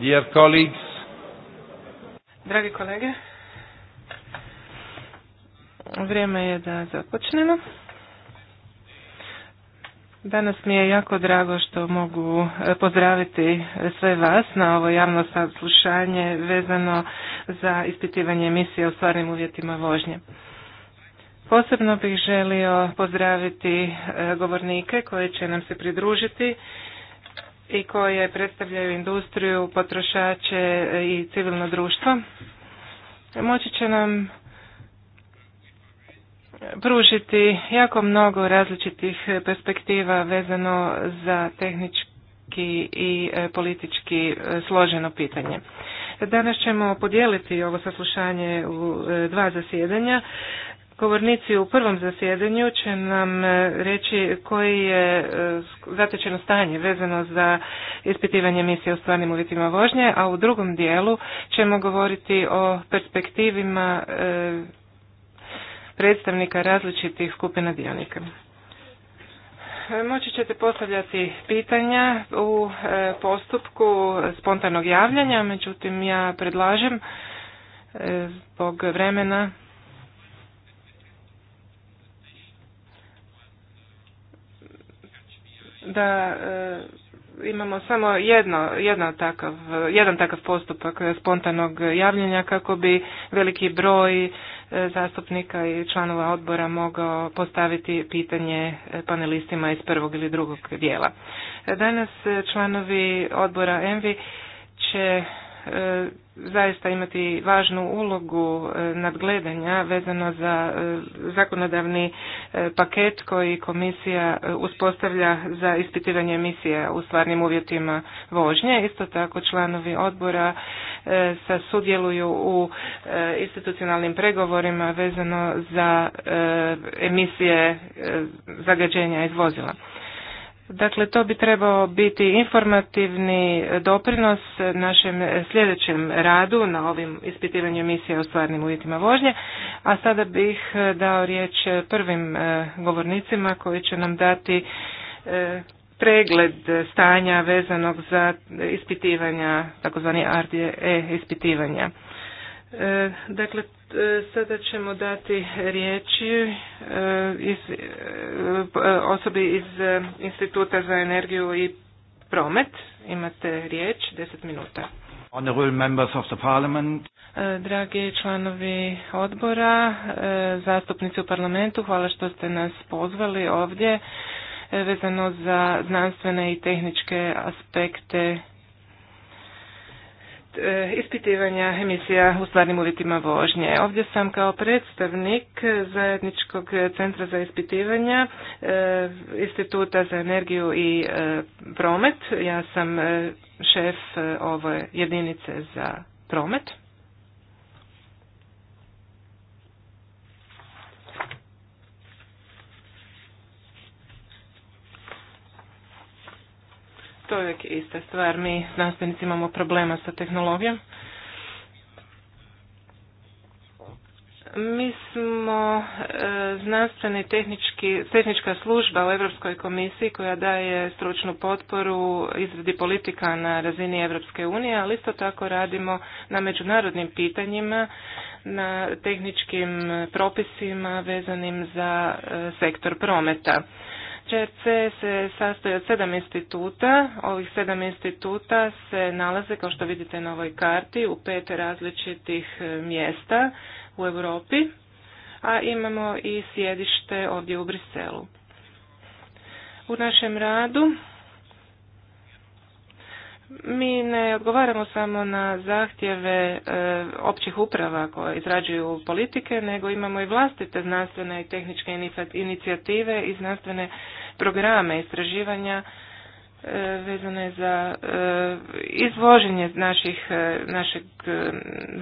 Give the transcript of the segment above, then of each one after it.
Dear colleagues. Dragi kolege, vrijeme je da započnemo. Danas mi je jako drago što mogu e, pozdraviti sve vas na ovo javno saslušanje vezano za ispitivanje emisije o stvarnim uvjetima vožnje. Posebno bih želio pozdraviti e, govornike koji će nam se pridružiti i koje predstavljaju industriju, potrošače i civilno društvo. Moći će nam pružiti jako mnogo različitih perspektiva vezano za tehnički i e, politički e, složeno pitanje. Danas ćemo podijeliti ovo saslušanje u e, dva zasjedanja. Govornici u prvom zasjedanju će nam e, reći koji je e, zatečeno stanje vezano za ispitivanje misije u stvarnim uvjetima vožnje, a u drugom dijelu ćemo govoriti o perspektivima e, predstavnika različitih skupina dionika. Moći ćete postavljati pitanja u postupku spontanog javljanja, međutim ja predlažem zbog vremena da e, imamo samo jedno, takav, jedan takav postupak spontanog javljanja kako bi veliki broj e, zastupnika i članova odbora mogao postaviti pitanje e, panelistima iz prvog ili drugog dijela. Danas članovi odbora ENVI će zaista imati važnu ulogu e, nadgledanja vezano za e, zakonodavni e, paket koji komisija uspostavlja za ispitivanje emisije u stvarnim uvjetima vožnje. Isto tako članovi odbora sa sudjeluju u institucionalnim pregovorima vezano za emisije zagađenja iz vozila. Dakle, to bi trebao biti informativni doprinos našem sljedećem radu na ovim ispitivanju emisije o stvarnim uvjetima vožnje. A sada bih e, dao riječ prvim e, govornicima koji će nam dati e, pregled stanja vezanog za ispitivanja, takozvani RDE ispitivanja. E, dakle, e, sada ćemo dati riječi e, iz, osobi iz Instituta za energiju i promet. Imate riječ, 10 minuta. Honorable members of the parliament. Dragi članovi odbora, zastupnici u parlamentu, hvala što ste nas pozvali ovdje vezano za znanstvene i tehničke aspekte Eh, ispitivanja emisija u stvarnim uvjetima vožnje. Ovdje sam kao predstavnik zajedničkog centra za ispitivanja eh, Instituta za energiju i eh, promet. Ja sam šef ove jedinice za promet. to je uvijek ista stvar. Mi znanstvenici imamo problema sa tehnologijom. Mi smo e, znanstvena i tehnička služba u Europskoj komisiji koja daje stručnu potporu izradi politika na razini Europske unije, ali isto tako radimo na međunarodnim pitanjima, na tehničkim propisima vezanim za e, sektor prometa. RC se sastoji od sedam instituta. Ovih sedam instituta se nalaze, kao što vidite na ovoj karti, u pet različitih e, mjesta u Europi, a imamo i sjedište ovdje u Briselu. U našem radu mi ne odgovaramo samo na zahtjeve e, općih uprava koje izrađuju politike, nego imamo i vlastite znanstvene i tehničke inicijative i znanstvene programe istraživanja e, vezane za e, izvoženje naših, našeg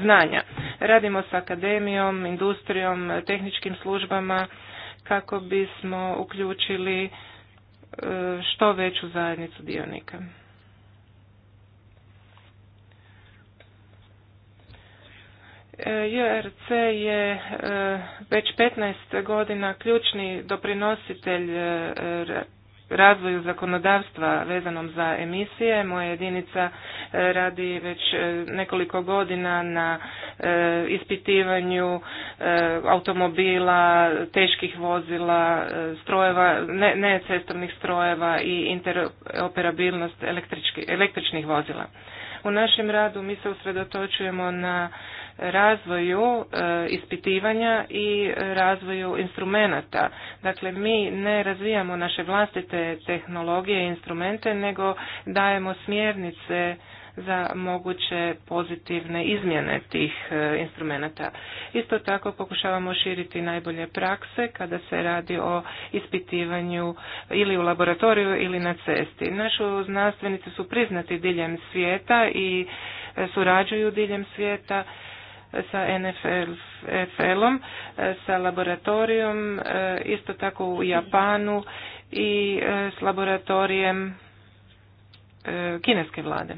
znanja. Radimo s akademijom, industrijom, tehničkim službama kako bismo uključili što veću zajednicu dionika. E, JRC je e, već 15 godina ključni doprinositelj e, razvoju zakonodavstva vezanom za emisije. Moja jedinica radi već nekoliko godina na ispitivanju automobila, teških vozila, strojeva, ne, ne cestovnih strojeva i interoperabilnost električnih vozila. U našem radu mi se usredotočujemo na razvoju e, ispitivanja i razvoju instrumenata. Dakle, mi ne razvijamo naše vlastite tehnologije i instrumente, nego dajemo smjernice za moguće pozitivne izmjene tih e, instrumenata. Isto tako pokušavamo širiti najbolje prakse kada se radi o ispitivanju ili u laboratoriju ili na cesti. Naši znanstvenici su priznati diljem svijeta i e, surađuju diljem svijeta sa NFL-om, sa laboratorijom, e, isto tako u Japanu i e, s laboratorijem e, kineske vlade.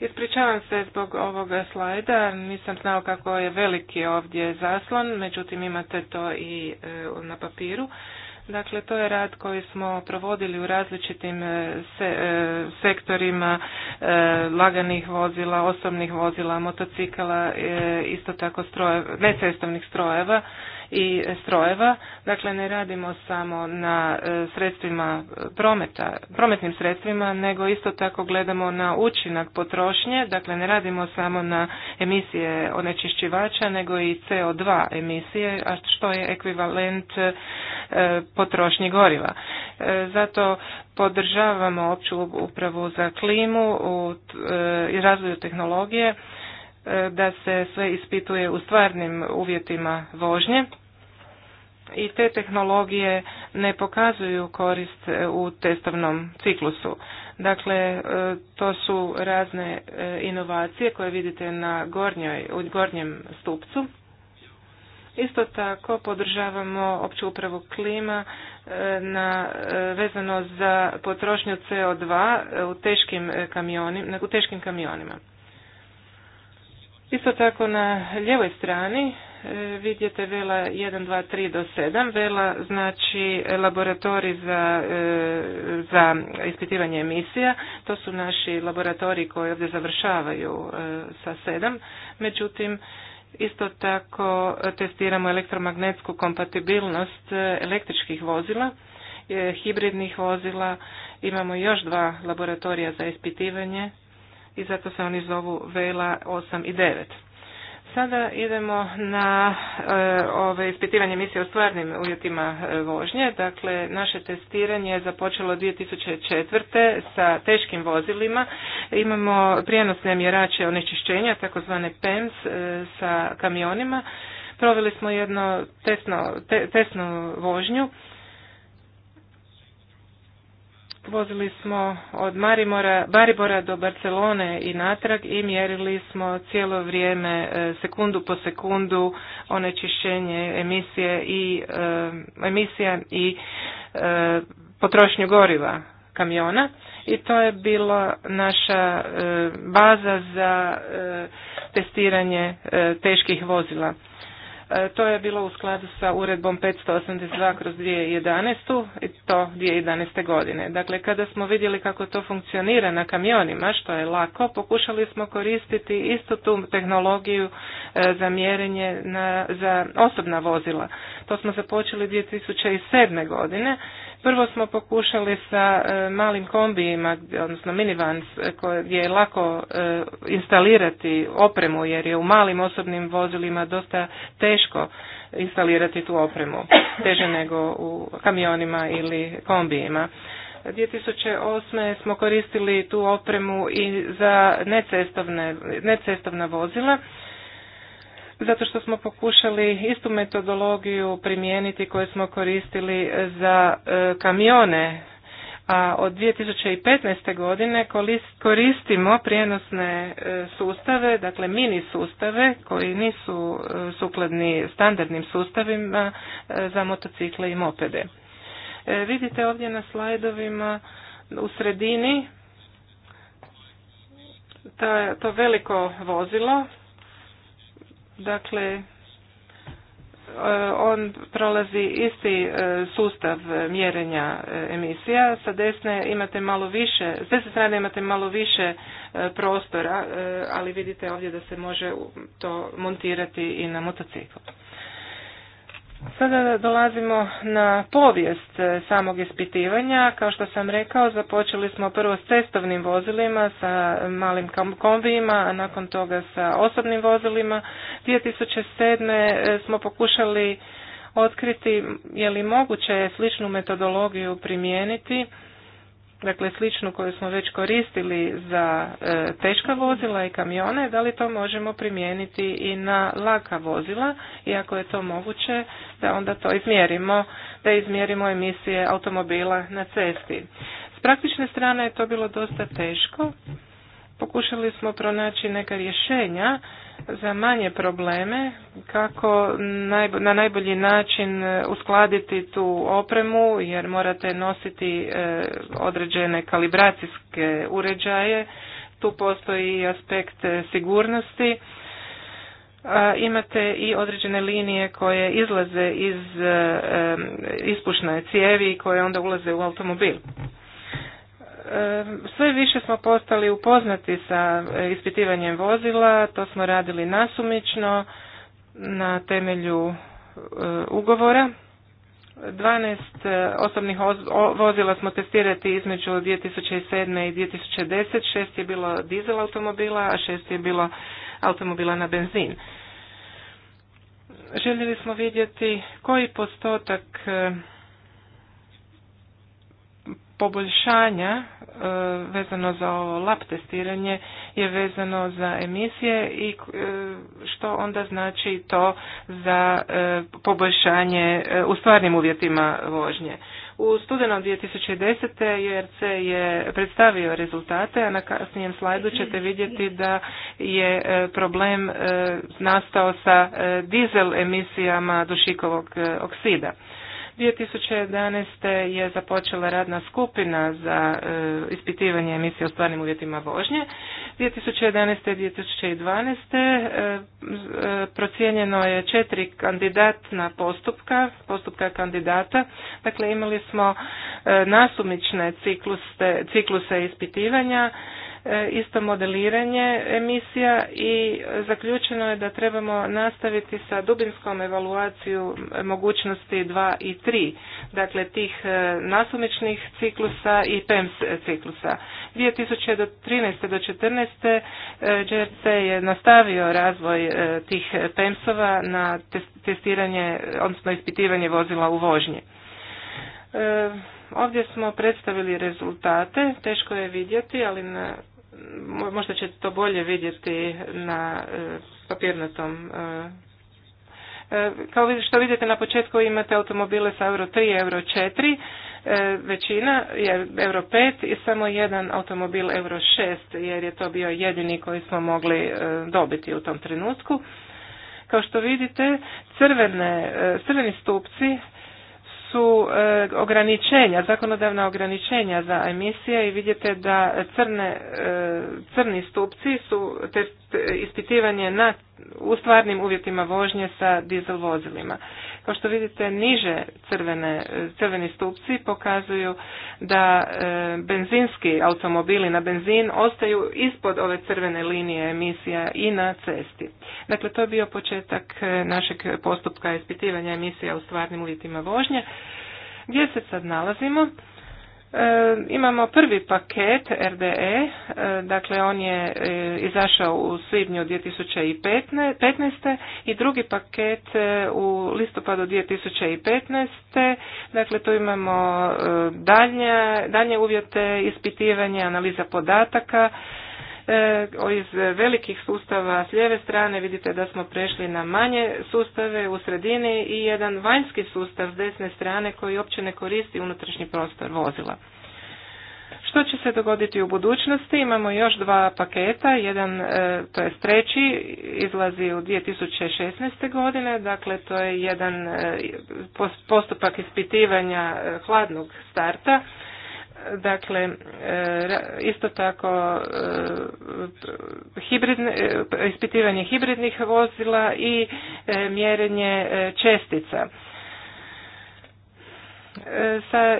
Ispričavam se zbog ovoga slajda, nisam znao kako je veliki ovdje zaslon, međutim imate to i na papiru. Dakle, to je rad koji smo provodili u različitim e, se, e, sektorima e, laganih vozila, osobnih vozila, motocikala, isto tako stroje, necestovnih strojeva i strojeva. Dakle, ne radimo samo na e, sredstvima prometa, prometnim sredstvima, nego isto tako gledamo na učinak potrošnje. Dakle, ne radimo samo na emisije onečišćivača, nego i CO2 emisije, a što je ekvivalent e, potrošnji goriva. E, zato podržavamo opću upravu za klimu i razvoju tehnologije da se sve ispituje u stvarnim uvjetima vožnje i te tehnologije ne pokazuju korist e, u testovnom ciklusu. Dakle, e, to su razne e, inovacije koje vidite na gornjoj, u gornjem stupcu. Isto tako podržavamo opću upravu klima na, vezano za potrošnju CO2 u teškim, kamionima, u teškim kamionima. Isto tako na ljevoj strani Vidjete vela 1, 2, 3 do 7. Vela znači laboratori za, e, za ispitivanje emisija. To su naši laboratori koji ovdje završavaju e, sa 7. Međutim, Isto tako testiramo elektromagnetsku kompatibilnost električkih vozila, e, hibridnih vozila. Imamo još dva laboratorija za ispitivanje i zato se oni zovu VELA 8 i 9. Sada idemo na e, ove ispitivanje misije o stvarnim uvjetima e, vožnje. Dakle, naše testiranje je započelo 2004. sa teškim vozilima. Imamo prijenosne mjerače onečišćenja, takozvane PEMS, e, sa kamionima. Proveli smo jedno tesno, te, tesnu vožnju Vozili smo od Marimora, Baribora do Barcelone i natrag i mjerili smo cijelo vrijeme, e, sekundu po sekundu, onečišćenje emisije i, e, emisija i e, potrošnju goriva kamiona i to je bila naša baza za testiranje teških vozila. E, to je bilo u skladu sa uredbom 582 kroz 2011. i to 2011. godine. Dakle, kada smo vidjeli kako to funkcionira na kamionima, što je lako, pokušali smo koristiti istu tu tehnologiju e, za mjerenje na, za osobna vozila. To smo započeli 2007. godine Prvo smo pokušali sa e, malim kombijima, odnosno minivans, e, koji je lako e, instalirati opremu, jer je u malim osobnim vozilima dosta teško instalirati tu opremu, teže nego u kamionima ili kombijima. 2008. smo koristili tu opremu i za necestovna vozila zato što smo pokušali istu metodologiju primijeniti koju smo koristili za e, kamione, a od 2015. godine koristimo prijenosne e, sustave, dakle mini sustave koji nisu e, sukladni standardnim sustavima za motocikle i mopede. Vidite ovdje na slajdovima u sredini to veliko vozilo Dakle, e, on prolazi isti e, sustav mjerenja e, emisija. Sa desne imate malo više, s desne strane imate malo više prostora, ali vidite ovdje da se može to montirati i na motociklu. Sada dolazimo na povijest e, samog ispitivanja. Kao što sam rekao, započeli smo prvo s cestovnim vozilima, sa malim kombijima, a nakon toga sa osobnim vozilima. 2007. E, smo pokušali otkriti je li moguće sličnu metodologiju primijeniti dakle sličnu koju smo već koristili za e, teška vozila i kamione, da li to možemo primijeniti i na laka vozila i ako je to moguće da onda to izmjerimo, da izmjerimo emisije automobila na cesti. S praktične strane je to bilo dosta teško Pokušali smo pronaći neka rješenja za manje probleme, kako na najbolji način e, uskladiti tu opremu, jer morate nositi e, određene kalibracijske uređaje. Tu postoji i aspekt e, sigurnosti. Imate i određene linije koje izlaze iz ispušne cijevi i koje onda ulaze u automobil sve više smo postali upoznati sa e, ispitivanjem vozila, to smo radili nasumično na temelju e, ugovora. 12 e, osobnih vozila smo testirati između 2007. i 2010. Šest je bilo dizel automobila, a šest je bilo automobila na benzin. Željeli smo vidjeti koji postotak poboljšanja e, vezano za ovo lab testiranje je vezano za emisije i e, što onda znači to za e, poboljšanje u stvarnim uvjetima vožnje. U studenom 2010. JRC je predstavio rezultate, a na kasnijem slajdu ćete vidjeti da je problem nastao sa dizel emisijama dušikovog oksida. 2011. je započela radna skupina za e, ispitivanje emisije o stvarnim uvjetima vožnje. 2011. i 2012. E, e, procijenjeno je četiri kandidatna postupka, postupka kandidata. Dakle, imali smo nasumične cikluse ispitivanja E, isto modeliranje emisija i zaključeno je da trebamo nastaviti sa dubinskom evaluaciju mogućnosti 2 i 3, dakle tih e, nasumičnih ciklusa i PEMS ciklusa. 2013. do 2014. do 14. E, je nastavio razvoj tih PEMS-ova na testiranje, odnosno ispitivanje vozila u vožnji. Ovdje smo predstavili rezultate, teško je vidjeti, ali na možda ćete to bolje vidjeti na e, papirnatom e. E, kao što vidite na početku imate automobile sa Euro 3 Euro 4, većina je Euro 5 i samo jedan automobil Euro 6 jer je to bio jedini koji smo mogli dobiti u tom trenutku. Kao što vidite, crveni stupci su e, ograničenja, zakonodavna ograničenja za emisije i vidite da crne, e, crni stupci su ispitivanje na u stvarnim uvjetima vožnje sa dizel vozilima. Kao što vidite, niže crvene, crveni stupci pokazuju da e, benzinski automobili na benzin ostaju ispod ove crvene linije emisija i na cesti. Dakle, to je bio početak e, našeg postupka ispitivanja emisija u stvarnim uvjetima vožnje. Gdje se sad nalazimo? E, imamo prvi paket RDE, e, dakle on je e, izašao u svibnju 2015. i drugi paket u listopadu 2015. Dakle tu imamo dalje, uvjete ispitivanja, analiza podataka, E, iz velikih sustava s lijeve strane vidite da smo prešli na manje sustave u sredini i jedan vanjski sustav s desne strane koji uopće ne koristi unutrašnji prostor vozila. Što će se dogoditi u budućnosti? Imamo još dva paketa, jedan, e, to je treći, izlazi u 2016. godine, dakle to je jedan e, postupak ispitivanja hladnog starta Dakle, e, isto tako e, e, ispitivanje hibridnih vozila i mjerenje čestica. Sa,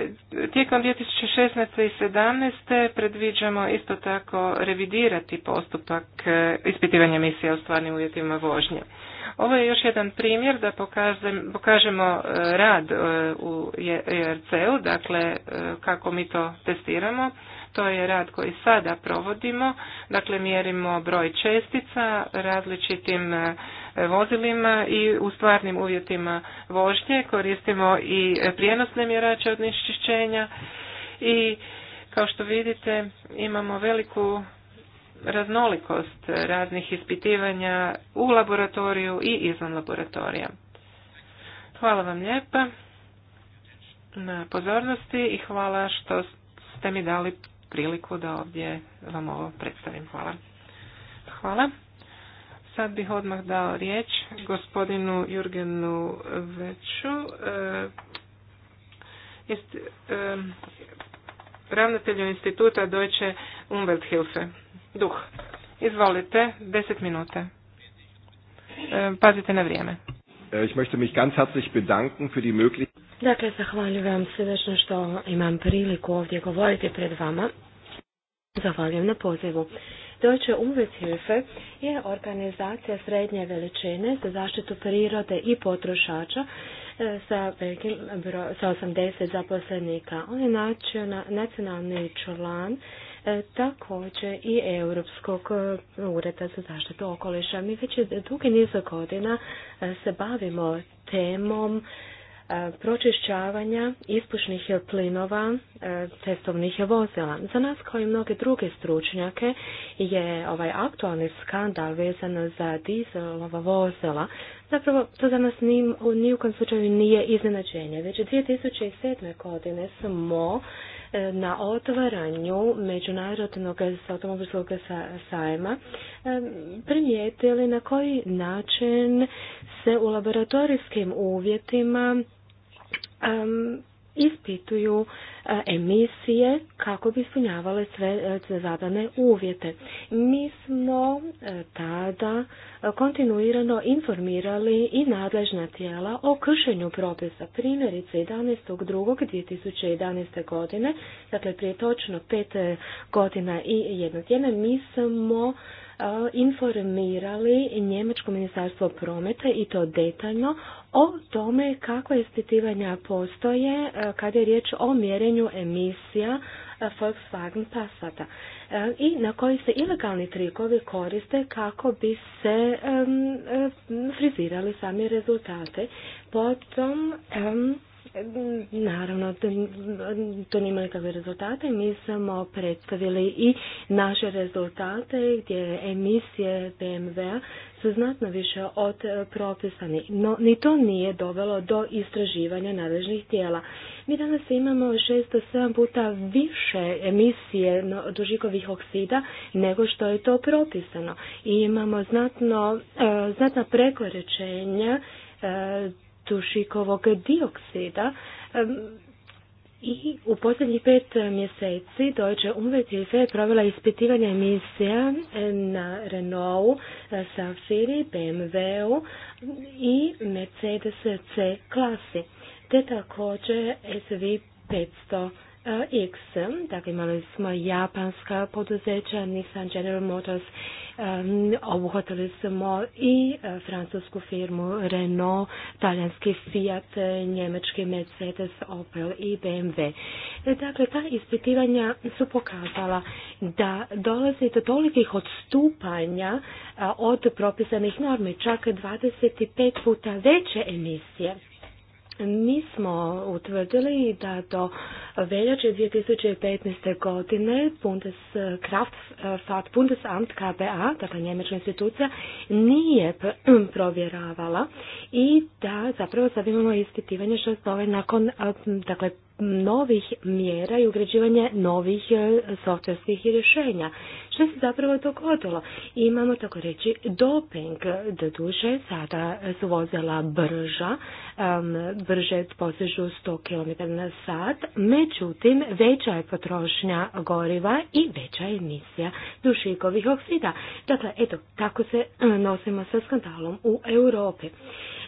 tijekom 2016. i 2017. predviđamo isto tako revidirati postupak ispitivanja emisija o stvarnim uvjetima vožnje. Ovo je još jedan primjer da pokažemo e, rad e, u ERC-u, dakle e, kako mi to testiramo. To je rad koji sada provodimo, dakle mjerimo broj čestica različitim vozilima i u stvarnim uvjetima vožnje. Koristimo i prijenosne mjerače onečišćenja i kao što vidite imamo veliku raznolikost raznih ispitivanja u laboratoriju i izvan laboratorija. Hvala vam lijepa na pozornosti i hvala što ste mi dali priliku da ovdje vam ovo predstavim. Hvala. Hvala. Sad bih odmah dao riječ gospodinu Jurgenu Veću, e, e, ravnatelju instituta Deutsche Umwelthilfe duh. Izvolite, deset minuta. E, pazite na vrijeme. E, ich möchte mich ganz herzlich bedanken für die Möglichkeit. Dakle, zahvaljujem se večno što imam priliku ovdje govoriti pred vama. Zahvaljujem na pozivu. Deutsche Umwelthilfe je organizacija srednje veličine za zaštitu prirode i potrošača e, sa, velikim, 80 zaposlenika. On je nacionalni član E, također i Europskog e, ureda za zaštitu okoliša. Mi već dugi niz godina e, se bavimo temom pročišćavanja ispušnih plinova cestovnih vozila. Za nas kao i mnoge druge stručnjake je ovaj aktualni skandal vezan za dizelova vozila Zapravo, to za nas ni, u kojem slučaju nije iznenađenje. Već 2007. godine smo na otvaranju međunarodnog automobilskog sajma primijetili na koji način se u laboratorijskim uvjetima ispituju e, emisije kako bi ispunjavale sve e, zadane uvjete. Mi smo e, tada kontinuirano informirali i nadležna tijela o kršenju propisa. Primjerice 11.2.2011. godine, dakle prije točno pet godina i jedno tjedna, mi smo informirali Njemačko ministarstvo prometa i to detaljno o tome kakva ispitivanja postoje e, kada je riječ o mjerenju emisija e, Volkswagen Passata e, i na koji se ilegalni trikovi koriste kako bi se frizirali sami rezultate. Potom Naravno, to nima nikakve rezultate. Mi smo predstavili i naše rezultate gdje emisije BMW su znatno više od propisani. No, ni to nije dovelo do istraživanja nadležnih tijela. Mi danas imamo 607 puta više emisije dužikovih oksida nego što je to propisano. I imamo znatno, e, znatna prekoračenja e, dušikovog dioksida i u posljednjih pet mjeseci Deutsche Umwelthilfe je provjela ispitivanje emisija na Renault, e, Safiri, bmw i Mercedes C klasi, te također SV 500 E, X, dakle imali smo japanska poduzeća, Nissan General Motors, obuhvatili smo i e, francusku firmu Renault, talijanski Fiat, njemački Mercedes, Opel i BMW. E, dakle, ta ispitivanja su pokazala da dolazi do tolikih odstupanja od propisanih normi, čak 25 puta veće emisije. Mi smo utvrdili da do veljače 2015. godine Bundeskraft, Bundesamt KBA, dakle njemačka institucija, nije provjeravala i da zapravo sad imamo ispitivanje što je nakon dakle, novih mjera i ugrađivanje novih e, softverskih rješenja. Što se zapravo dogodilo? Imamo tako reći doping, da duše sada su vozila brža, brže posežu 100 km na sat, međutim veća je potrošnja goriva i veća je emisija dušikovih oksida. Dakle, eto, tako se e, nosimo sa skandalom u Europi.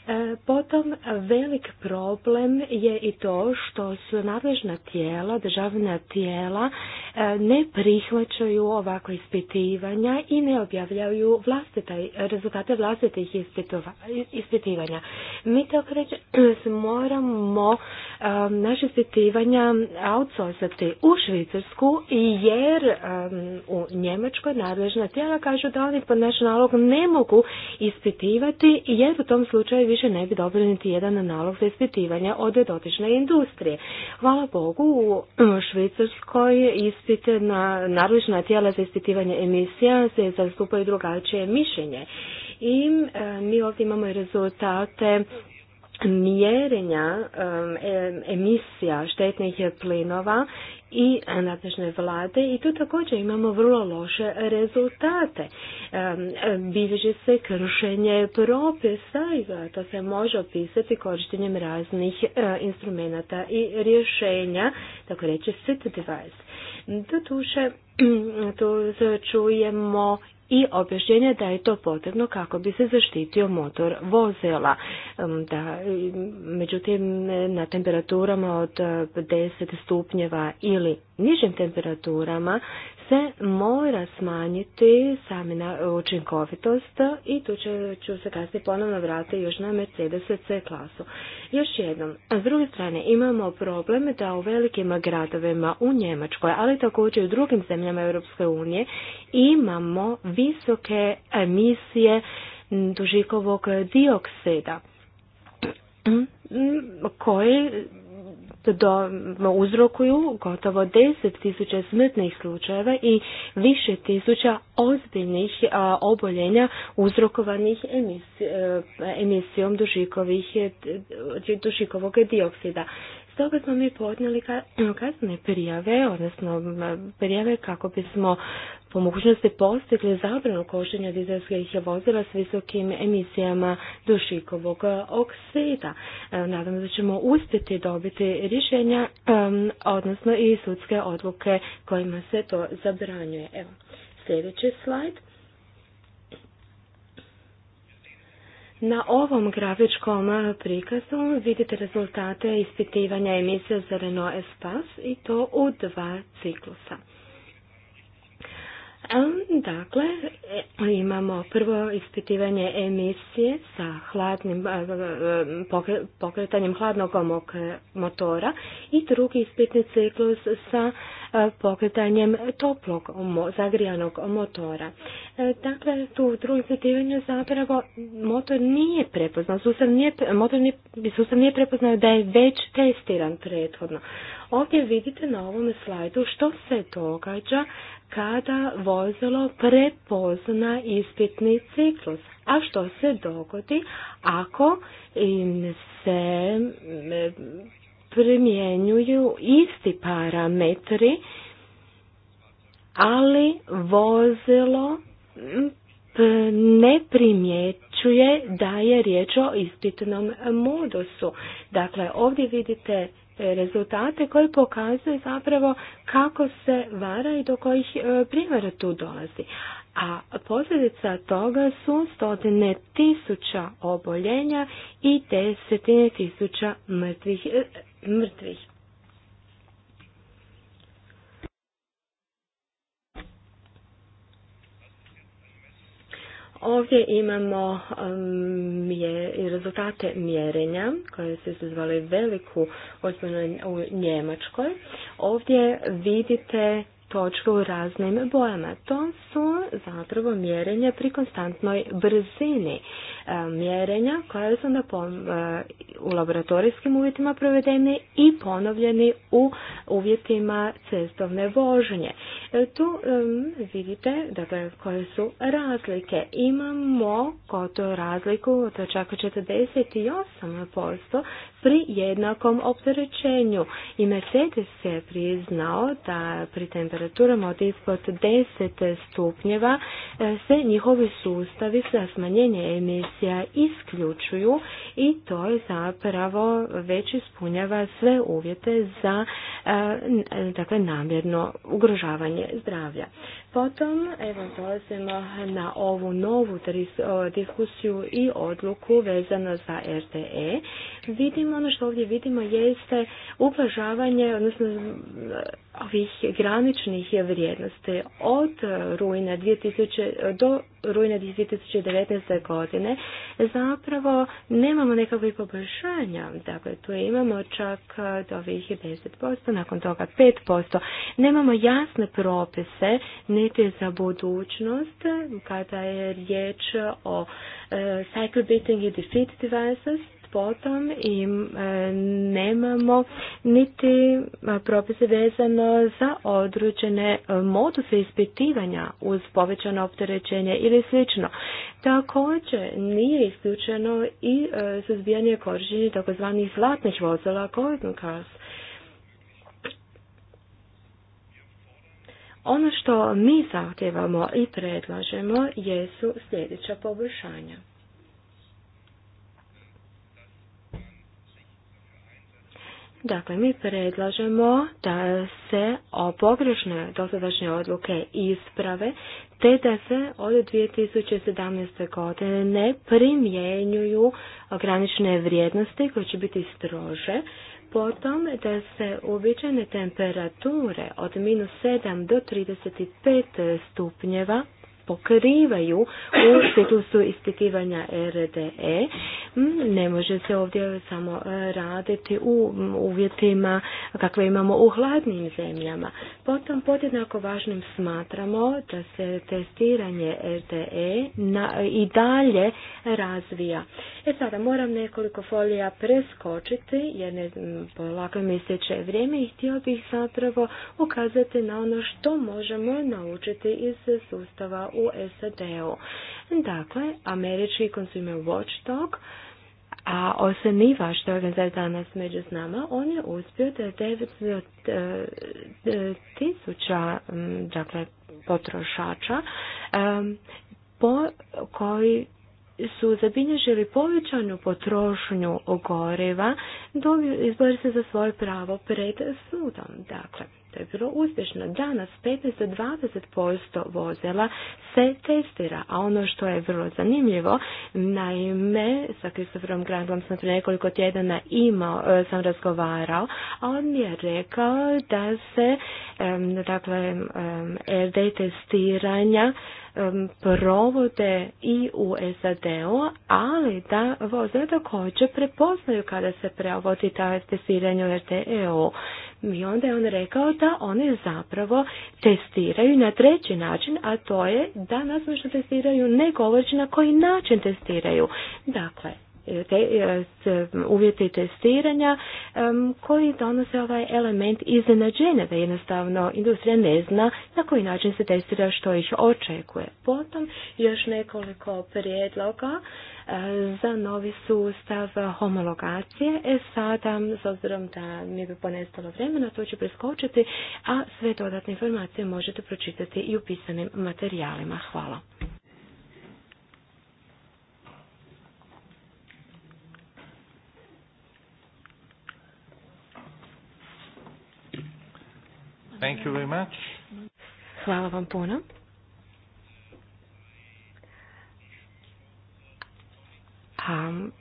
E, potom velik problem je i to što su nadležna tijela, državna tijela e, ne prihvaćaju ovakva ispitivanja i ne objavljaju vlastite rezultate vlastitih ispitivanja. Mi to moramo e, naše ispitivanja outsourcati u Švicarsku jer u Njemačkoj nadležna tijela kažu da oni pod naš nalog ne mogu ispitivati jer u tom slučaju više ne bi dobili niti jedan nalog za ispitivanje od dotične industrije. Hvala Bogu, u Švicarskoj ispite na naručna tijela za ispitivanje emisija se zastupaju drugačije mišljenje. I e, mi ovdje imamo i rezultate mjerenja emisija štetnih plinova i nadležne vlade i tu također imamo vrlo loše rezultate. Bilježi se kršenje propisa i to se može opisati korištenjem raznih e, instrumenta i rješenja, tako reći sit device. Doduše, tu čujemo i objašnjenje da je to potrebno kako bi se zaštitio motor vozila. Da, međutim, na temperaturama od 10 eh, stupnjeva ili nižim temperaturama se mora smanjiti samina učinkovitost i tu ću, se kasnije ponovno vratiti još na Mercedes C klasu. Još jednom, s druge strane imamo problem da u velikim gradovima u Njemačkoj, ali također i u drugim zemljama Europske unije imamo visoke emisije dužikovog dioksida koji do, uzrokuju gotovo 10.000 smrtnih slučajeva i više tisuća ozbiljnih oboljenja uzrokovanih e, emisijom dušikovih, e, dušikovog dioksida. Stoga smo mi podnijeli kaznene prijave, odnosno prijave kako bismo po mogućnosti postigli zabranu košenja dizelskih vozila s visokim emisijama dušikovog e, oksida. E, nadam se da ćemo uspjeti dobiti rješenja, odnosno i sudske odluke kojima se to zabranjuje. Evo, sljedeći slajd. Na ovom grafičkom prikazu vidite rezultate ispitivanja emisija za Renault Espace i to u dva ciklusa. Dakle, e, imamo prvo ispitivanje emisije sa hladnim pokretanjem hladnog motora i drugi ispitni ciklus sa pokretanjem toplog zagrijanog motora. E, dakle, tu u drugom ispitivanju zapravo motor nije prepoznao, sustav nije, motor nije, sustav nije prepoznao da je već testiran prethodno. Ovdje vidite na ovom slajdu što se događa kada vozilo prepozna ispitni ciklus. A što se dogodi ako im se primjenjuju isti parametri, ali vozilo ne primjećuje da je riječ o ispitnom modusu. Dakle, ovdje vidite E, rezultate koji pokazuju zapravo kako se vara i do kojih e, prijevara tu dolazi. A posljedica toga su stotine tisuća oboljenja i desetine tisuća mrtvih. E, Ovdje imamo i rezultate mjerenja koje su izazvali veliku ozbiljnu u Njemačkoj. Ovdje vidite točku u raznim bojama. To su zapravo mjerenje pri konstantnoj brzini e, mjerenja koje su e, u laboratorijskim uvjetima provedeni i ponovljeni u uvjetima cestovne vožnje. E, tu vidite dakle, koje su razlike. Imamo kod razliku od čak 48% pri jednakom opterećenju. I Mercedes je priznao da pri temperaturama od ispod 10 stupnjeva e, se njihovi sustavi za smanjenje emisija isključuju i to je zapravo već ispunjava sve uvjete za e, dakle, namjerno ugrožavanje zdravlja. Potom, evo, dolazimo na ovu novu diskusiju i odluku vezano za RTE. Vidimo ono što ovdje vidimo jeste ublažavanje odnosno ovih graničnih vrijednosti od rujna 2000 do rujna 2019. godine zapravo nemamo nekakvih poboljšanja. Dakle, tu imamo čak do ovih 10%, nakon toga 5%. Nemamo jasne propise niti za budućnost kada je riječ o e, cycle beating i defeat devices potom i e, nemamo niti e, propise vezano za određene e, moduse ispitivanja uz povećano opterećenje ili slično. Također nije isključeno i suzbijanje korištenja tzv. zlatnih vozila kod Ono što mi zahtjevamo i predlažemo jesu sljedeća poboljšanja. Dakle, mi predlažemo da se o pogrešne dosadašnje odluke isprave, te da se od 2017. godine ne primjenjuju granične vrijednosti koje će biti strože, potom da se uobičajene temperature od minus 7 do 35 stupnjeva pokrivaju u ciklusu ispitivanja RDE. Mm, ne može se ovdje samo e, raditi u uvjetima kakve imamo u hladnim zemljama. Potom podjednako važnim smatramo da se testiranje RDE na, i dalje razvija. E sada moram nekoliko folija preskočiti jer ne polako mi se vrijeme i htio bih zapravo ukazati na ono što možemo naučiti iz sustava u SAD-u. Dakle, američki Consumer Watchdog a osnivač što je danas među nama, on je uspio da je 900 tisuća mm, dakle, potrošača po koji su zabilježili povećanu potrošnju goriva, izbori se za svoje pravo pred sudom. Dakle, to je bilo uspješno. Danas 15-20% vozila se testira, a ono što je vrlo zanimljivo, naime, sa Kristoferom Grandom sam prije nekoliko tjedana imao, e, sam razgovarao, a on mi je rekao da se, dakle, RD testiranja provode i u SAD-u, ali da voze također prepoznaju kada se preovodi ta testiranje u RTE-u. I onda je on rekao da oni zapravo testiraju na treći način, a to je da nas što testiraju ne govoreći na koji način testiraju. Dakle, te, e, uvjeti testiranja koji donose ovaj element iznenađenja da jednostavno industrija ne zna na koji način se testira što ih očekuje. Potom još nekoliko prijedloga e, za novi sustav homologacije. E sada, s obzirom da mi bi ponestalo vremena, to ću preskočiti, a sve dodatne informacije možete pročitati i u pisanim materijalima. Hvala. Thank you very much. Hvala vam puno. Um,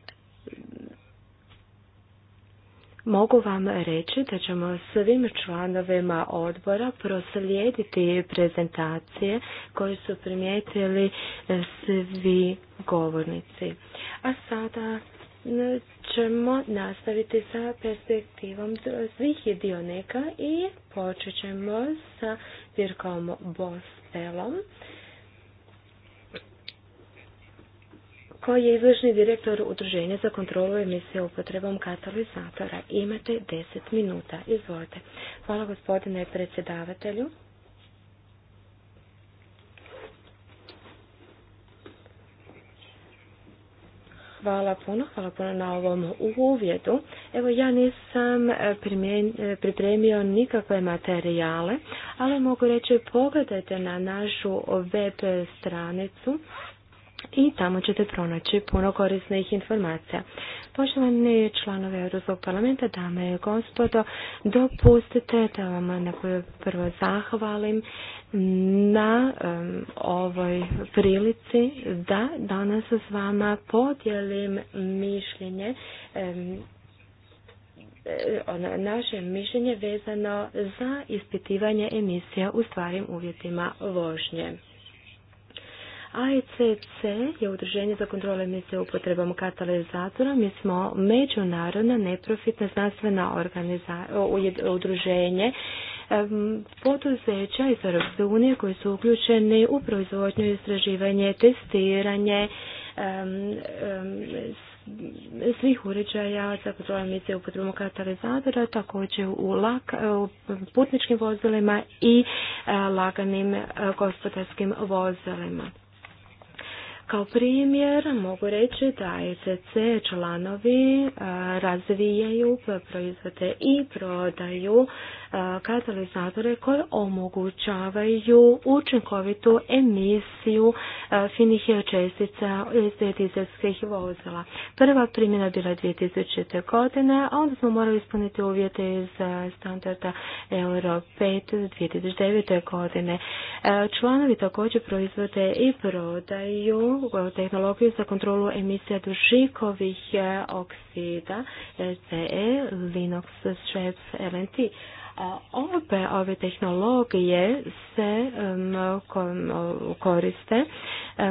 Mogu vam reći da ćemo svim članovima odbora proslijediti prezentacije koje su primijetili eh, svi govornici. A sada ćemo nastaviti sa perspektivom svih dionika i počet ćemo sa Dirkom Bostelom koji je izvršni direktor Udruženja za kontrolu emisije upotrebom katalizatora. Imate 10 minuta. Izvolite. Hvala gospodine predsjedavatelju. Hvala puno, hvala puno na ovom uvjetu Evo ja nisam e, e, pripremio nikakve materijale, ali mogu reći pogledajte na našu web stranicu i tamo ćete pronaći puno korisnih informacija. Poštovani članovi Europskog parlamenta, dame i gospodo, dopustite da vam na koju prvo zahvalim na ovoj prilici da danas s vama podijelim mišljenje e, ono, naše mišljenje vezano za ispitivanje emisija u stvarim uvjetima vožnje. AECC je udruženje za kontrole emisije upotrebom katalizatora. Mi smo međunarodna neprofitna znanstvena udruženje poduzeća iz Europske unije koji su uključeni u proizvodnju, istraživanje, testiranje svih uređaja za kontrolu emisije upotrebom katalizatora, također u putničkim vozilima i e, laganim e, gospodarskim vozilima. Kao primjer mogu reći da ECC članovi eh, razvijaju, proizvode i prodaju E, katalizatore koje omogućavaju učinkovitu emisiju e, finih čestica iz dizelskih vozila. Prva primjena bila 2000. godine, a onda smo morali ispuniti uvjete iz e, standarda Euro 5 2009. godine. Članovi također proizvode i prodaju tehnologiju za kontrolu emisija dušikovih oksida, LCE, Linux, streps LNT. Obe ove tehnologije se koriste e,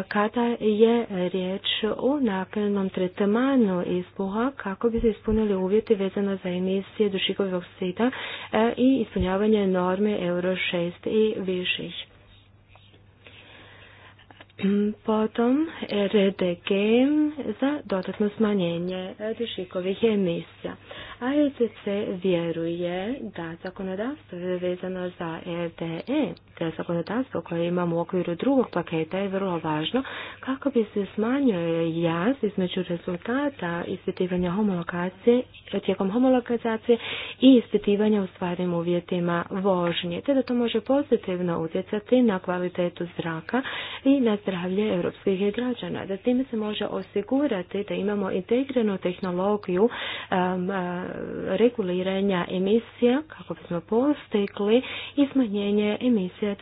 kada je riječ o naknadnom tretmanu ispuha kako bi se ispunili uvjeti vezano za emisije dušikovih oksida e, i ispunjavanje norme Euro 6 i viših. Potom RDG za dodatno smanjenje dušikovih emisija a vjeruje da zakonodavstvo vezano za EDE, e, da zakonodavstvo koje imamo u okviru drugog paketa je vrlo važno kako bi se smanjio jaz između rezultata ispitivanja homolokacije tijekom homolokacije i ispitivanja u stvarnim uvjetima vožnje, te da to može pozitivno utjecati na kvalitetu zraka i na zdravlje europskih građana. Da time se može osigurati da imamo integranu tehnologiju um, reguliranja emisija kako bismo postigli i smanjenje emisija e,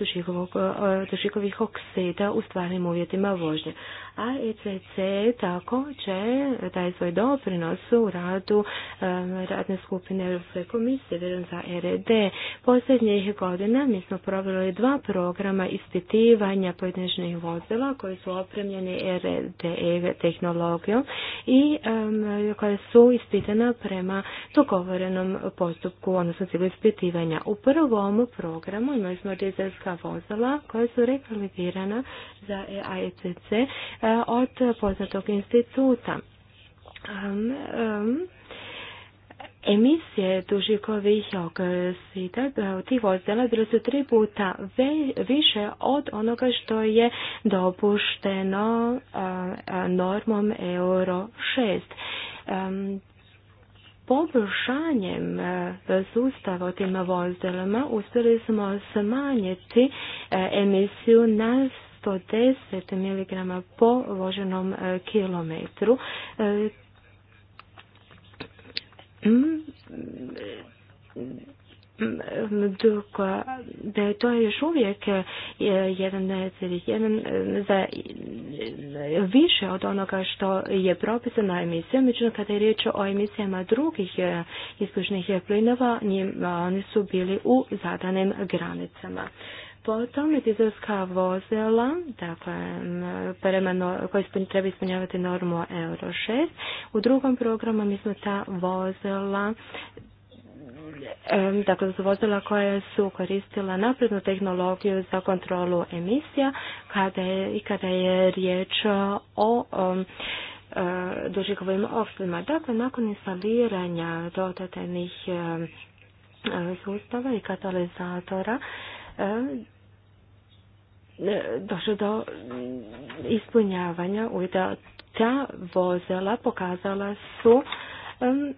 dušikovih oksida u stvarnim uvjetima vožnje. A ECC tako će daje svoj doprinos u radu e, radne skupine Europske komisije vjerujem za RED. Posljednjih godina mi smo proveli dva programa ispitivanja pojedinačnih vozila koji su opremljeni RED e tehnologijom i koje koja su ispitana prema dogovorenom postupku, odnosno cilju ispitivanja. U prvom programu imali smo dizelska vozila koja su rekvalifirana za EICC e e, od poznatog instituta. Emisije dužikovih oksida e, tih vozila bile su tri puta više od onoga što je dopušteno normom Euro 6 poboljšanjem e, sustava o tim vozilima uspjeli smo smanjiti e, emisiju na 110 mg po voženom e, kilometru da da to je još uvijek e, jedan za više od onoga što je propisano emisijom, međutim kada je riječ o emisijama drugih e, ispušnih plinova, oni su bili u zadanim granicama. Potom dizelska vozila, dakle, treba ispunjavati normu Euro 6. U drugom programu mi smo ta vozila dakle su vozila koja su koristila naprednu tehnologiju za kontrolu emisija kada je, i kada je riječ o o e, dužikovim Dakle, nakon instaliranja dodatnih e, sustava i katalizatora e, došlo do ispunjavanja uvjeta. Ta vozila pokazala su Um,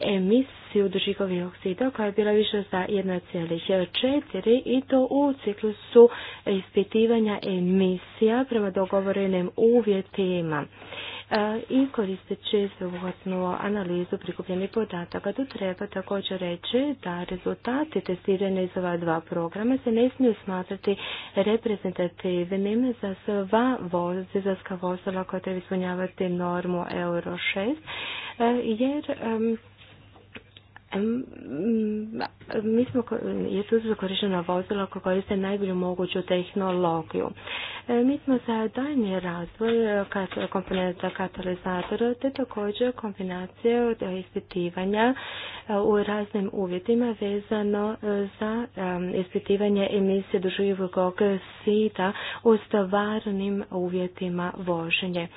emisiju dušikovih oksida koja je bila više za 1,4 i to u ciklusu ispitivanja emisija prema dogovorenim uvjetima. E, i koristeći sveobuhvatnu analizu prikupljenih podataka. Tu treba također reći da rezultati testiranja iz ova dva programa se ne smiju smatrati reprezentativnim za sva vozizaska vozila koja treba ispunjavati normu Euro 6, e, jer mi smo, je tu korištena vozila koja koriste najbolju moguću tehnologiju. E, mi smo za daljnji razvoj e, komponenta katalizatora te također kombinacije ispitivanja e, u raznim uvjetima vezano za ispitivanje emisije duživog sita u stvarnim uvjetima voženje.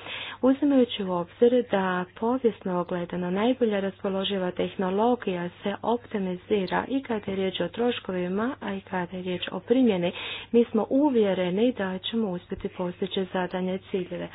Uzimajući u obzir da povijesno ogledano najbolja raspoloživa tehnologija se optimizira i kada je riječ o troškovima, a i kada je riječ o primjeni, mi smo uvjereni da ćemo uspjeti postići zadanje ciljeve.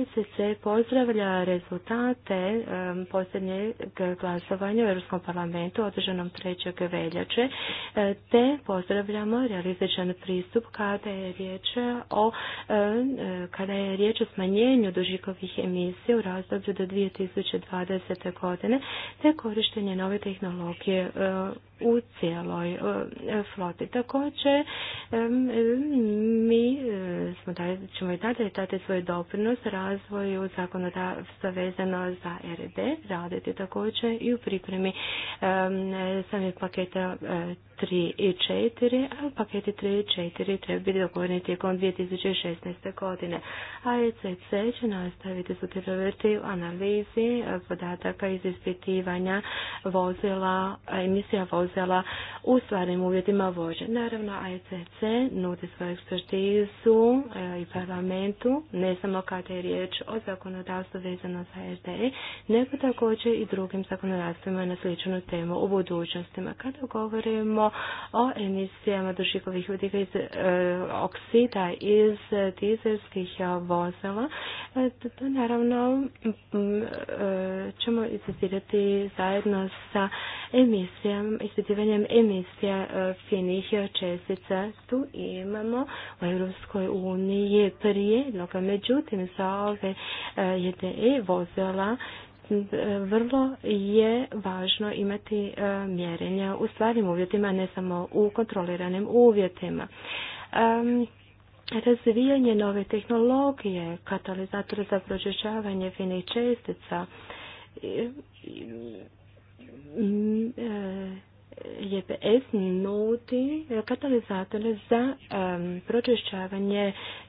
ICC pozdravlja rezultate posljednjeg glasovanja u Europskom parlamentu održanom 3. veljače, e, te pozdravljamo realiziran pristup kada je riječ o e, kada je riječ o smanjenju dužikovih emisija u razdoblju do 2020. godine, te korištenje nove tehnologije tehnologije e, u cijeloj e, floti. Također, mi e, smo ćemo i dalje dati svoj doprinos razvoju zakonodavstva vezano za RD, raditi također i u pripremi samih paketa 3 e, i 4, a paketi 3 i 4 treba biti dogovoreni tijekom 2016. godine. A će nastaviti sudjelovati u analizi podataka iz ispitivanja vozila, emisija vozila u stvarnim uvjetima vođe. Naravno, ICC nudi svoju ekspertizu e, i parlamentu, ne samo kada je riječ o zakonodavstvu vezano za SDE, nego također i drugim zakonodavstvima na sličnu temu u budućnostima. Kada govorimo o emisijama dušikovih vodika iz e, oksida iz dizelskih e, vozila, to naravno ćemo izazirati zajedno sa emisijama i ispitivanjem emisija e, finih čestica tu imamo u Europskoj uniji ka Međutim, za ove i e, e vozila vrlo je važno imati mjerenja u stvarnim uvjetima, ne samo u kontroliranim uvjetima. razvijanje nove tehnologije, katalizator za pročišćavanje finih čestica, i, esni nudi katalizatore za um,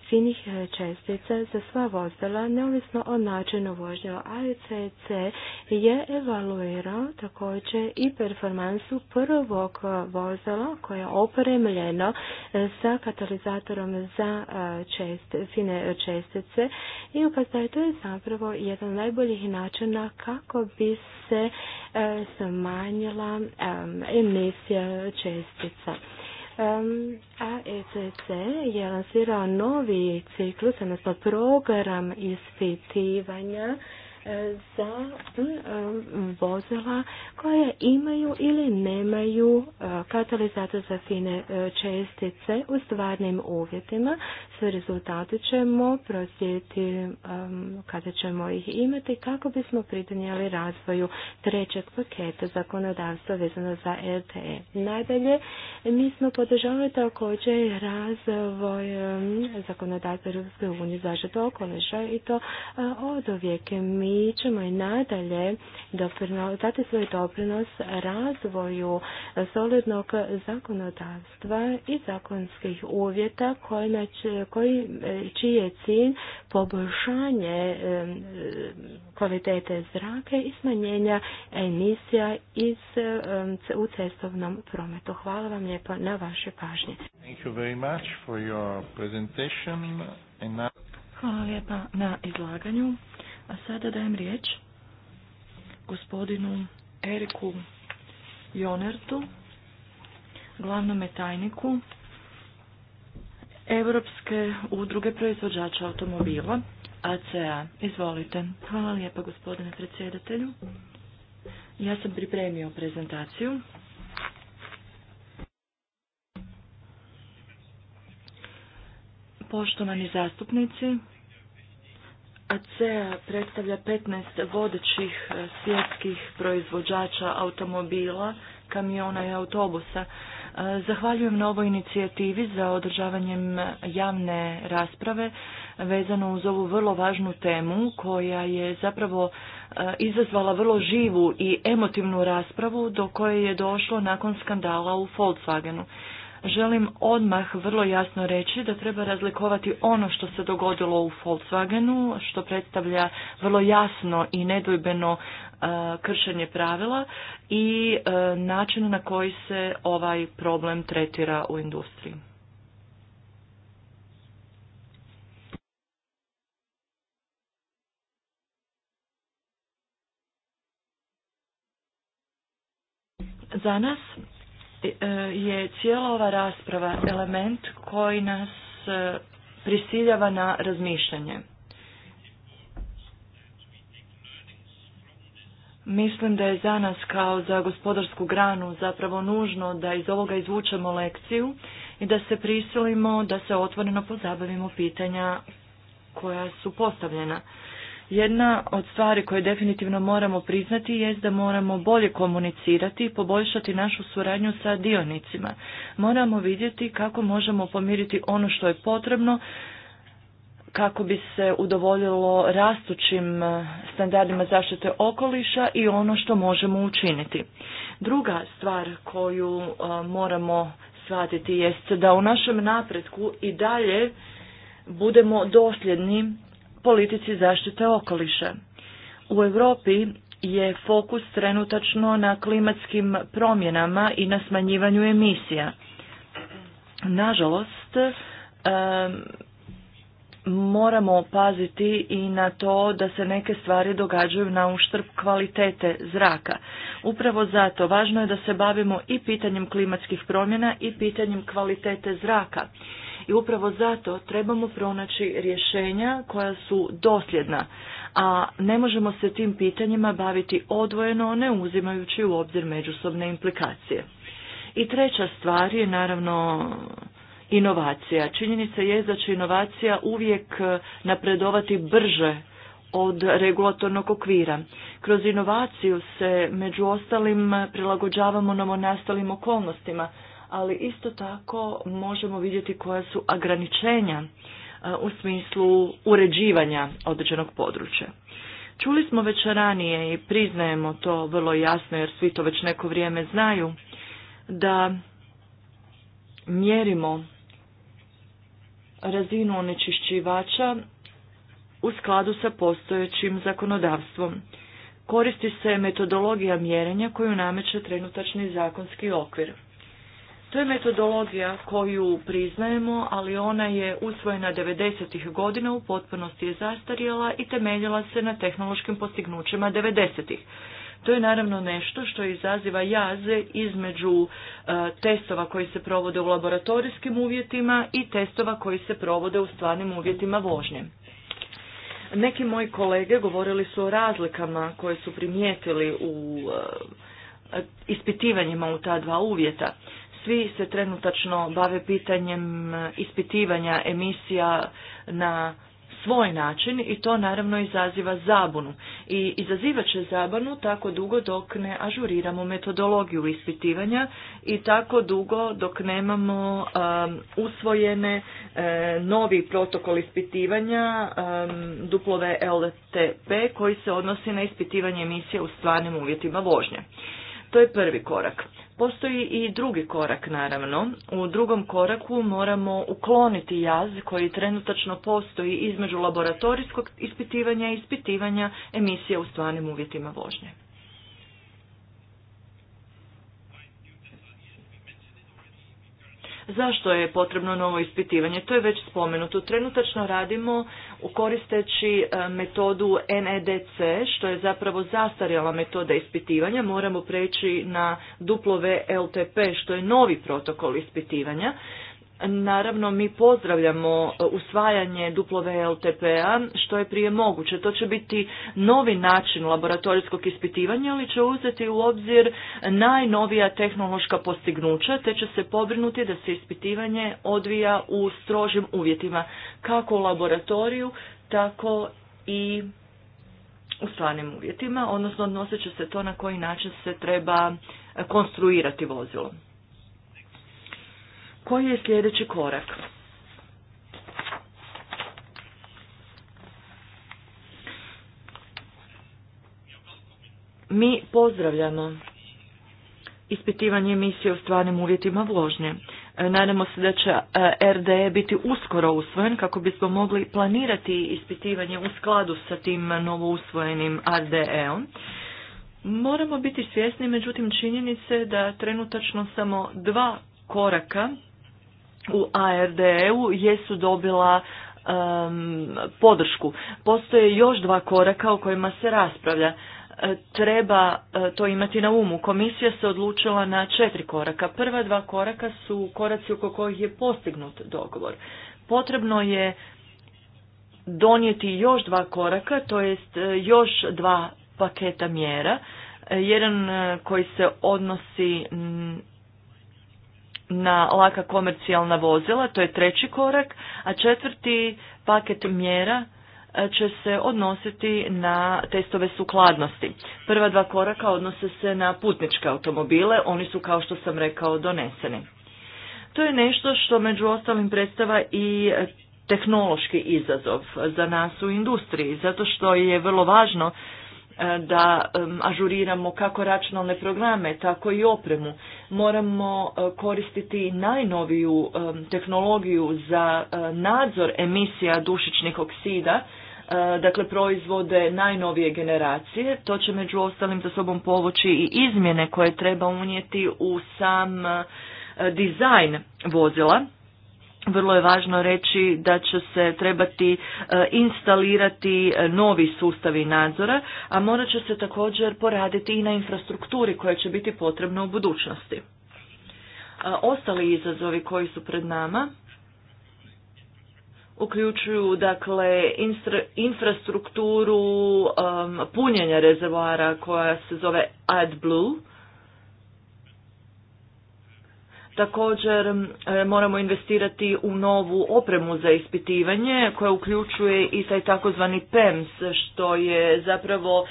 finih e, čestica za sva vozila, neovisno o načinu vožnja. AECC je evaluirao također i performansu prvog e, vozila koje je opremljeno e, sa katalizatorom za fine čestice i ukazuje je to je zapravo jedan od najboljih načina kako bi se smanjila emisija čestica. AECC je lansirao novi ciklus, odnosno program ispitivanja za e, vozila koje imaju ili nemaju e, katalizator za fine e, čestice u stvarnim uvjetima. Sve rezultate ćemo prosjetiti kada ćemo ih imati kako bismo pridonijeli razvoju trećeg paketa zakonodavstva vezano za LTE. Nadalje, mi smo podržavali također razvoj zakonodavstva Europske unije zaštitu okoliša i to od uvijek mi mi ćemo i nadalje dati svoj doprinos razvoju solidnog zakonodavstva i zakonskih uvjeta koji, e, čiji je cilj poboljšanje e, kvalitete zraka i smanjenja emisija e, u cestovnom prometu. Hvala vam lijepo na vaše pažnje. Hvala lijepa na izlaganju. A sada dajem riječ gospodinu Eriku Jonertu, glavnome tajniku Europske udruge proizvođača automobila, ACA. Izvolite. Hvala lijepa gospodine predsjedatelju. Ja sam pripremio prezentaciju. Poštovani zastupnici, ACEA predstavlja 15 vodećih e, svjetskih proizvođača automobila, kamiona i autobusa. E, zahvaljujem na ovoj inicijativi za održavanjem javne rasprave vezano uz ovu vrlo važnu temu koja je zapravo e, izazvala vrlo živu i emotivnu raspravu do koje je došlo nakon skandala u Volkswagenu želim odmah vrlo jasno reći da treba razlikovati ono što se dogodilo u Volkswagenu, što predstavlja vrlo jasno i nedvojbeno e, kršenje pravila i e, način na koji se ovaj problem tretira u industriji. Za nas E, je cijela ova rasprava element koji nas e, prisiljava na razmišljanje. Mislim da je za nas kao za gospodarsku granu zapravo nužno da iz ovoga izvučemo lekciju i da se prisilimo da se otvoreno pozabavimo pitanja koja su postavljena. Jedna od stvari koje definitivno moramo priznati je da moramo bolje komunicirati i poboljšati našu suradnju sa dionicima. Moramo vidjeti kako možemo pomiriti ono što je potrebno kako bi se udovoljilo rastućim e, standardima zaštite okoliša i ono što možemo učiniti. Druga stvar koju e, moramo shvatiti jest da u našem napretku i dalje budemo dosljedni politici zaštite okoliša. U Europi je fokus trenutačno na klimatskim promjenama i na smanjivanju emisija. Nažalost, moramo paziti i na to da se neke stvari događaju na uštrb kvalitete zraka. Upravo zato važno je da se bavimo i pitanjem klimatskih promjena i pitanjem kvalitete zraka. I upravo zato trebamo pronaći rješenja koja su dosljedna, a ne možemo se tim pitanjima baviti odvojeno ne uzimajući u obzir međusobne implikacije. I treća stvar je naravno inovacija. Činjenica je da će inovacija uvijek napredovati brže od regulatornog okvira. Kroz inovaciju se među ostalim prilagođavamo novonastalim okolnostima, ali isto tako možemo vidjeti koja su ograničenja e, u smislu uređivanja određenog područja. Čuli smo već ranije i priznajemo to vrlo jasno jer svi to već neko vrijeme znaju da mjerimo razinu onečišćivača u skladu sa postojećim zakonodavstvom. Koristi se metodologija mjerenja koju nameće trenutačni zakonski okvir. To je metodologija koju priznajemo, ali ona je usvojena 90. godina, u potpunosti je zastarjela i temeljila se na tehnološkim postignućima 90. To je naravno nešto što izaziva jaze između e, testova koji se provode u laboratorijskim uvjetima i testova koji se provode u stvarnim uvjetima vožnje. Neki moji kolege govorili su o razlikama koje su primijetili u e, ispitivanjima u ta dva uvjeta. Svi se trenutačno bave pitanjem eh, ispitivanja emisija na svoj način i to naravno izaziva zabunu. I izazivat će zabunu tako dugo dok ne ažuriramo metodologiju ispitivanja i tako dugo dok nemamo usvojene eh, novi protokol ispitivanja duplove LTP koji se odnosi na ispitivanje emisije u stvarnim uvjetima vožnje. To je prvi korak. Postoji i drugi korak, naravno. U drugom koraku moramo ukloniti jaz koji trenutačno postoji između laboratorijskog ispitivanja i ispitivanja emisije u stvarnim uvjetima vožnje. Zašto je potrebno novo ispitivanje? To je već spomenuto. Trenutačno radimo koristeći e, metodu NEDC, što je zapravo zastarjala metoda ispitivanja. Moramo preći na duplove LTP, što je novi protokol ispitivanja. Naravno, mi pozdravljamo usvajanje ltp a što je prije moguće. To će biti novi način laboratorijskog ispitivanja, ali će uzeti u obzir najnovija tehnološka postignuća, te će se pobrinuti da se ispitivanje odvija u strožim uvjetima, kako u laboratoriju, tako i u stvarnim uvjetima, odnosno odnosit će se to na koji način se treba konstruirati vozilo. Koji je sljedeći korak? Mi pozdravljamo ispitivanje emisije u stvarnim uvjetima vožnje. E, nadamo se da će RDE biti uskoro usvojen kako bismo mogli planirati ispitivanje u skladu sa tim novo usvojenim RDE-om. Moramo biti svjesni, međutim, činjenice da trenutačno samo dva koraka u ARD-u jesu dobila podršku. Postoje još dva koraka o kojima se raspravlja. E, treba e, to imati na umu. Komisija se odlučila na četiri koraka. Prva dva koraka su koraci oko kojih je postignut dogovor. Potrebno je donijeti još dva koraka, to jest e, još dva paketa mjera. Jedan koji se odnosi na laka komercijalna vozila, to je treći korak, a četvrti paket mjera e, će se odnositi na testove sukladnosti. Prva dva koraka odnose se na putničke automobile, oni su kao što sam rekao doneseni. To je nešto što među ostalim predstava i tehnološki izazov za nas u industriji, zato što je vrlo važno E, da ažuriramo kako računalne programe, tako i opremu. Moramo e, koristiti najnoviju tehnologiju za e, nadzor emisija dušičnih oksida, dakle proizvode najnovije generacije. To će među ostalim za sobom povući i izmjene koje treba unijeti u sam dizajn vozila vrlo je važno reći da će se trebati e, instalirati e, novi sustavi nadzora, a morat će se također poraditi i na infrastrukturi koja će biti potrebna u budućnosti. E, ostali izazovi koji su pred nama uključuju dakle infrastrukturu punjenja rezervoara koja se zove AdBlue, Također e, moramo investirati u novu opremu za ispitivanje koja uključuje i taj takozvani PEMS što je zapravo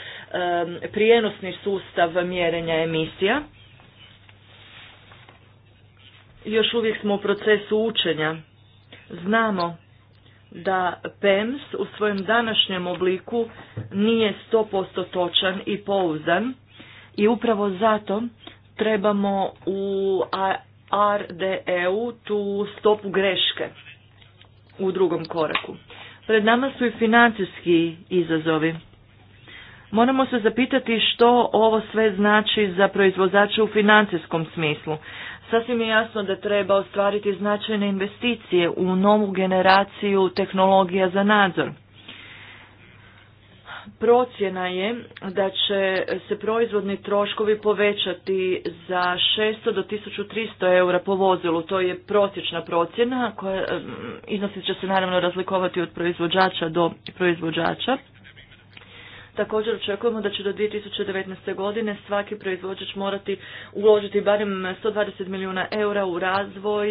e, prijenosni sustav mjerenja emisija. Još uvijek smo u procesu učenja. Znamo da PEMS u svojem današnjem obliku nije 100% točan i pouzdan i upravo zato trebamo u RDEU tu stopu greške u drugom koraku. Pred nama su i financijski izazovi. Moramo se zapitati što ovo sve znači za proizvozače u financijskom smislu. Sasvim je jasno da treba ostvariti značajne investicije u novu generaciju tehnologija za nadzor. Procjena je da će se proizvodni troškovi povećati za 600 do 1300 eura po vozilu. To je prosječna procjena koja iznosi će se naravno razlikovati od proizvođača do proizvođača. Također očekujemo da će do 2019. godine svaki proizvođač morati uložiti barem 120 milijuna eura u razvoj,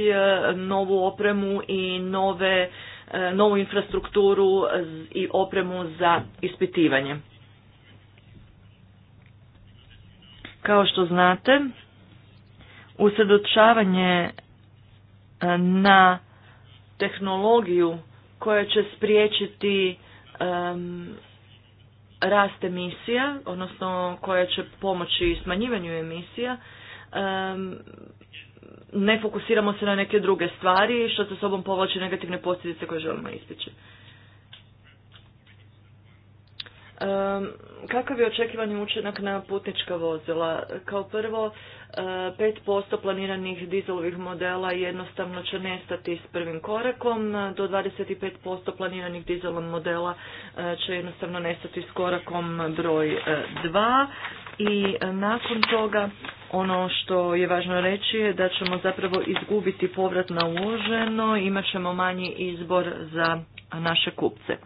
novu opremu i nove E, novu infrastrukturu i opremu za ispitivanje. Kao što znate, usredočavanje e, na tehnologiju koja će spriječiti e, rast emisija, odnosno koja će pomoći smanjivanju emisija, ne fokusiramo se na neke druge stvari što se sobom povlači negativne posljedice koje želimo istići. Um, kakav je očekivani učinak na putnička vozila? Kao prvo, 5% e, planiranih dizelovih modela jednostavno će nestati s prvim korakom, do 25% planiranih dizelovih modela e, će jednostavno nestati s korakom broj 2. E, i e, nakon toga ono što je važno reći je da ćemo zapravo izgubiti povrat na uloženo, imat ćemo manji izbor za naše kupce.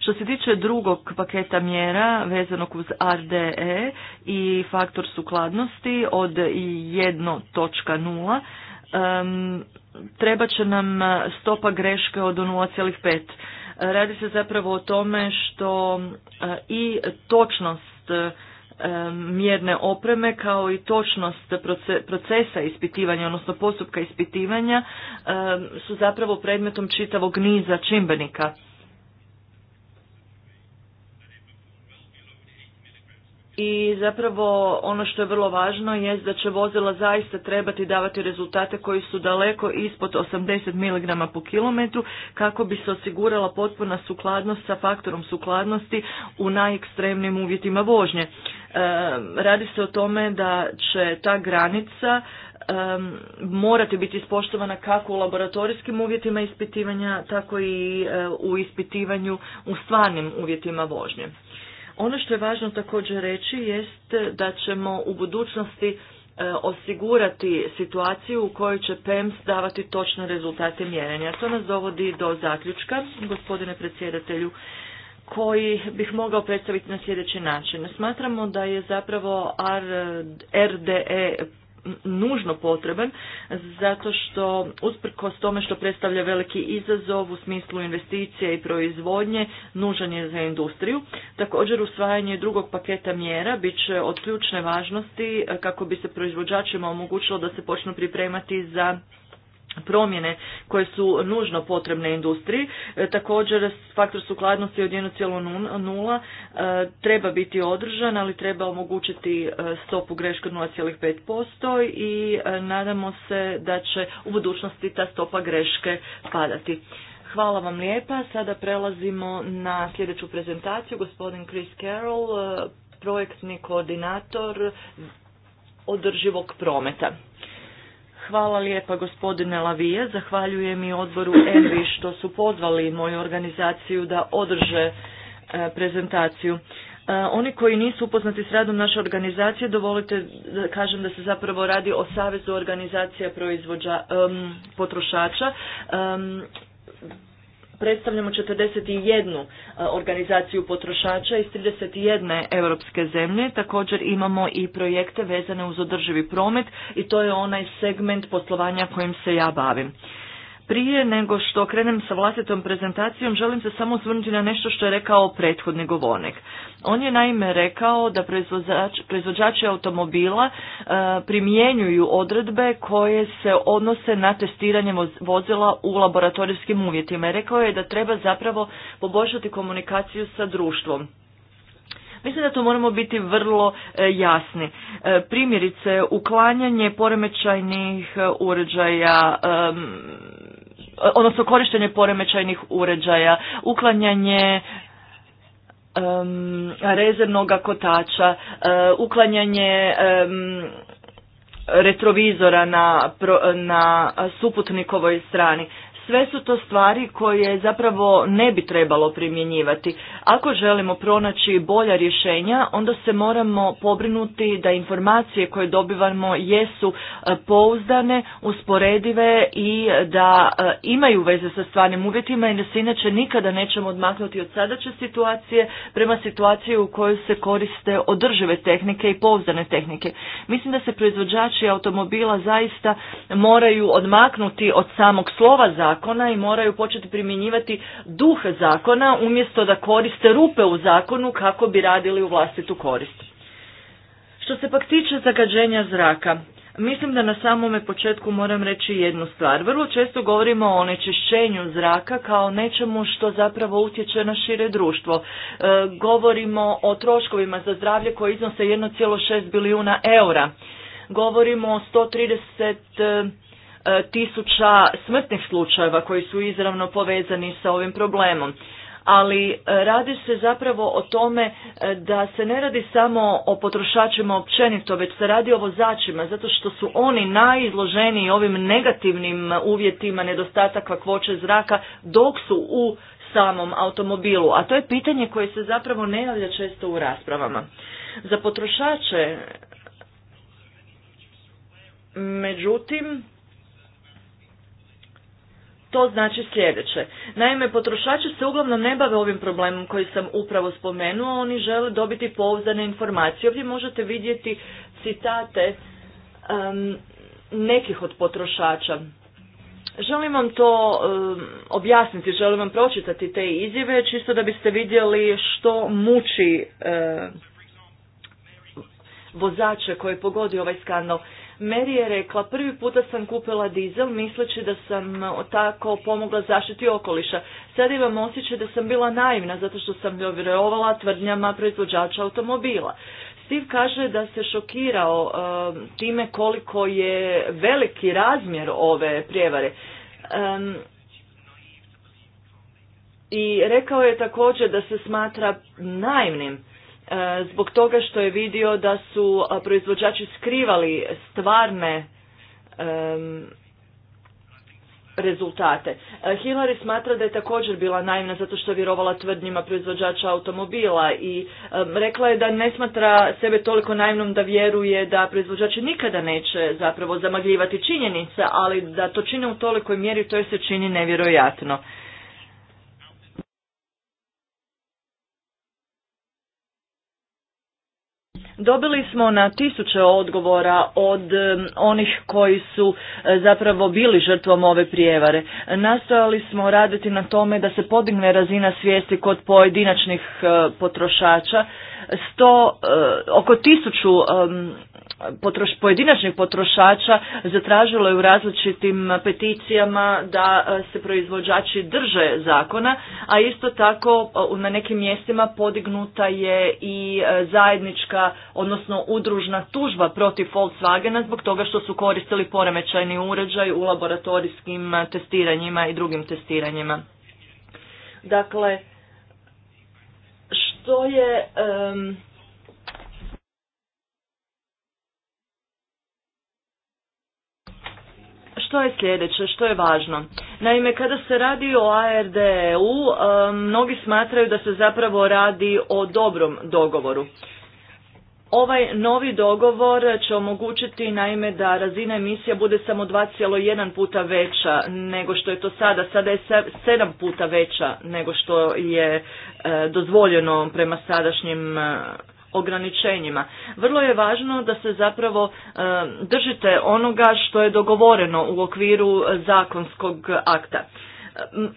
Što se tiče drugog paketa mjera vezanog uz RDE i faktor sukladnosti od 1.0, treba će nam stopa greške od 0,5. Radi se zapravo o tome što e, i točnost E, mjerne opreme kao i točnost procesa ispitivanja, odnosno postupka ispitivanja e, su zapravo predmetom čitavog niza čimbenika. i zapravo ono što je vrlo važno je da će vozila zaista trebati davati rezultate koji su daleko ispod 80 mg po kilometru kako bi se osigurala potpuna sukladnost sa faktorom sukladnosti u najekstremnim uvjetima vožnje. E, radi se o tome da će ta granica e, morati biti ispoštovana kako u laboratorijskim uvjetima ispitivanja, tako i e, u ispitivanju u stvarnim uvjetima vožnje. Ono što je važno također reći jest da ćemo u budućnosti e, osigurati situaciju u kojoj će PEMS davati točne rezultate mjerenja. To nas dovodi do zaključka, gospodine predsjedatelju, koji bih mogao predstaviti na sljedeći način. Smatramo da je zapravo RDE nužno potreban zato što usprkos tome što predstavlja veliki izazov u smislu investicije i proizvodnje nužan je za industriju. Također usvajanje drugog paketa mjera bit će od ključne važnosti kako bi se proizvođačima omogućilo da se počnu pripremati za promjene koje su nužno potrebne industriji. E, također faktor sukladnosti od 1,0 e, treba biti održan, ali treba omogućiti e, stopu greške od 0,5% i nadamo se da će u budućnosti ta stopa greške padati. Hvala vam lijepa. Sada prelazimo na sljedeću prezentaciju. Gospodin Chris Carroll, projektni koordinator održivog prometa. Hvala lijepa gospodine Lavije, zahvaljujem i odboru ENVI što su pozvali moju organizaciju da održe e, prezentaciju. E, oni koji nisu upoznati s radom naše organizacije, dovolite da kažem da se zapravo radi o Savezu organizacija proizvođa, potrošača predstavljamo 41 e, organizaciju potrošača iz 31 europske zemlje. Također imamo i projekte vezane uz održivi promet i to je onaj segment poslovanja kojim se ja bavim. Prije nego što krenem sa vlastitom prezentacijom, želim se samo osvrnuti na nešto što je rekao prethodni govornik. On je naime rekao da proizvođači automobila e, primjenjuju odredbe koje se odnose na testiranje vozila u laboratorijskim uvjetima. rekao je da treba zapravo poboljšati komunikaciju sa društvom. Mislim da to moramo biti vrlo e, jasni. E, primjerice, uklanjanje poremećajnih uređaja, odnosno korištenje poremećajnih uređaja, uklanjanje um, rezervnog kotača, eh, uklanjanje retrovizora na, na suputnikovoj strani. Sve su to stvari koje zapravo ne bi trebalo primjenjivati. Ako želimo pronaći bolja rješenja, onda se moramo pobrinuti da informacije koje dobivamo jesu e, pouzdane, usporedive i da e, imaju veze sa stvarnim uvjetima i da se inače nikada nećemo odmaknuti od sadače situacije prema situaciji u kojoj se koriste održive tehnike i pouzdane tehnike. Mislim da se proizvođači automobila zaista moraju odmaknuti od samog slova zakona zakona i moraju početi primjenjivati duh zakona umjesto da koriste rupe u zakonu kako bi radili u vlastitu korist. Što se pak tiče zagađenja zraka, Mislim da na samome početku moram reći jednu stvar. Vrlo često govorimo o onečišćenju zraka kao nečemu što zapravo utječe na šire društvo. E, govorimo o troškovima za zdravlje koje iznose 1,6 bilijuna eura. Govorimo o 130 tisuća smrtnih slučajeva koji su izravno povezani sa ovim problemom ali e, radi se zapravo o tome e, da se ne radi samo o potrošačima općenito, već se radi o vozačima, zato što su oni najizloženiji ovim negativnim uvjetima nedostataka kvoće zraka dok su u samom automobilu, a to je pitanje koje se zapravo ne javlja često u raspravama. Za potrošače, međutim, to znači sljedeće. Naime, potrošači se uglavnom ne bave ovim problemom koji sam upravo spomenuo, oni žele dobiti pouzdane informacije. Ovdje možete vidjeti citate nekih od potrošača. Želim vam to objasniti, želim vam pročitati te izjave, čisto da biste vidjeli što muči vozače koje pogodi ovaj skandal. Meri je rekla, prvi puta sam kupila dizel misleći da sam e, tako pomogla zaštiti okoliša. Sad imam osjećaj da sam bila naivna zato što sam vjerovala tvrdnjama proizvođača automobila. Steve kaže da se šokirao e, time koliko je veliki razmjer ove prijevare. I rekao je također da se smatra naivnim zbog toga što je vidio da su proizvođači skrivali stvarne rezultate. E, Hillary smatra da je također bila naivna zato što je vjerovala tvrdnjima proizvođača automobila i rekla je da ne smatra sebe toliko naivnom da vjeruje da proizvođači nikada neće zapravo zamagljivati činjenice, ali da to čine u tolikoj mjeri to je se čini nevjerojatno. Dobili smo na tisuće odgovora od onih koji su e, zapravo bili žrtvom ove prijevare. Nastojali smo raditi na tome da se podigne razina svijesti kod pojedinačnih e, potrošača. Sto, e, oko tisuću potroš, pojedinačnih potrošača zatražilo je u različitim peticijama da e, se proizvođači drže zakona, a isto tako e, na nekim mjestima podignuta je i e, zajednička, odnosno udružna tužba protiv Volkswagena zbog toga što su koristili poremećajni uređaj u laboratorijskim testiranjima i drugim testiranjima. Dakle, što je što je sljedeće, što je važno? Naime, kada se radi o ARDU, e um, mnogi smatraju da se zapravo radi o dobrom dogovoru. Ovaj novi dogovor će omogućiti naime da razina emisija bude samo 2,1 puta veća nego što je to sada. Sada je 7 puta veća nego što je e, dozvoljeno prema sadašnjim e, ograničenjima. Vrlo je važno da se zapravo e, držite onoga što je dogovoreno u okviru zakonskog akta.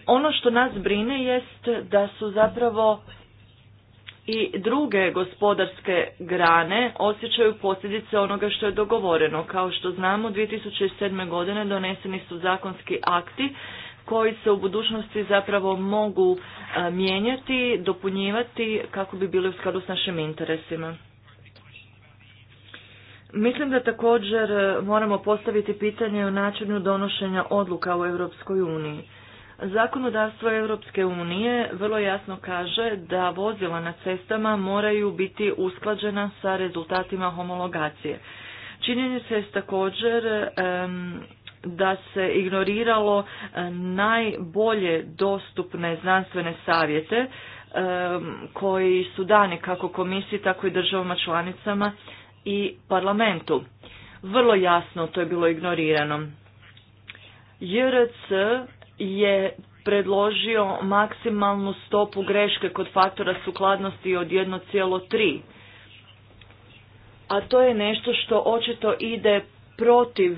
Ono što nas brine jest da su zapravo i druge gospodarske grane osjećaju posljedice onoga što je dogovoreno. Kao što znamo, 2007. godine doneseni su zakonski akti koji se u budućnosti zapravo mogu e, mijenjati, dopunjivati kako bi bili u skladu s našim interesima. Mislim da također e, moramo postaviti pitanje o načinu donošenja odluka u Europskoj uniji. Zakonodavstvo Europske unije vrlo jasno kaže da vozila na cestama moraju biti usklađena sa rezultatima homologacije. Činjenice je također da se ignoriralo e, najbolje dostupne znanstvene savjete e, koji su dani kako komisiji, tako i državama članicama i parlamentu. Vrlo jasno to je bilo ignorirano. JRC je predložio maksimalnu stopu greške kod faktora sukladnosti od 1,3 a to je nešto što očito ide protiv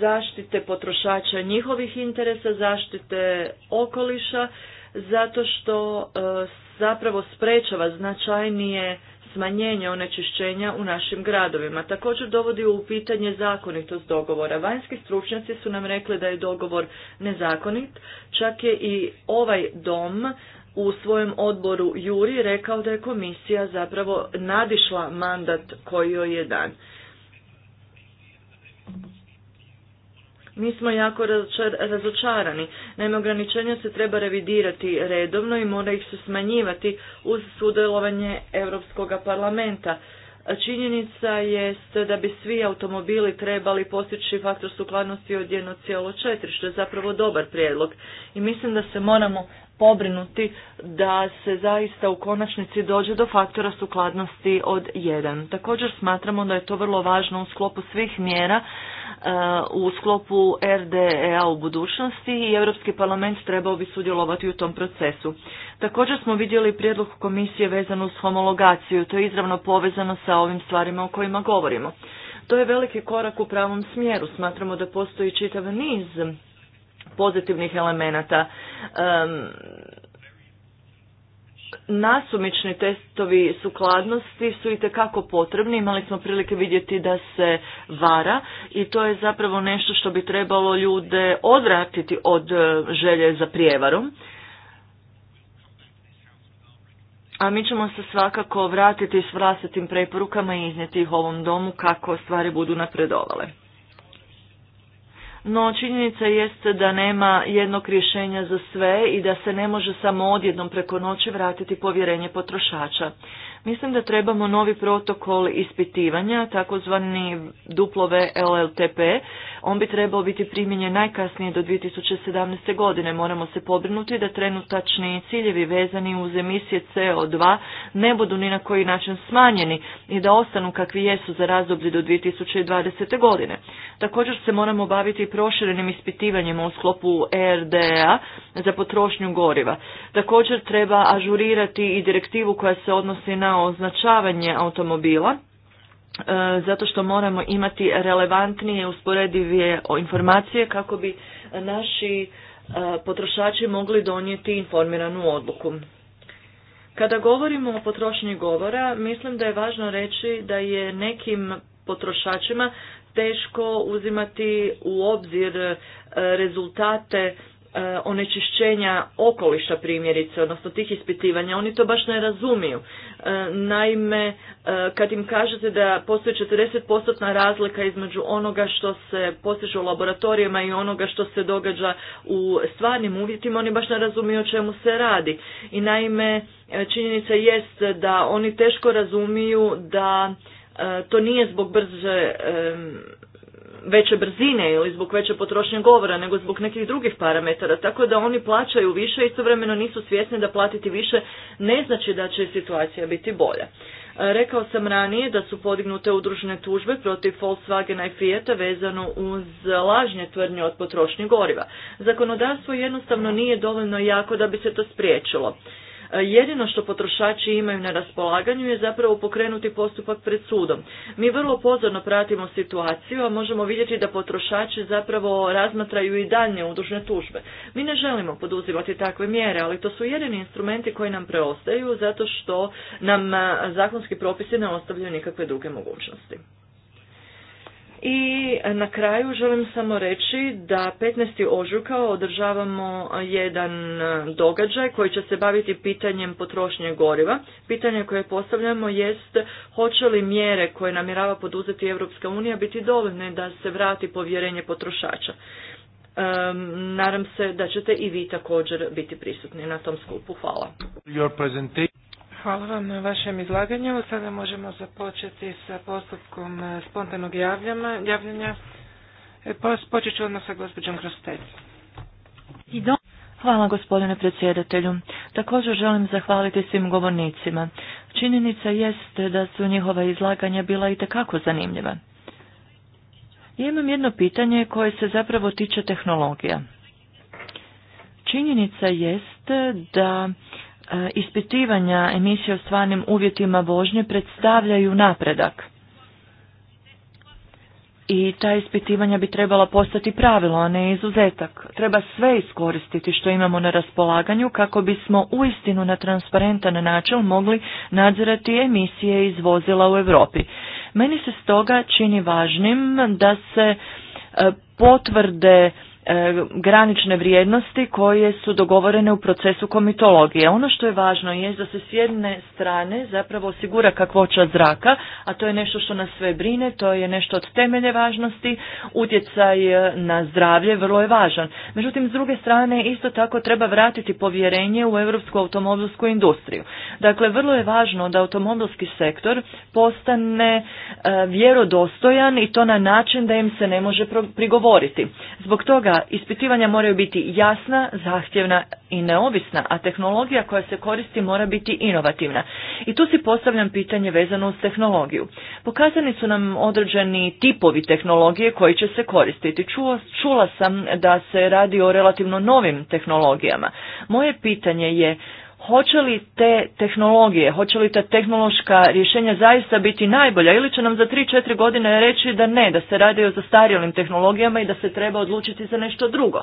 zaštite potrošača njihovih interesa, zaštite okoliša, zato što e, zapravo sprečava značajnije smanjenje onečišćenja u našim gradovima. Također dovodi u pitanje zakonitost dogovora. Vanjski stručnjaci su nam rekli da je dogovor nezakonit, čak je i ovaj dom u svojem odboru Juri rekao da je komisija zapravo nadišla mandat koji joj je dan. Mi smo jako razočarani. Naime, ograničenja se treba revidirati redovno i mora ih se smanjivati uz sudjelovanje Europskog parlamenta. Činjenica jest da bi svi automobili trebali postići faktor sukladnosti od 1,4, što je zapravo dobar prijedlog. I mislim da se moramo pobrinuti da se zaista u konačnici dođe do faktora sukladnosti od 1. Također smatramo da je to vrlo važno u sklopu svih mjera e, u sklopu RDEA u budućnosti i Europski parlament trebao bi sudjelovati u tom procesu. Također smo vidjeli prijedlog komisije vezano uz homologaciju, to je izravno povezano sa ovim stvarima o kojima govorimo. To je veliki korak u pravom smjeru. Smatramo da postoji čitav niz pozitivnih elemenata. Um, Nasumični testovi sukladnosti su i tekako potrebni, imali smo prilike vidjeti da se vara i to je zapravo nešto što bi trebalo ljude odvratiti od e, želje za prijevarom. A mi ćemo se svakako vratiti s vlastitim preporukama i iznijeti ih ovom domu kako stvari budu napredovale no činjenica jeste da nema jednog rješenja za sve i da se ne može samo odjednom preko noći vratiti povjerenje potrošača. Mislim da trebamo novi protokol ispitivanja, takozvani duplove LLTP. On bi trebao biti primjenjen najkasnije do 2017. godine. Moramo se pobrinuti da trenutačni ciljevi vezani uz emisije CO2 ne budu ni na koji način smanjeni i da ostanu kakvi jesu za razdoblje do 2020. godine. Također se moramo baviti proširenim ispitivanjima u sklopu ERDA za potrošnju goriva. Također treba ažurirati i direktivu koja se odnosi na označavanje automobila e, zato što moramo imati relevantnije usporedivije informacije kako bi naši e, potrošači mogli donijeti informiranu odluku. Kada govorimo o potrošnji govora, mislim da je važno reći da je nekim potrošačima teško uzimati u obzir e, rezultate e, onečišćenja okoliša primjerice, odnosno tih ispitivanja. Oni to baš ne razumiju. E, naime, kad im kažete da postoji 40% razlika između onoga što se postiže u laboratorijama i onoga što se događa u stvarnim uvjetima, oni baš ne razumiju o čemu se radi. I naime, činjenica jest da oni teško razumiju da E, to nije zbog brže e, veće brzine ili zbog veće potrošnje govora nego zbog nekih drugih parametara tako da oni plaćaju više i istovremeno nisu svjesni da platiti više ne znači da će situacija biti bolja. E, rekao sam ranije da su podignute udružene tužbe protiv Volkswagena i Fijeta vezano uz lažnje tvrdnje od potrošnje goriva. Zakonodavstvo jednostavno nije dovoljno jako da bi se to spriječilo. E, jedino što potrošači imaju na raspolaganju je zapravo pokrenuti postupak pred sudom. Mi vrlo pozorno pratimo situaciju, a možemo vidjeti da potrošači zapravo razmatraju i daljnje udružne tužbe. Mi ne želimo poduzimati takve mjere, ali to su jedini instrumenti koji nam preostaju zato što nam zakonski propisi ne ostavljaju nikakve druge mogućnosti. I na kraju želim samo reći da 15. ožujka održavamo jedan e, događaj koji će se baviti pitanjem potrošnje goriva. Pitanje koje postavljamo jest hoće li mjere koje namjerava poduzeti Europska unija biti dovoljne da se vrati povjerenje potrošača. Um, nadam se da ćete i vi također biti prisutni na tom skupu. Hvala. Hvala vam na vašem izlaganju. Sada možemo započeti sa postupkom e, spontanog javljanja. E, počet ću odmah sa gospođom Krostec. Hvala gospodine predsjedatelju. Također želim zahvaliti svim govornicima. Činjenica jeste da su njihova izlaganja bila i tekako zanimljiva. Ja imam jedno pitanje koje se zapravo tiče tehnologija. Činjenica jest da E, ispitivanja emisije u stvarnim uvjetima vožnje predstavljaju napredak. I ta ispitivanja bi trebala postati pravilo, a ne izuzetak. Treba sve iskoristiti što imamo na raspolaganju kako bismo uistinu na transparentan način mogli nadzirati emisije iz vozila u Europi. Meni se stoga čini važnim da se e, potvrde E, granične vrijednosti koje su dogovorene u procesu komitologije. Ono što je važno je da se s jedne strane zapravo osigura kakvoća zraka, a to je nešto što nas sve brine, to je nešto od temelje važnosti, utjecaj e, na zdravlje vrlo je važan. Međutim, s druge strane isto tako treba vratiti povjerenje u europsku automobilsku industriju. Dakle, vrlo je važno da automobilski sektor postane e, vjerodostojan i to na način da im se ne može prigovoriti. Zbog toga ispitivanja moraju biti jasna, zahtjevna i neovisna, a tehnologija koja se koristi mora biti inovativna. I tu si postavljam pitanje vezano uz tehnologiju. Pokazani su nam određeni tipovi tehnologije koji će se koristiti. Čula, čula sam da se radi o relativno novim tehnologijama. Moje pitanje je hoće li te tehnologije, hoće li ta tehnološka rješenja zaista biti najbolja ili će nam za 3-4 godine reći da ne, da se radi o zastarjelim tehnologijama i da se treba odlučiti za nešto drugo.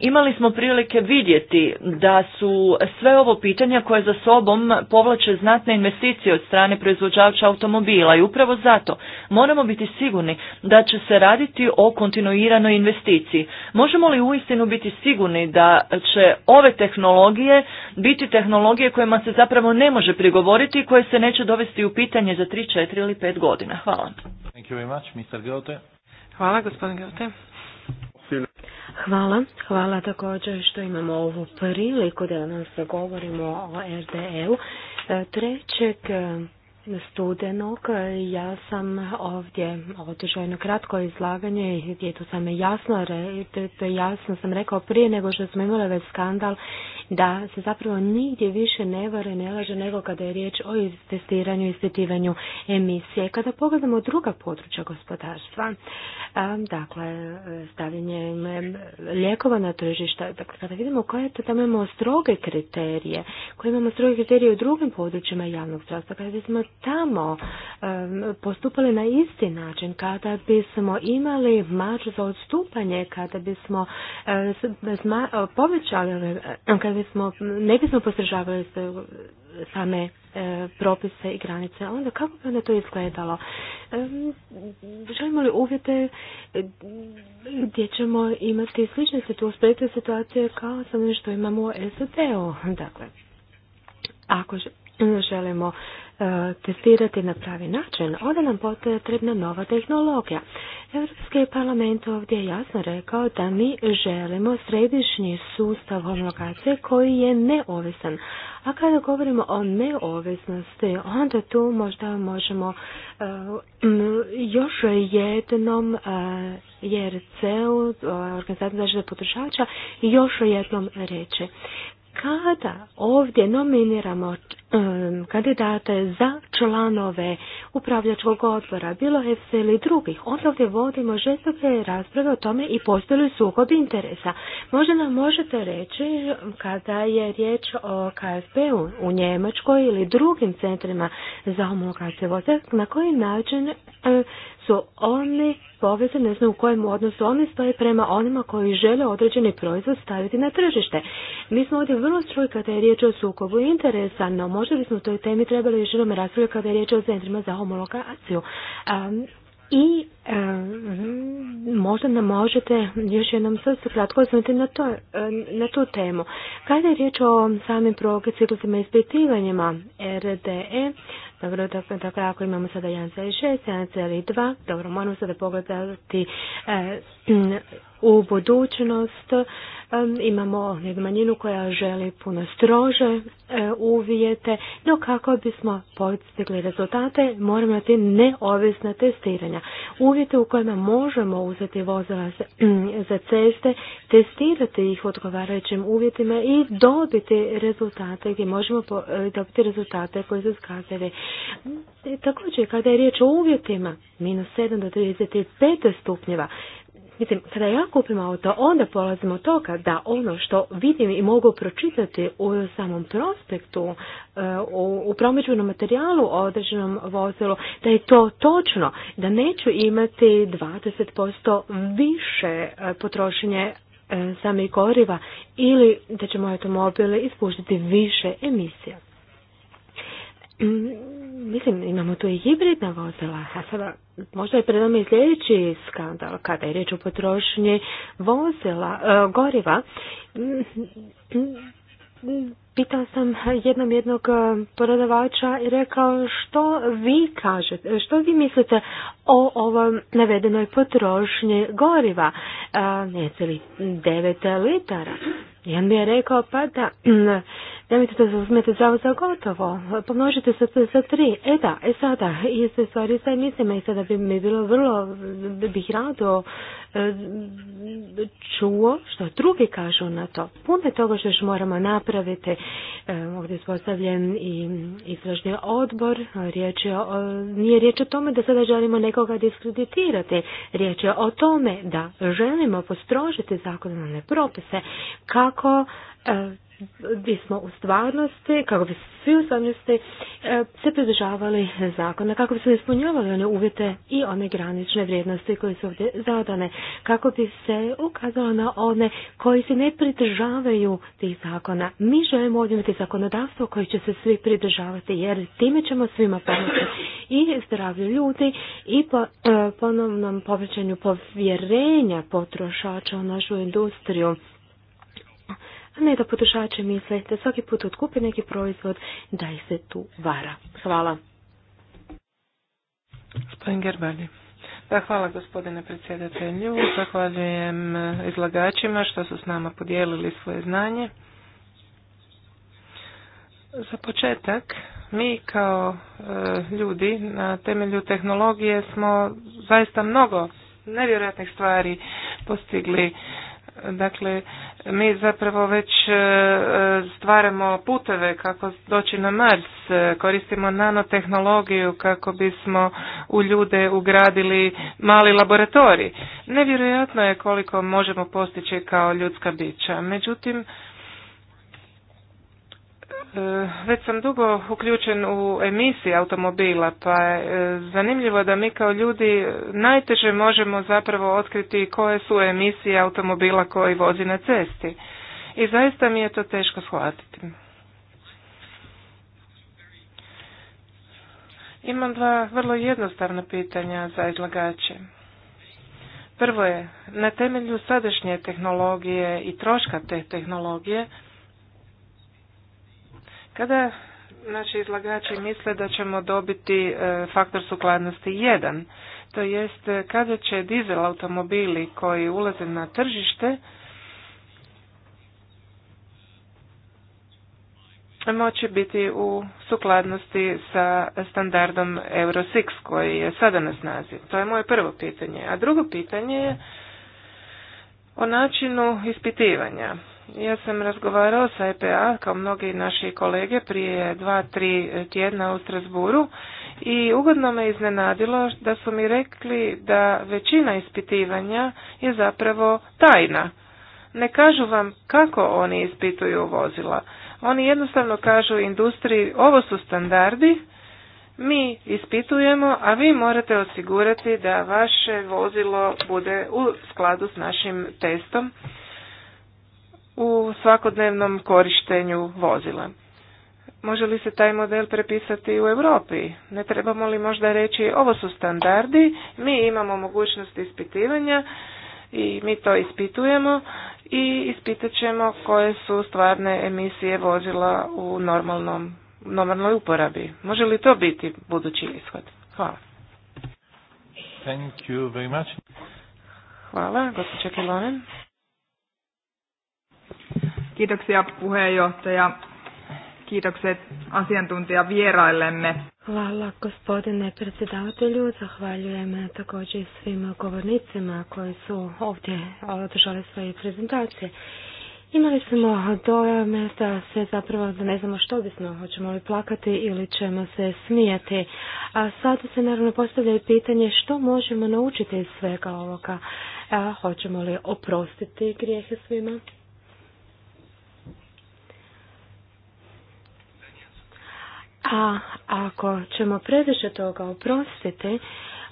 Imali smo prilike vidjeti da su sve ovo pitanja koje za sobom povlače znatne investicije od strane proizvođača automobila i upravo zato moramo biti sigurni da će se raditi o kontinuiranoj investiciji. Možemo li uistinu biti sigurni da će ove tehnologije biti tehnologije tehnologije kojima se zapravo ne može prigovoriti i koje se neće dovesti u pitanje za 3, 4 ili 5 godina. Hvala. Thank you very much, Mr. Hvala, gospodin Gelte. Hvala. Hvala također što imamo ovu priliku da danas govorimo o RDE-u. E, trećeg studenog ja sam ovdje održao jedno kratko izlaganje i gdje to sam jasno, to jasno sam rekao prije nego što smo imali već ovaj skandal da se zapravo nigdje više ne vare, ne laže nego kada je riječ o testiranju i ispitivanju emisije. Kada pogledamo druga područja gospodarstva, dakle stavljanje lijekova na tržišta, dakle kada vidimo koje to tamo imamo stroge kriterije, koje imamo stroge kriterije u drugim područjima javnog zdravstva, kada vidimo tamo postupali na isti način, kada bismo imali mač za odstupanje, kada bismo povećali, kada bismo, ne bismo postržavali same propise i granice, onda kako bi onda to izgledalo? Želimo li uvjete gdje ćemo imati slične situacije, situacije kao sa što imamo u SAD-u? Dakle, ako želimo E, testirati na pravi način, onda nam potrebna nova tehnologija. Europski parlament ovdje jasno rekao da mi želimo središnji sustav homologacije koji je neovisan. A kada govorimo o neovisnosti, onda tu možda možemo e, još jednom e, jer jer organizacija uh, organizaciju zaštite potrošača, još jednom reći kada ovdje nominiramo kandidate za članove upravljačkog odbora, bilo EFSA ili drugih, onda ovdje vodimo žestoke rasprave o tome i postoji sukob interesa. Možda nam možete reći kada je riječ o KSP-u u Njemačkoj ili drugim centrima za homologaciju na koji način su oni povezani, ne znam u kojem odnosu oni stoje prema onima koji žele određeni proizvod staviti na tržište. Mi smo ovdje vrlo čuli kada je riječ o sukobu interesa, no možda bismo u toj temi trebali još jednom raspravljati kada je riječ o centrima za homologaciju. Um, i e, možda nam možete još jednom srcu kratko osvrnuti na, to, e, na tu temu. Kada je riječ o samim procesima i ispitivanjima RDE, dobro, dakle, dakle ako imamo sada 1,6, 1,2, dobro, moramo sada pogledati e, u budućnost. Imamo manjinu koja želi puno strože e, uvijete, no kako bismo postigli rezultate moramo imati neovisna testiranja. Uvjete u kojima možemo uzeti vozila za ceste, testirati ih odgovarajućim uvjetima i dobiti rezultate gdje možemo e, dobiti rezultate koje su skazali. Također, kada je riječ o uvjetima, minus 7 do 35 stupnjeva, Mislim, kada ja kupim auto, onda polazim od toga da ono što vidim i mogu pročitati u samom prospektu, e, u promičbenom materijalu o određenom vozilu, da je to točno, da neću imati 20% više e, potrošenje e, samih goriva ili da će moj automobil ispuštiti više emisija. Mm, Mislim, imamo tu i hibridna vozila, a sada možda je pred nama i sljedeći skandal kada je riječ o potrošnji vozila, e, goriva. Pitao sam jednom jednog e, prodavača i rekao što vi kažete, što vi mislite o ovoj navedenoj potrošnji goriva, e, neceli 9 litara. I on mi je rekao, pa da, Nemojte da uzmete za, za gotovo. Pomnožite se sa tri. E da, e sada. I se stvari mislim. I sada bi mi bilo vrlo, bih rado e, čuo što drugi kažu na to. Puno je toga što još moramo napraviti. E, ovdje je postavljen i istražni odbor. Riječ je nije riječ o tome da sada želimo nekoga diskreditirati. Riječ je o tome da želimo postrožiti zakonodavne propise kako e, bismo u stvarnosti, kako bi svi u stvarnosti e, se pridržavali zakona, kako bi se ispunjavali one uvjete i one granične vrijednosti koje su ovdje zadane, kako bi se ukazalo na one koji se ne pridržavaju tih zakona. Mi želimo ovdje imati zakonodavstvo koje će se svi pridržavati jer time ćemo svima pomoći i zdravlju ljudi i po, e, ponovnom povećanju povjerenja potrošača u našu industriju a ne da potušače misle da svaki put odkupe neki proizvod da ih se tu vara. Hvala. Gospodin Gerbalji. Da, hvala gospodine predsjedatelju. Zahvaljujem e, izlagačima što su s nama podijelili svoje znanje. Za početak, mi kao e, ljudi na temelju tehnologije smo zaista mnogo nevjerojatnih stvari postigli Dakle, mi zapravo već e, stvaramo puteve kako doći na Mars, e, koristimo nanotehnologiju kako bismo u ljude ugradili mali laboratori. Nevjerojatno je koliko možemo postići kao ljudska bića. Međutim, Eh, već sam dugo uključen u emisije automobila, pa je eh, zanimljivo da mi kao ljudi najteže možemo zapravo otkriti koje su emisije automobila koji vozi na cesti. I zaista mi je to teško shvatiti. Imam dva vrlo jednostavna pitanja za izlagače. Prvo je, na temelju sadašnje tehnologije i troška te tehnologije, kada naši izlagači misle da ćemo dobiti e, faktor sukladnosti 1, to jest e, kada će dizel automobili koji ulaze na tržište moći biti u sukladnosti sa standardom Euro 6 koji je sada na snazi. To je moje prvo pitanje. A drugo pitanje je o načinu ispitivanja. Ja sam razgovarao sa EPA kao mnogi naši kolege prije dva, tri tjedna u Strasburu i ugodno me iznenadilo da su mi rekli da većina ispitivanja je zapravo tajna. Ne kažu vam kako oni ispituju vozila. Oni jednostavno kažu industriji ovo su standardi, mi ispitujemo, a vi morate osigurati da vaše vozilo bude u skladu s našim testom u svakodnevnom korištenju vozila. Može li se taj model prepisati u Europi? Ne trebamo li možda reći ovo su standardi, mi imamo mogućnost ispitivanja i mi to ispitujemo i ispitat ćemo koje su stvarne emisije vozila u normalnom, normalnoj uporabi. Može li to biti budući ishod? Hvala. Thank you very much. Hvala, Kiitoksia puheenjohtaja. Kiitokset Hvala gospodine predsjedavatelju. Zahvaljujem eh, također svim govornicima koji su ovdje eh, održali svoje prezentacije. Imali smo dojam da se zapravo da ne znamo što bismo, hoćemo li plakati ili ćemo se smijati. A sada se naravno postavlja i pitanje što možemo naučiti iz svega ovoga. hoćemo li oprostiti grijehe svima? A ako ćemo previše toga oprostiti,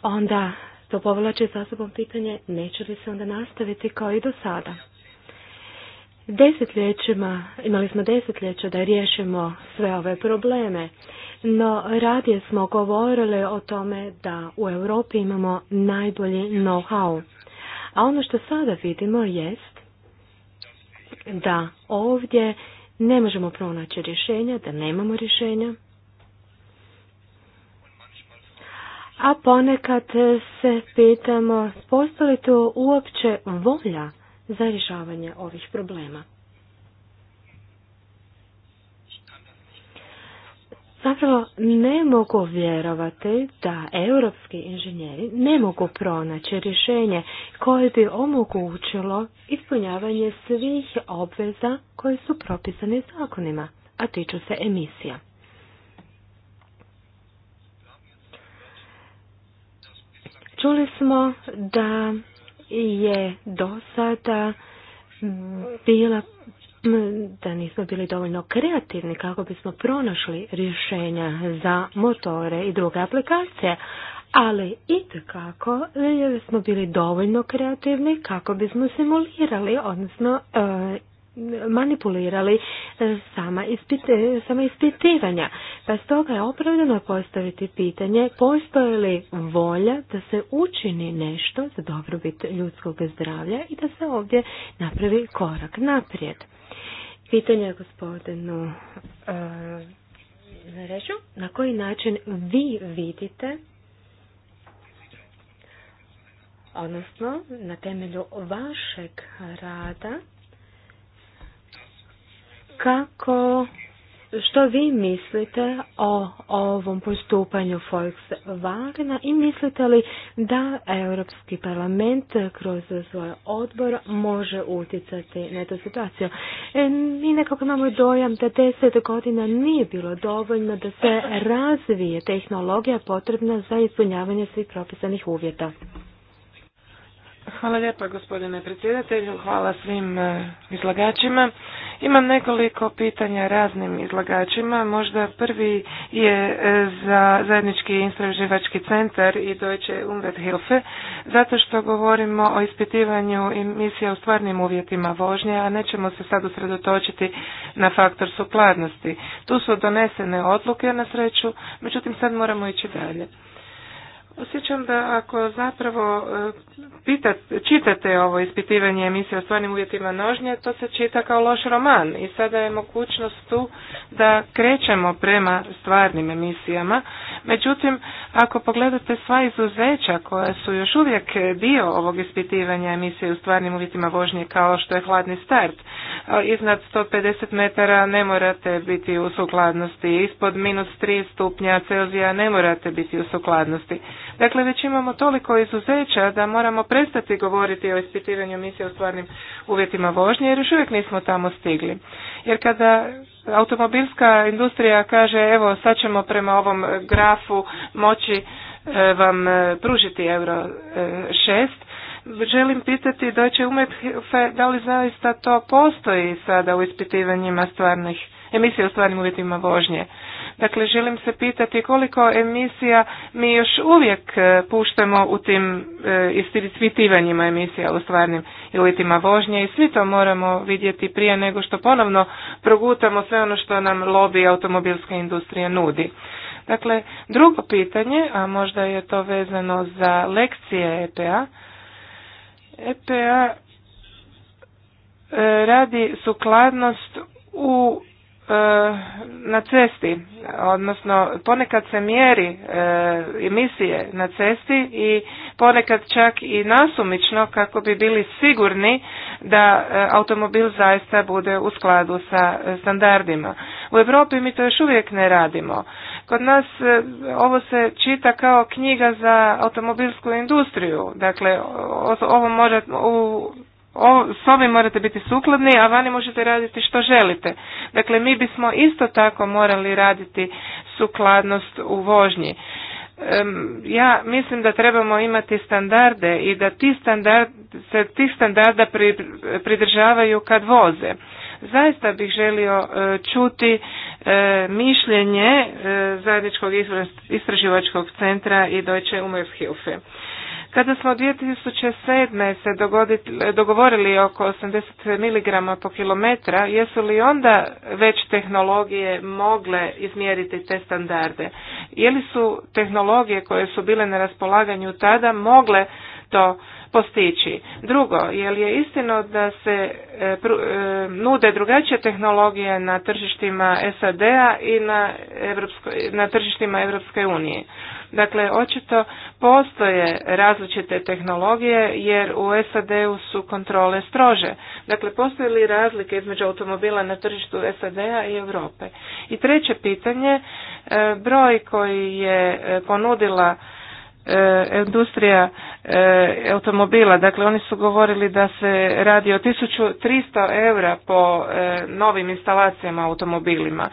onda to povlači za sobom pitanje neće li se onda nastaviti kao i do sada. Desetljećima, imali smo desetljeća da riješimo sve ove probleme, no radije smo govorili o tome da u Europi imamo najbolji know-how. A ono što sada vidimo jest da ovdje ne možemo pronaći rješenja, da nemamo rješenja, a ponekad e, se pitamo postoji li to uopće volja za rješavanje ovih problema. Zapravo ne mogu vjerovati da europski inženjeri ne mogu pronaći rješenje koje bi omogućilo ispunjavanje svih obveza koje su propisane zakonima, a tiču se emisija. Čuli smo da je do sada bila da nismo bili dovoljno kreativni kako bismo pronašli rješenja za motore i druge aplikacije, ali i kako smo bili dovoljno kreativni kako bismo simulirali, odnosno e, manipulirali e, sama, ispite, sama ispitivanja. Pa stoga je opravdano postaviti pitanje postoji li volja da se učini nešto za dobrobit ljudskog zdravlja i da se ovdje napravi korak naprijed. Pitanje gospodinu e, na na koji način vi vidite odnosno na temelju vašeg rada kako, što vi mislite o ovom postupanju Volkswagena i mislite li da Europski parlament kroz svoj odbor može utjecati na tu situaciju? E, mi nekako imamo dojam da deset godina nije bilo dovoljno da se razvije tehnologija potrebna za ispunjavanje svih propisanih uvjeta. Hvala lijepa gospodine predsjedatelju, hvala svim e, izlagačima. Imam nekoliko pitanja raznim izlagačima. Možda prvi je e, za zajednički istraživački centar i Deutsche Umwelthilfe, zato što govorimo o ispitivanju emisija u stvarnim uvjetima vožnje, a nećemo se sad usredotočiti na faktor sukladnosti. Tu su donesene odluke na sreću, međutim sad moramo ići dalje. Osjećam da ako zapravo e, čitate ovo ispitivanje emisije o stvarnim uvjetima nožnje, to se čita kao loš roman i sada je mogućnost tu da krećemo prema stvarnim emisijama. Međutim, ako pogledate sva izuzeća koja su još uvijek dio ovog ispitivanja emisije u stvarnim uvjetima vožnje kao što je hladni start, iznad 150 metara ne morate biti u sukladnosti, ispod minus 3 stupnja Celzija ne morate biti u sukladnosti. Dakle, već imamo toliko izuzeća da moramo prestati govoriti o ispitivanju misije u stvarnim uvjetima vožnje jer još uvijek nismo tamo stigli. Jer kada automobilska industrija kaže evo sad ćemo prema ovom grafu moći e, vam e, pružiti euro 6, e, želim pitati da će umet da li zaista to postoji sada u ispitivanjima stvarnih emisija u stvarnim uvjetima vožnje. Dakle, želim se pitati koliko emisija mi još uvijek e, puštamo u tim e, ispitivanjima emisija u stvarnim ilitima vožnje i svi to moramo vidjeti prije nego što ponovno progutamo sve ono što nam lobi automobilska industrija nudi. Dakle, drugo pitanje, a možda je to vezano za lekcije EPA. EPA e, radi sukladnost u E, na cesti, odnosno ponekad se mjeri e, emisije na cesti i ponekad čak i nasumično kako bi bili sigurni da e, automobil zaista bude u skladu sa standardima. U Europi mi to još uvijek ne radimo. Kod nas ovo se čita kao knjiga za automobilsku industriju, dakle ovo možemo u o, s ovim morate biti sukladni, a vani možete raditi što želite. Dakle, mi bismo isto tako morali raditi sukladnost u vožnji. Ja mislim da trebamo imati standarde i da ti standard, se tih standarda pridržavaju kad voze. Zaista bih želio e, čuti e, mišljenje e, zajedničkog istraživačkog centra i Deutsche Umwelthilfe. Kada smo 2007. se dogovorili oko 80 mg po kilometra, jesu li onda već tehnologije mogle izmjeriti te standarde? Je li su tehnologije koje su bile na raspolaganju tada mogle to postići. Drugo, je je istino da se e, e, nude drugačije tehnologije na tržištima SAD-a i na, tržištima Europske unije? Dakle, očito postoje različite tehnologije jer u SAD-u su kontrole strože. Dakle, postoje li razlike između automobila na tržištu SAD-a i Europe? I treće pitanje, e, broj koji je e, ponudila e, industrija automobila. Dakle, oni su govorili da se radi o 1300 eura po novim instalacijama automobilima.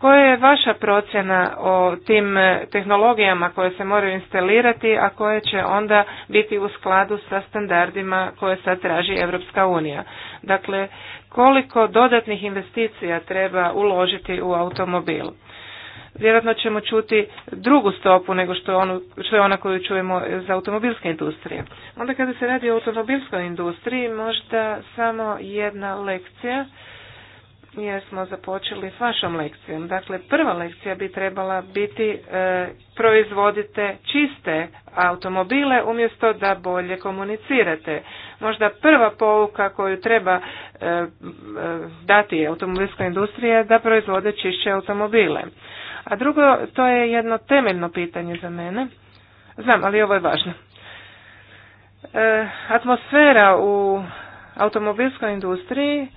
Koja je vaša procjena o tim e, tehnologijama koje se moraju instalirati, a koje će onda biti u skladu sa standardima koje sad traži Europska unija? Dakle, koliko dodatnih investicija treba uložiti u automobil? Vjerojatno ćemo čuti drugu stopu nego što je, što je ona koju čujemo za automobilske industrije. Onda kada se radi o automobilskoj industriji, možda samo jedna lekcija jer smo započeli s vašom lekcijom. Dakle, prva lekcija bi trebala biti e, proizvodite čiste automobile umjesto da bolje komunicirate. Možda prva pouka koju treba e, e, dati automobilska industrija je da proizvode čišće automobile. A drugo, to je jedno temeljno pitanje za mene. Znam, ali ovo je važno. atmosfera u automobilskoj industriji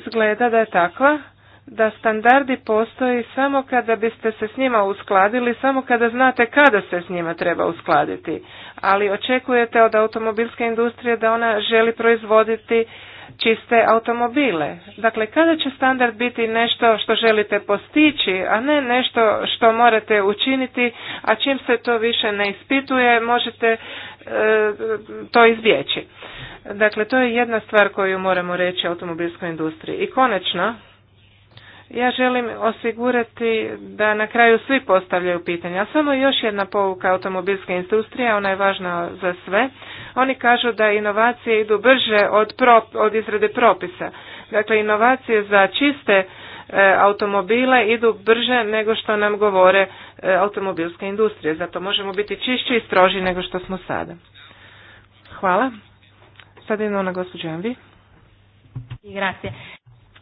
izgleda da je takva da standardi postoji samo kada biste se s njima uskladili, samo kada znate kada se s njima treba uskladiti. Ali očekujete od automobilske industrije da ona želi proizvoditi čiste automobile. Dakle, kada će standard biti nešto što želite postići, a ne nešto što morate učiniti, a čim se to više ne ispituje, možete e, to izbjeći. Dakle, to je jedna stvar koju moramo reći automobilskoj industriji. I konačno, ja želim osigurati da na kraju svi postavljaju pitanja. Samo još jedna pouka automobilske industrije, ona je važna za sve. Oni kažu da inovacije idu brže od, od izrade propisa. Dakle, inovacije za čiste e, automobile idu brže nego što nam govore e, automobilske industrije. Zato možemo biti čišći i stroži nego što smo sada. Hvala. Sada idemo na gospođu Envi.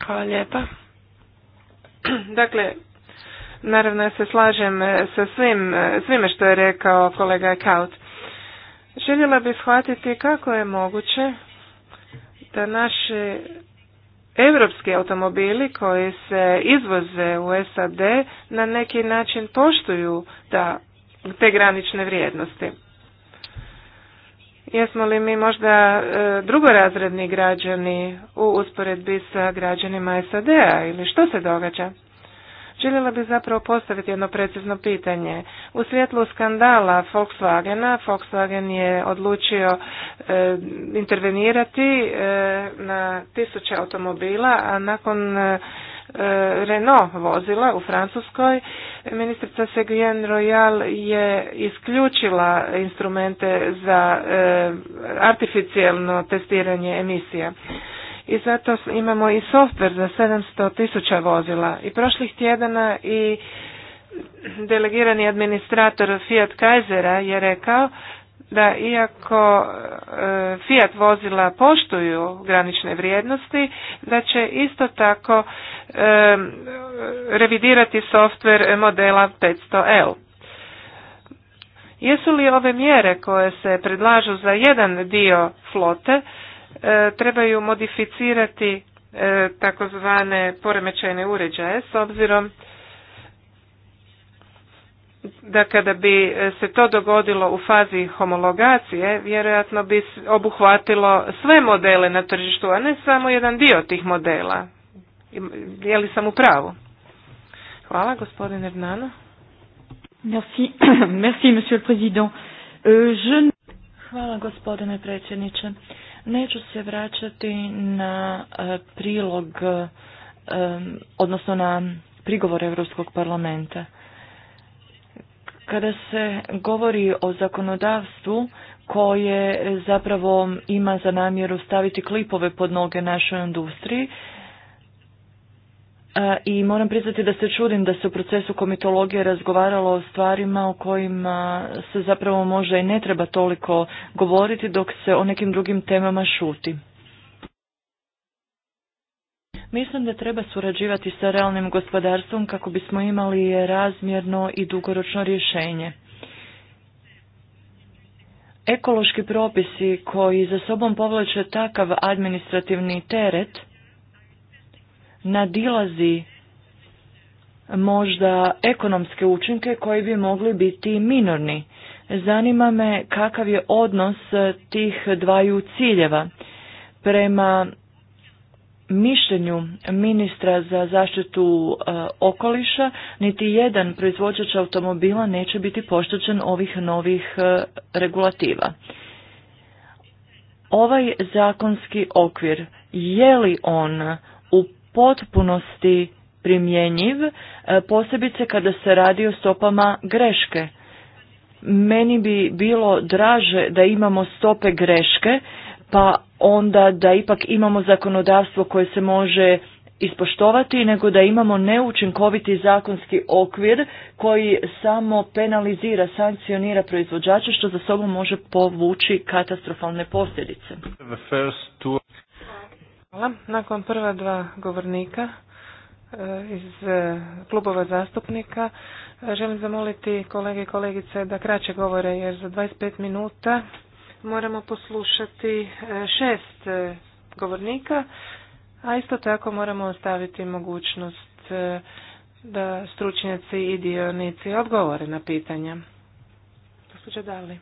Hvala lijepa. Dakle, naravno ja se slažem e, sa svim, e, svime što je rekao kolega Kaut. Željela bih shvatiti kako je moguće da naši europski automobili koji se izvoze u SAD na neki način poštuju da te granične vrijednosti. Jesmo li mi možda e, drugorazredni građani u usporedbi sa građanima SAD-a ili što se događa? Željela bih zapravo postaviti jedno precizno pitanje. U svjetlu skandala Volkswagena, Volkswagen je odlučio e, intervenirati e, na tisuće automobila, a nakon Eh, Renault vozila u Francuskoj. Ministrica seguin Royal je isključila instrumente za eh, artificijelno testiranje emisija. I zato imamo i softver za 700 tisuća vozila. I prošlih tjedana i delegirani administrator Fiat Kaisera je rekao da iako e, Fiat vozila poštuju granične vrijednosti, da će isto tako e, revidirati softver modela 500L. Jesu li ove mjere koje se predlažu za jedan dio flote e, trebaju modificirati takozvane poremećajne uređaje s obzirom da kada bi e, se to dogodilo u fazi homologacije, vjerojatno bi obuhvatilo sve modele na tržištu, a ne samo jedan dio tih modela. Je li sam u pravu? Hvala, gospodine Hernano. Merci, monsieur le président. E, je... Hvala, gospodine predsjedniče. Neću se vraćati na e, prilog, odnosno na prigovor Europskog parlamenta. Kada se govori o zakonodavstvu koje zapravo ima za namjeru staviti klipove pod noge našoj industriji, e, i moram priznati da se čudim da se u procesu komitologije razgovaralo o stvarima o kojima se zapravo možda i ne treba toliko govoriti dok se o nekim drugim temama šuti. Mislim da treba surađivati sa realnim gospodarstvom kako bismo imali razmjerno i dugoročno rješenje. Ekološki propisi koji za sobom povlače takav administrativni teret nadilazi možda ekonomske učinke koji bi mogli biti minorni. Zanima me kakav je odnos tih dvaju ciljeva prema mišljenju ministra za zaštitu e, okoliša niti jedan proizvođač automobila neće biti poštećen ovih novih e, regulativa. Ovaj zakonski okvir je li on u potpunosti primjenjiv, e, posebice kada se radi o stopama greške? Meni bi bilo draže da imamo stope greške, pa onda da ipak imamo zakonodavstvo koje se može ispoštovati, nego da imamo neučinkoviti zakonski okvir koji samo penalizira, sankcionira proizvođače što za sobom može povući katastrofalne posljedice. Hvala. Nakon prva dva govornika e, iz e, klubova zastupnika e, želim zamoliti kolege i kolegice da kraće govore jer za 25 minuta moramo poslušati e, šest e, govornika, a isto tako moramo ostaviti mogućnost e, da stručnjaci i dionici odgovore na pitanja. Gospođa Dali.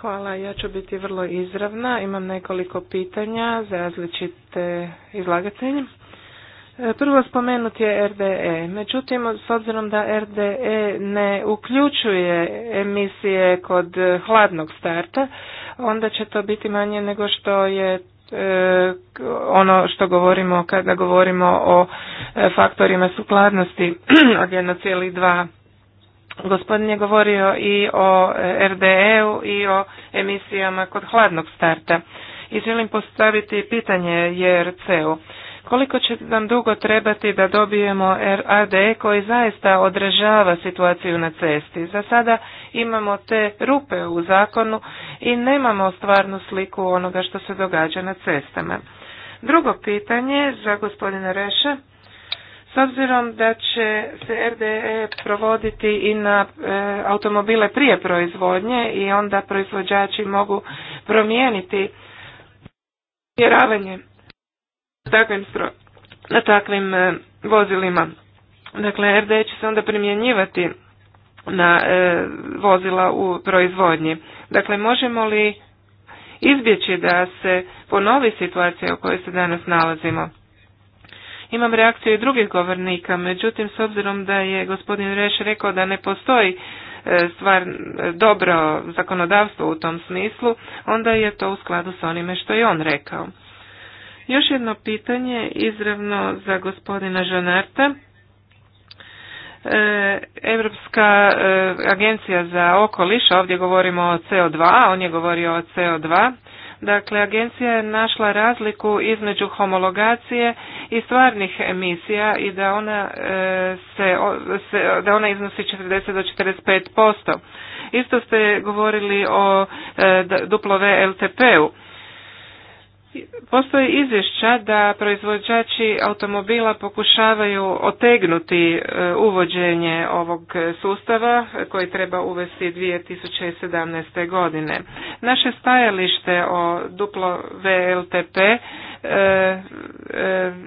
Hvala, ja ću biti vrlo izravna. Imam nekoliko pitanja za različite izlagatelje. E, prvo spomenut je RDE, međutim s obzirom da RDE ne uključuje emisije kod hladnog starta, onda će to biti manje nego što je e, ono što govorimo kada govorimo o e, faktorima sukladnosti od 1,2 Gospodin je govorio i o RDE-u i o emisijama kod hladnog starta. I želim postaviti pitanje JRC-u. Koliko će nam dugo trebati da dobijemo RAD koji zaista odražava situaciju na cesti? Za sada imamo te rupe u zakonu i nemamo stvarnu sliku onoga što se događa na cestama. Drugo pitanje za gospodina Reše. S obzirom da će se RDE provoditi i na e, automobile prije proizvodnje i onda proizvođači mogu promijeniti vjeravanje takvim, na takvim e, vozilima. Dakle, RD će se onda primjenjivati na e, vozila u proizvodnji. Dakle, možemo li izbjeći da se ponovi situacija u kojoj se danas nalazimo? Imam reakciju i drugih govornika, međutim, s obzirom da je gospodin Reš rekao da ne postoji e, stvar dobro zakonodavstvo u tom smislu, onda je to u skladu s onime što je on rekao. Još jedno pitanje izravno za gospodina Žanarta. Europska e, agencija za okoliš, ovdje govorimo o CO2, on je govorio o CO2. Dakle, agencija je našla razliku između homologacije i stvarnih emisija i da ona, e, se, da ona iznosi 40 do 45%. Isto ste govorili o e, duplove ltp u Postoje izvješća da proizvođači automobila pokušavaju otegnuti e, uvođenje ovog sustava koji treba uvesti 2017. godine. Naše stajalište o duplo VLTP e, e,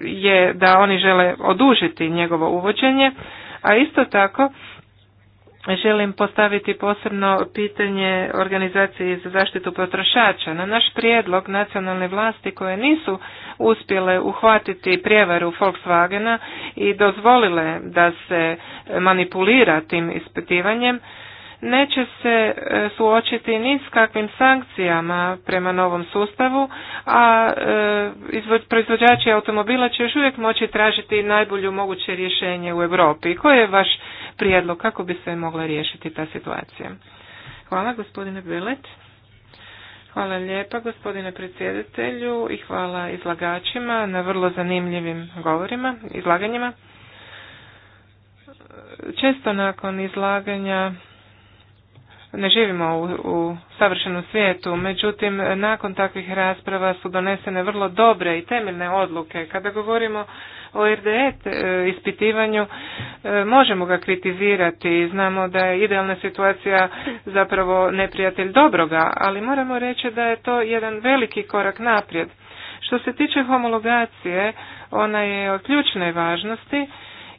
je da oni žele odužiti njegovo uvođenje, a isto tako želim postaviti posebno pitanje organizaciji za zaštitu potrošača. Na naš prijedlog nacionalne vlasti koje nisu uspjele uhvatiti prijevaru Volkswagena i dozvolile da se manipulira tim ispitivanjem, neće se e, suočiti ni s kakvim sankcijama prema novom sustavu, a e, proizvođači automobila će još uvijek moći tražiti najbolju moguće rješenje u Europi. Koje je vaš prijedlog kako bi se mogla riješiti ta situacija. Hvala gospodine Bilet. Hvala lijepa gospodine predsjedatelju i hvala izlagačima na vrlo zanimljivim govorima, izlaganjima. Često nakon izlaganja ne živimo u, savršenom svijetu, međutim nakon takvih rasprava su donesene vrlo dobre i temeljne odluke. Kada govorimo o RDE e, ispitivanju e, možemo ga kritizirati, znamo da je idealna situacija zapravo neprijatelj dobroga, ali moramo reći da je to jedan veliki korak naprijed. Što se tiče homologacije, ona je od ključne važnosti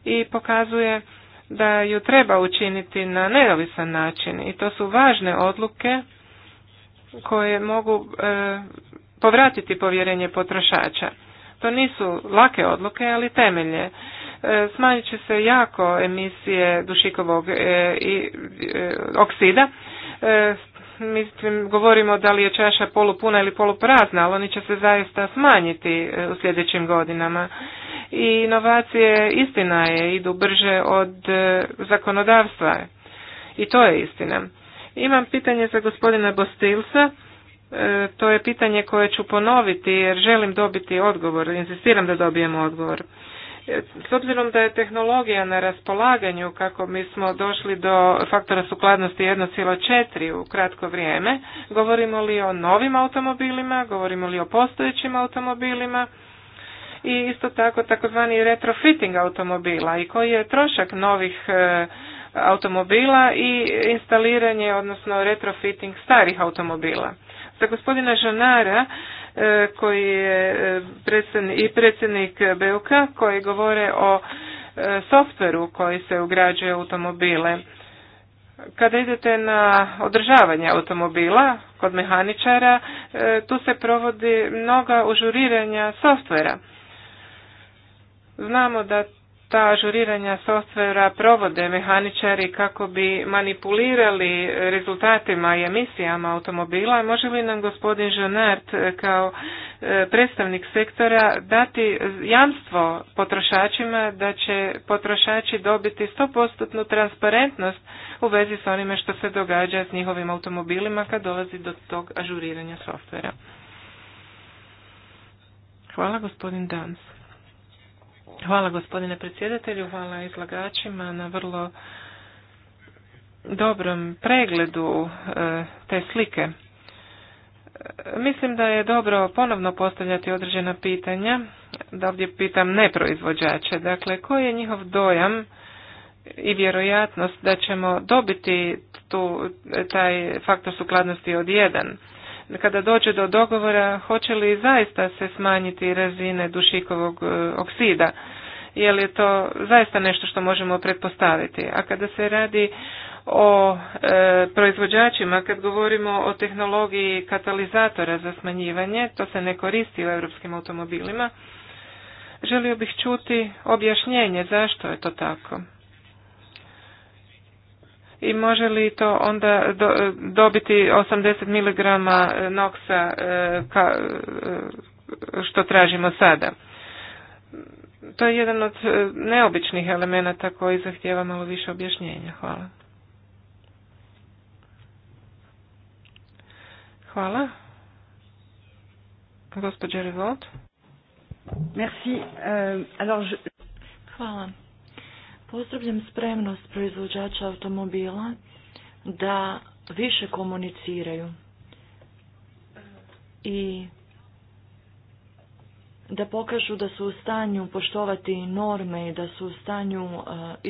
i pokazuje da ju treba učiniti na neovisan način i to su važne odluke koje mogu e, povratiti povjerenje potrošača. To nisu lake odluke, ali temelje. E, smanjit će se jako emisije dušikovog e, i e, oksida, mislim, govorimo da li je čaša polupuna ili poluprazna, ali oni će se zaista smanjiti e, u sljedećim godinama. I inovacije, istina je, idu brže od e, zakonodavstva. I to je istina. Imam pitanje za gospodina Bostilsa. E, to je pitanje koje ću ponoviti jer želim dobiti odgovor, insistiram da dobijem odgovor. S obzirom da je tehnologija na raspolaganju kako smo došli do faktora sukladnosti 1,4 u kratko vrijeme, govorimo li o novim automobilima, govorimo li o postojećim automobilima i isto tako takozvani retrofitting automobila i koji je trošak novih e, automobila i instaliranje, odnosno retrofitting starih automobila. Za gospodina Žanara E, koji je e, i predsjednik BUK koji govore o e, softveru koji se ugrađuje u automobile. Kada idete na održavanje automobila kod mehaničara, tu se provodi mnoga užuriranja softvera. Znamo da ta ažuriranja softvera provode mehaničari kako bi manipulirali rezultatima i emisijama automobila. Može li nam gospodin Žanart e, kao e, predstavnik sektora dati jamstvo potrošačima da će potrošači dobiti 100% transparentnost u vezi s onime što se događa s njihovim automobilima kad dolazi do tog ažuriranja softvera? Hvala gospodin Dans. Hvala gospodine predsjedatelju, hvala izlagačima na vrlo dobrom pregledu e, te slike. E, mislim da je dobro ponovno postavljati određena pitanja, da ovdje pitam neproizvođače, dakle koji je njihov dojam i vjerojatnost da ćemo dobiti tu, e, taj faktor sukladnosti od jedan kada dođe do dogovora hoće li zaista se smanjiti razine dušikovog e, oksida Je je to zaista nešto što možemo pretpostaviti. A kada se radi o e, proizvođačima, kad govorimo o tehnologiji katalizatora za smanjivanje, to se ne koristi u europskim automobilima, želio bih čuti objašnjenje zašto je to tako i može li to onda dobiti 80 mg noksa što tražimo sada. To je jedan od e, neobičnih elemenata koji zahtjeva malo više objašnjenja. Hvala. Hvala. Gospođa Revolt. Merci. Euh, Hvala. Pozdravljam spremnost proizvođača automobila da više komuniciraju i da pokažu da su u stanju poštovati norme i da su u stanju e,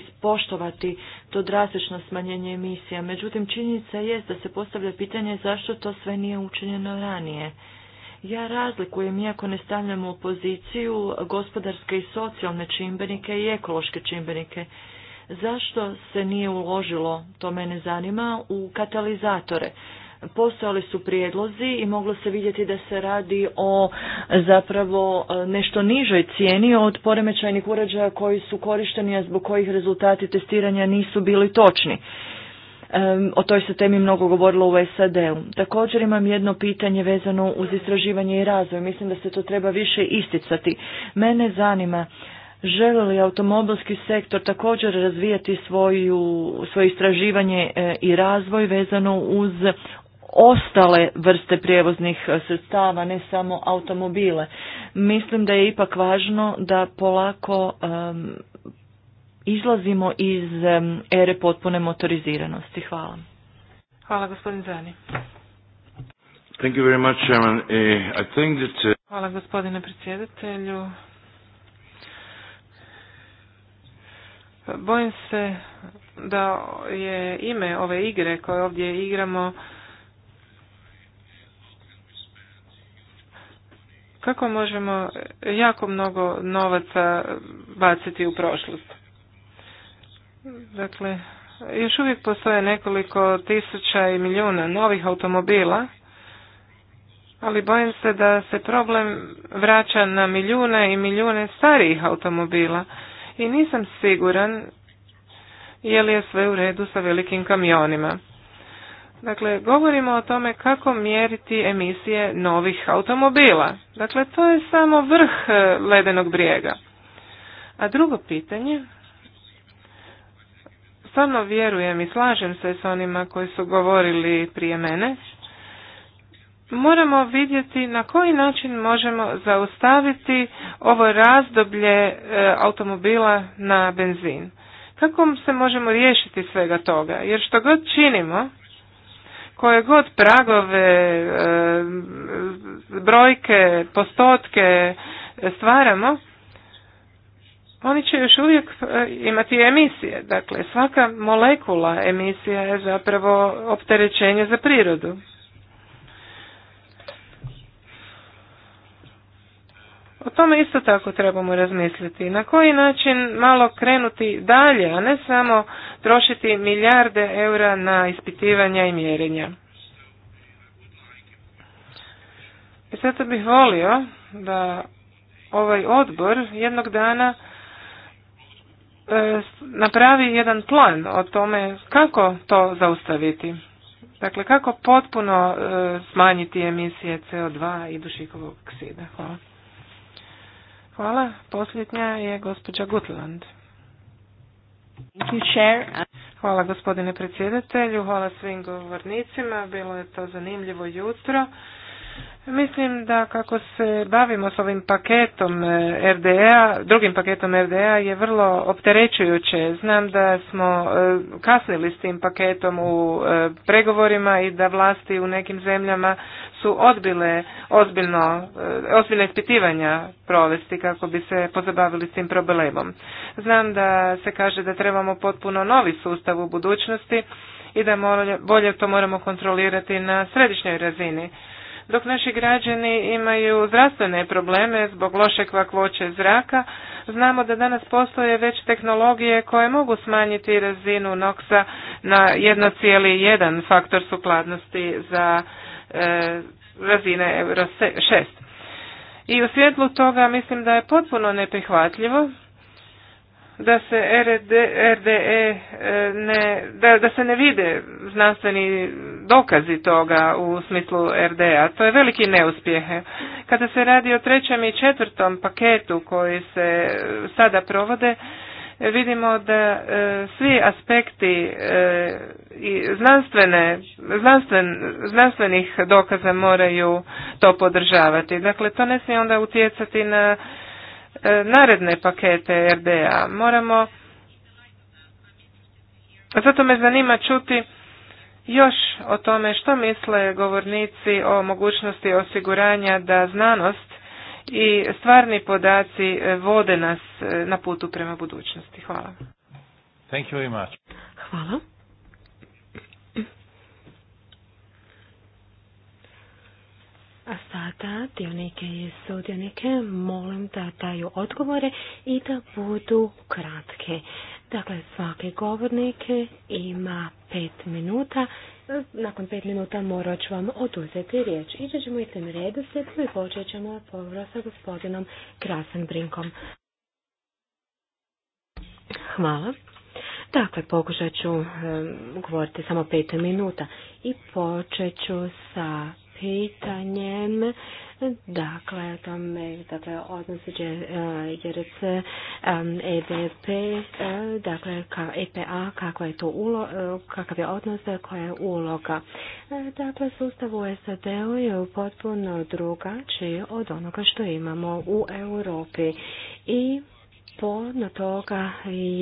ispoštovati to drastično smanjenje emisija. Međutim, činjenica je da se postavlja pitanje zašto to sve nije učinjeno ranije. Ja razlikujem, iako ne stavljam u poziciju, gospodarske i socijalne čimbenike i ekološke čimbenike. Zašto se nije uložilo, to mene zanima, u katalizatore? Postojali su prijedlozi i moglo se vidjeti da se radi o zapravo nešto nižoj cijeni od poremećajnih uređaja koji su korišteni, a zbog kojih rezultati testiranja nisu bili točni o toj se temi mnogo govorilo u SAD-u. Također imam jedno pitanje vezano uz istraživanje i razvoj. Mislim da se to treba više isticati. Mene zanima želi li automobilski sektor također razvijati svoju, svoje istraživanje e, i razvoj vezano uz ostale vrste prijevoznih e, sredstava, ne samo automobile. Mislim da je ipak važno da polako izlazimo iz ere potpune motoriziranosti. Hvala. Hvala gospodin Zani. Thank you very much, eh, I think that... Uh, Hvala gospodine predsjedatelju. Bojim se da je ime ove igre koje ovdje igramo kako možemo jako mnogo novaca baciti u prošlost. Dakle, još uvijek postoje nekoliko tisuća i milijuna novih automobila, ali bojim se da se problem vraća na milijune i milijune starijih automobila i nisam siguran je li je sve u redu sa velikim kamionima. Dakle, govorimo o tome kako mjeriti emisije novih automobila. Dakle, to je samo vrh eh, ledenog brijega. A drugo pitanje stvarno vjerujem i slažem se s onima koji su govorili prije mene. Moramo vidjeti na koji način možemo zaustaviti ovo razdoblje e, automobila na benzin. Kako se možemo riješiti svega toga? Jer što god činimo, koje god pragove, e, brojke, postotke stvaramo, oni će još uvijek e, imati emisije. Dakle, svaka molekula emisija je zapravo opterećenje za prirodu. O tome isto tako trebamo razmisliti. Na koji način malo krenuti dalje, a ne samo trošiti milijarde eura na ispitivanja i mjerenja. I zato bih volio da ovaj odbor jednog dana E, napravi jedan plan o tome kako to zaustaviti. Dakle, kako potpuno e, smanjiti emisije CO2 i dušikovog oksida. Hvala. Hvala. Posljednja je gospođa Gutland. Hvala gospodine predsjedatelju, hvala svim govornicima, bilo je to zanimljivo jutro. Mislim da kako se bavimo s ovim paketom e, RDA, drugim paketom RDA je vrlo opterećujuće. Znam da smo e, kasnili s tim paketom u e, pregovorima i da vlasti u nekim zemljama su odbile ozbiljno, ozbiljne ispitivanja provesti kako bi se pozabavili s tim problemom. Znam da se kaže da trebamo potpuno novi sustav u budućnosti i da bolje to moramo kontrolirati na središnjoj razini dok naši građani imaju zdravstvene probleme zbog loše kvakvoće zraka, znamo da danas postoje već tehnologije koje mogu smanjiti razinu NOX-a na 1,1 faktor sukladnosti za e, razine Euro 6. I u svjetlu toga mislim da je potpuno neprihvatljivo da se RD, RDE e, ne, da, da se ne vide znanstveni dokazi toga u smislu RDA. To je veliki neuspjeh. Kada se radi o trećem i četvrtom paketu koji se sada provode, vidimo da e, svi aspekti e, i znanstvene, znanstven, znanstvenih dokaza moraju to podržavati. Dakle, to ne smije onda utjecati na E, naredne pakete RDA. Moramo, zato me zanima čuti još o tome što misle govornici o mogućnosti osiguranja da znanost i stvarni podaci e, vode nas e, na putu prema budućnosti. Hvala. Thank you very much. Hvala. A sada dionike i sudionike molim da daju odgovore i da budu kratke. Dakle, svake govornike ima pet minuta. Nakon pet minuta morat ću vam oduzeti riječ. Ići ćemo istim redu i počet ćemo sa gospodinom Krasenbrinkom. Hvala. Dakle, pokušat ću govoriti samo pet minuta i počet ću sa pitanjem. Dakle, o tome, dakle, JRC EBP, e e, dakle, ka EPA, to e, kakav je odnos, koja je uloga. Dakle, sustav u sad je potpuno drugačiji od onoga što imamo u Europi i puno toga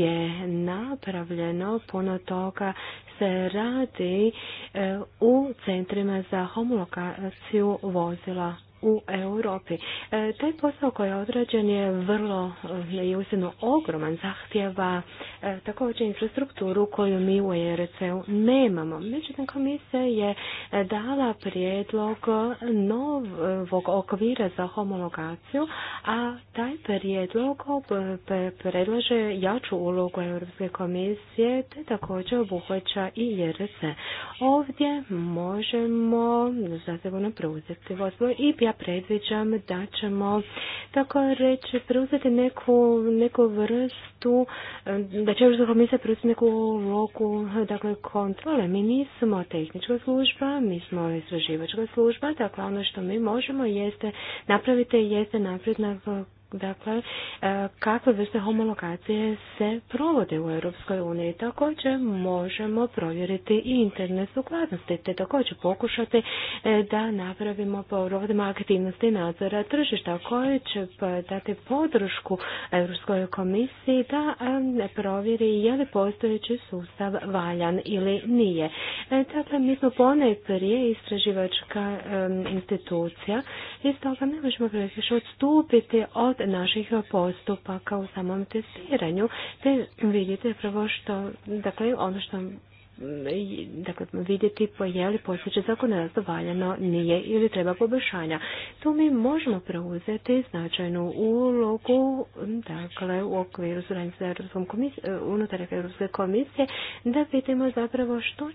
je napravljeno, puno toga se radi e, u centrima za homologaciju vozila u Europi. E, taj posao koji je odrađen je vrlo e, i ogroman zahtjeva e, također infrastrukturu koju mi u ERC-u nemamo. Međutim, komisija je dala prijedlog novog okvira za homologaciju, a taj prijedlog predlaže jaču ulogu Europske komisije te također obuhvaća i ERC. Ovdje možemo zasebno preuzeti vodstvo i predviđam da ćemo tako reći preuzeti neku, neku vrstu, da će Europska komisija preuzeti neku roku, dakle, kontrole. Mi nismo tehnička služba, mi smo istraživačka služba, dakle ono što mi možemo jeste napraviti jeste napredna Dakle, e, kakve vrste homologacije se provode u Europskoj uniji. Također možemo provjeriti i interne sukladnosti, te također pokušati e, da napravimo provodima aktivnosti nadzora tržišta koje će pa dati podršku Europskoj komisiji da provjeri je li postojeći sustav valjan ili nije. E, dakle, mi smo ponaj prije istraživačka institucija i stoga ne možemo previše odstupiti od naših postupaka u samom testiranju, te vidite prvo što, dakle, ono što dakle, vidjeti je li postojeće zakonodavstvo valjano nije ili treba poboljšanja. Tu mi možemo preuzeti značajnu ulogu dakle, u okviru suradnje sa Europskom unutar Europske komisije da vidimo zapravo što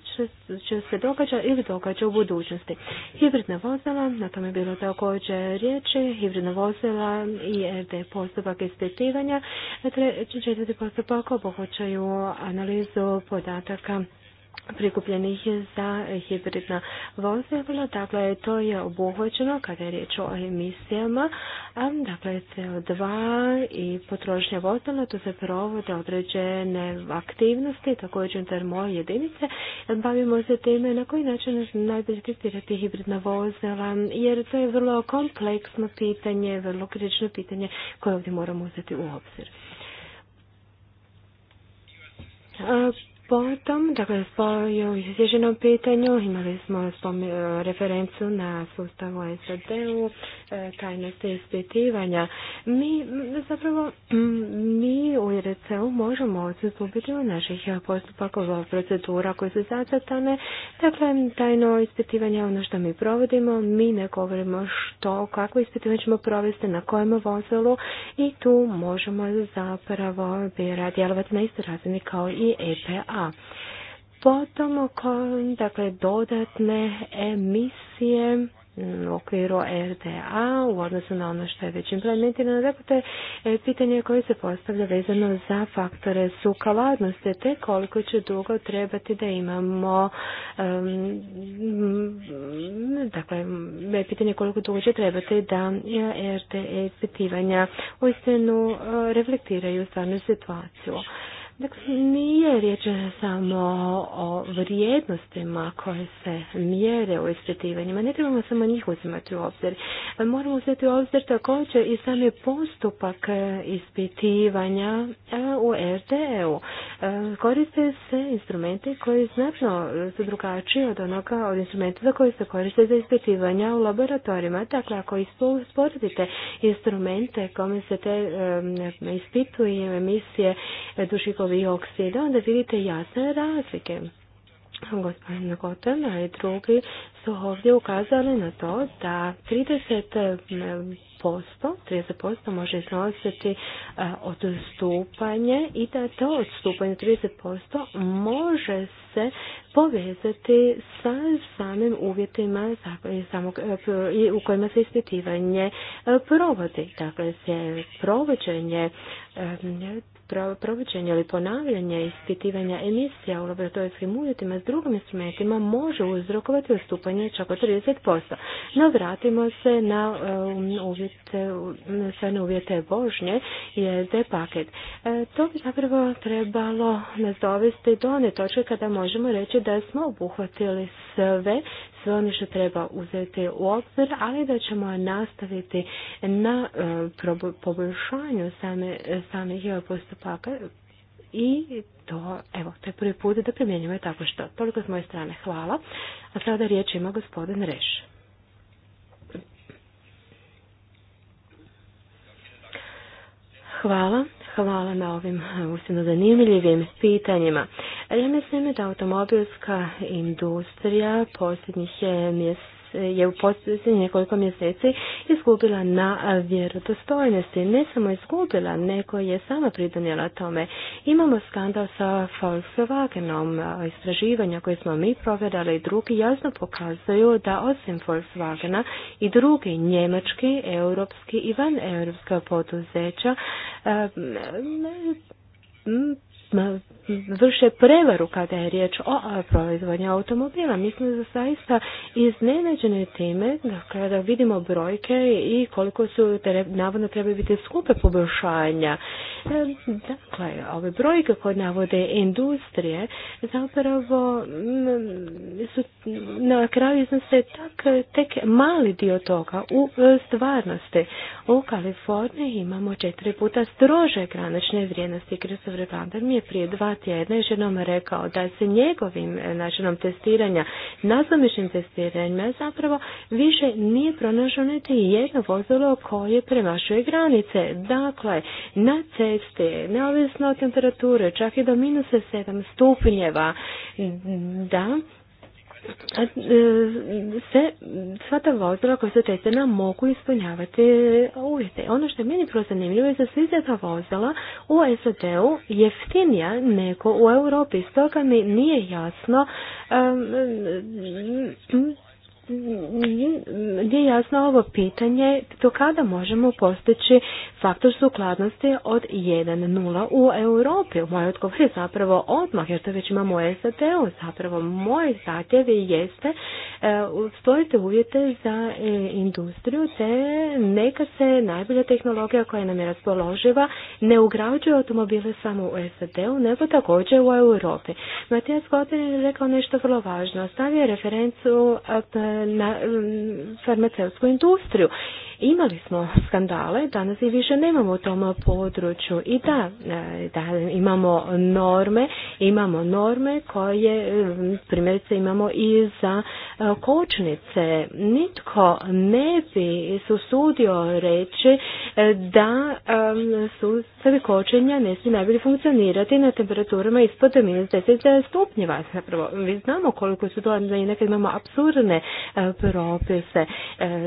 će, se događa ili događa u budućnosti. Hibridna vozila, na tome je bilo također riječi, hibridna vozila i RD postupak ispitivanja, četvrti postupak obuhvaćaju analizu podataka prikupljenih za hibridna vozila. Dakle, to je obuhvaćeno kada je riječ o emisijama, dakle CO2 i potrošnja vozila, to se provode određene aktivnosti, također unutar moje jedinice. Bavimo se time na koji način najbolje testirati hibridna vozila, jer to je vrlo kompleksno pitanje, vrlo kritično pitanje koje ovdje moramo uzeti u obzir. Potom, dakle, u izvježenom pitanju imali smo e, referencu na sustavu SAD-u, e, tajnosti ispitivanja. Mi, zapravo, mi u IRC-u možemo odstupiti od naših e, postupaka, procedura koje su zacatane. Dakle, tajno ispitivanje je ono što mi provodimo, mi ne govorimo što, kako ispitivanje ćemo provesti, na kojem vozilu i tu možemo zapravo djelovati na istoj razini kao i EPA co Potom dakle, dodatne emisije u okviru RDA u odnosu na ono što je već implementirano. Dakle, to e, pitanje koje se postavlja vezano za faktore sukladnosti, te koliko će dugo trebati da imamo dakle, pitanje koliko dugo će trebati da e, RDA e ispitivanja istinu reflektiraju stvarnu situaciju. Dakle, nije riječ samo o vrijednostima koje se mjere u ispitivanjima. Ne trebamo samo njih uzimati u obzir. Moramo uzeti u obzir također i sami postupak e, ispitivanja e, u RDE-u. E, koriste se instrumenti koji značno su drugačiji od onoga, od instrumenta za koji se koriste za ispitivanja u laboratorijima. Dakle, ako isporedite instrumente kome se te ispituje emisije dušikov dioksida oksida, onda vidite jasne razlike. Gospodine Gotan, a i drugi su ovdje ukazali na to da 30%, 30% može iznositi e, odstupanje i da to odstupanje 30% može se povezati sa samim uvjetima samog, e, u kojima se ispitivanje e, provodi. Dakle, se provođenje provođenje ili ponavljanje ispitivanja emisija u laboratorijskim uvjetima s drugim instrumentima može uzrokovati ustupanje čak od 30%. No vratimo se na um, uvjete, sve na uvjete vožnje i SD paket. E, to bi zapravo trebalo nas dovesti do one točke kada možemo reći da smo obuhvatili sve sve ono što treba uzeti u obzir, ali da ćemo nastaviti na e, poboljšanju same, samih e, postupaka i to, evo, to je prvi put da primjenjujemo tako što. Toliko s moje strane. Hvala. A sada riječ ima gospodin Reš. Hvala. Hvala na ovim e, usimno zanimljivim pitanjima. Ja mislim da automobilska industrija posljednjih je u posljednjih nekoliko mjeseci izgubila na vjerodostojnosti. Ne samo izgubila, neko je sama pridonijela tome. Imamo skandal sa Volkswagenom. Istraživanja koje smo mi provjerali i drugi jasno pokazuju da osim Volkswagena i drugi njemački, europski i van europska poduzeća vrše prevaru kada je riječ o proizvodnju automobila. Mi smo zaista iznenađene time da kada vidimo brojke i koliko su navodno trebaju biti skupe poboljšanja. E, dakle, ove brojke koje navode industrije zapravo su na kraju iznose tak, tek mali dio toga u stvarnosti. U Kaliforniji imamo četiri puta strože granične vrijednosti. Christopher Glander mi je prije dva tjedna još jednom rekao da se njegovim načinom testiranja, nazvomišnim testiranjima zapravo više nije pronašao niti jedno vozilo koje premašuje granice. Dakle, na cesti, neovisno od temperature, čak i do minuse 7 stupnjeva, da, se sva ta vozila koja su testirana mogu ispunjavati uvjete. Ono što je meni prvo zanimljivo je da su ta vozila u SAD-u jeftinija nego u Europi. Stoga mi nije jasno nije jasno ovo pitanje do kada možemo postići faktor sukladnosti od 1.0 u Europi. Moj odgovor je zapravo odmah, jer to već imamo u SAD-u. Zapravo moj zahtjev jeste e, stojite uvjete za e, industriju te neka se najbolja tehnologija koja nam je raspoloživa ne ugrađuje automobile samo u SAD-u, nego također u Europi. Matijas Kotin je rekao nešto vrlo važno. Stavio je referencu e, na farmaceutsku industriju Imali smo skandale, danas i više nemamo u tom području. I da, e, imamo norme, imamo norme koje primjerice imamo i za e, kočnice. Nitko ne bi se usudio reći e, da sustavi kočenja ne smije najbolje funkcionirati na temperaturama ispod minus 10 stupnjeva. Zapravo, mi znamo koliko su to, da i nekad imamo apsurdne propise.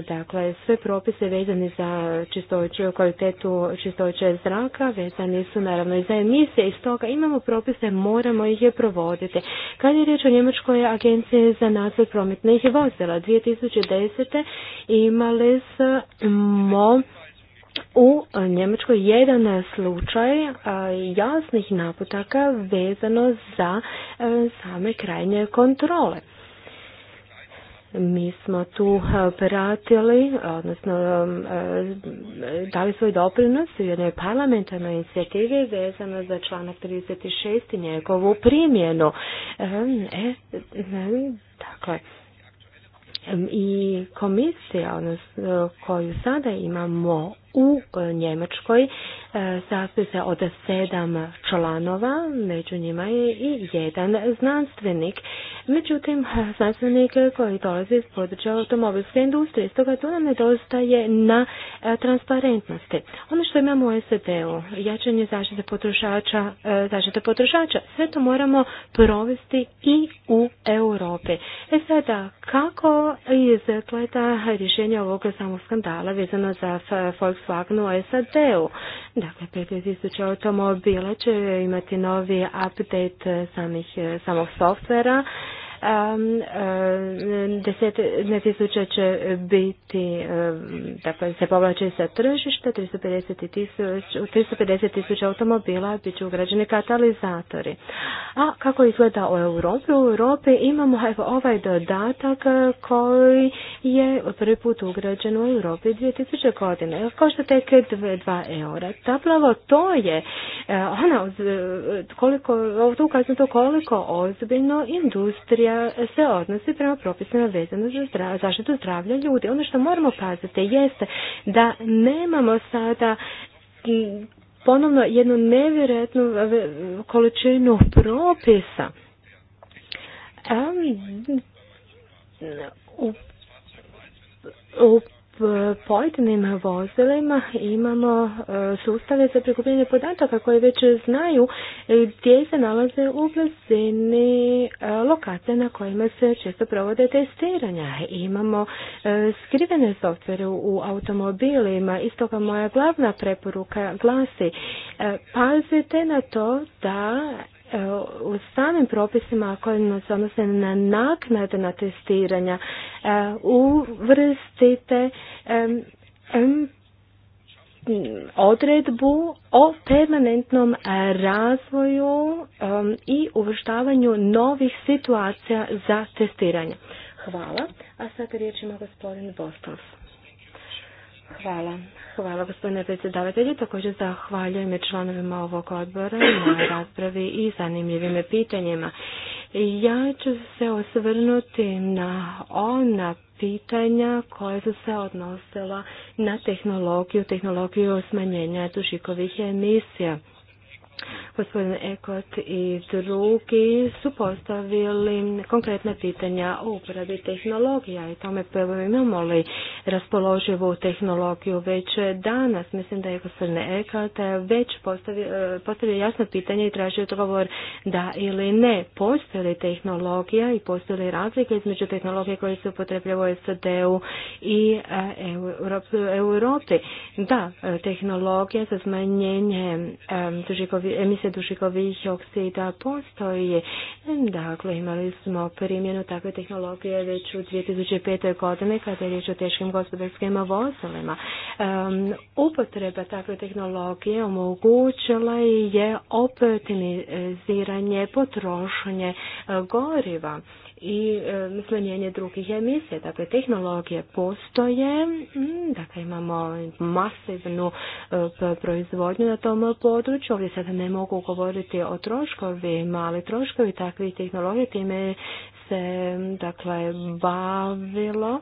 Dakle, sve propise vezani za čistoću, kvalitetu čistoće zraka, vezani su naravno i za emisije i stoga imamo propise, moramo ih je provoditi. Kad je riječ o Njemačkoj agenciji za nadzor prometnih vozila, 2010. imali smo u Njemačkoj jedan slučaj jasnih naputaka vezano za e, same krajnje kontrole mi smo tu eh, pratili, odnosno eh, eh, dali svoj doprinos u jednoj parlamentarnoj inicijativi vezano za članak 36 i njegovu primjenu. dakle, i komisija odnosno, koju sada imamo u e, Njemačkoj e, sastoji se od sedam članova, među njima je i jedan znanstvenik. Međutim, znanstvenik koji dolazi iz područja automobilske industrije, stoga tu nam nedostaje na e, transparentnosti. Ono što imamo u sed u jačanje zaštite potrošača, zaštite potrošača, sve to moramo provesti i u Europi. E sada, kako izgleda rješenje ovog samog skandala vezano za Volkswagen svaknu SAD-u. Dakle, 5000 automobila će imati novi update samih, samog softvera 10 e, tisuća će biti, e, dakle se povlače sa tržišta, 350 tisuća, automobila bit će ugrađeni katalizatori. A kako izgleda u Europi? U Europi imamo ovaj dodatak koji je prvi put ugrađen u Europi 2000 kao Košta tek 2 eura. Zapravo to je e, ona, koliko, to ukazano to koliko ozbiljno industrija se odnosi prema propisima vezano za zaštitu zdravlja ljudi. Ono što moramo paziti jeste da nemamo sada ponovno jednu nevjerojatnu količinu propisa. U pojedinim vozilima imamo e, sustave za prikupljanje podataka koje već znaju e, gdje se nalaze u blizini e, lokacije na kojima se često provode testiranja. Imamo skrivene softvere u automobilima i stoga moja glavna preporuka glasi pazite na to da u samim propisima koje se odnose na naknade na testiranja e, uvrstite odredbu o permanentnom razvoju i uvrštavanju novih situacija za testiranje. Hvala. A sada riječ ima gospodin Bostov. Hvala. Hvala gospodine predsjedavatelju. Također zahvaljujem članovima ovog odbora na raspravi i zanimljivim pitanjima. Ja ću se osvrnuti na ona pitanja koja su se odnosila na tehnologiju, tehnologiju smanjenja dušikovih emisija. Gospodin Ekot i drugi su postavili konkretna pitanja o uporabi tehnologija i tome imamo li raspoloživu tehnologiju već danas. Mislim da je gospodin Ekot eh, već postavio, eh, postavio jasno pitanje i traži odgovor da ili ne. Postoji li tehnologija i postoji li razlike između tehnologije koje se upotrebljava u SAD-u i eh, Europi? Da, tehnologija za smanjenje tužikovi emisija dušikovih oksida postoji. Dakle, imali smo primjenu takve tehnologije već u 2005. godine kada je riječ o teškim gospodarskim vozilima. upotreba takve tehnologije omogućila je optimiziranje potrošnje eh, goriva i e, smanjenje drugih emisija. Dakle, tehnologije postoje, mm, dakle imamo masivnu e, proizvodnju na tom području. Ovdje sada ne mogu govoriti o troškovima, ali troškovi takvih tehnologija time se dakle bavilo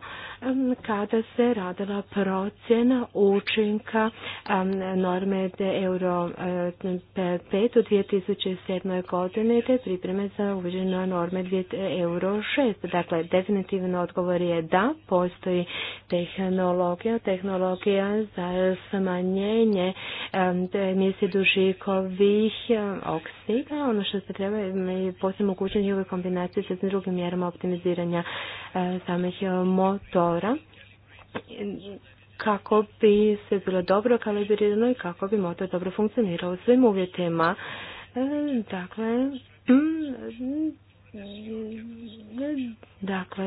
kada se radila procjena učinka norme euro 5 u 2007. godine te pripreme za uvođenje norme euro 6. Dakle, definitivno odgovor je da postoji tehnologija, tehnologija za smanjenje emisije dušikovih oksida. Ono što se treba je poslije mogućenje njihove kombinacije sa drugim mjerama optimiziranja e, samih e, motora kako bi se bilo dobro kalibrirano i kako bi motor dobro funkcionirao u svim uvjetima. E, dakle, mm, Dakle,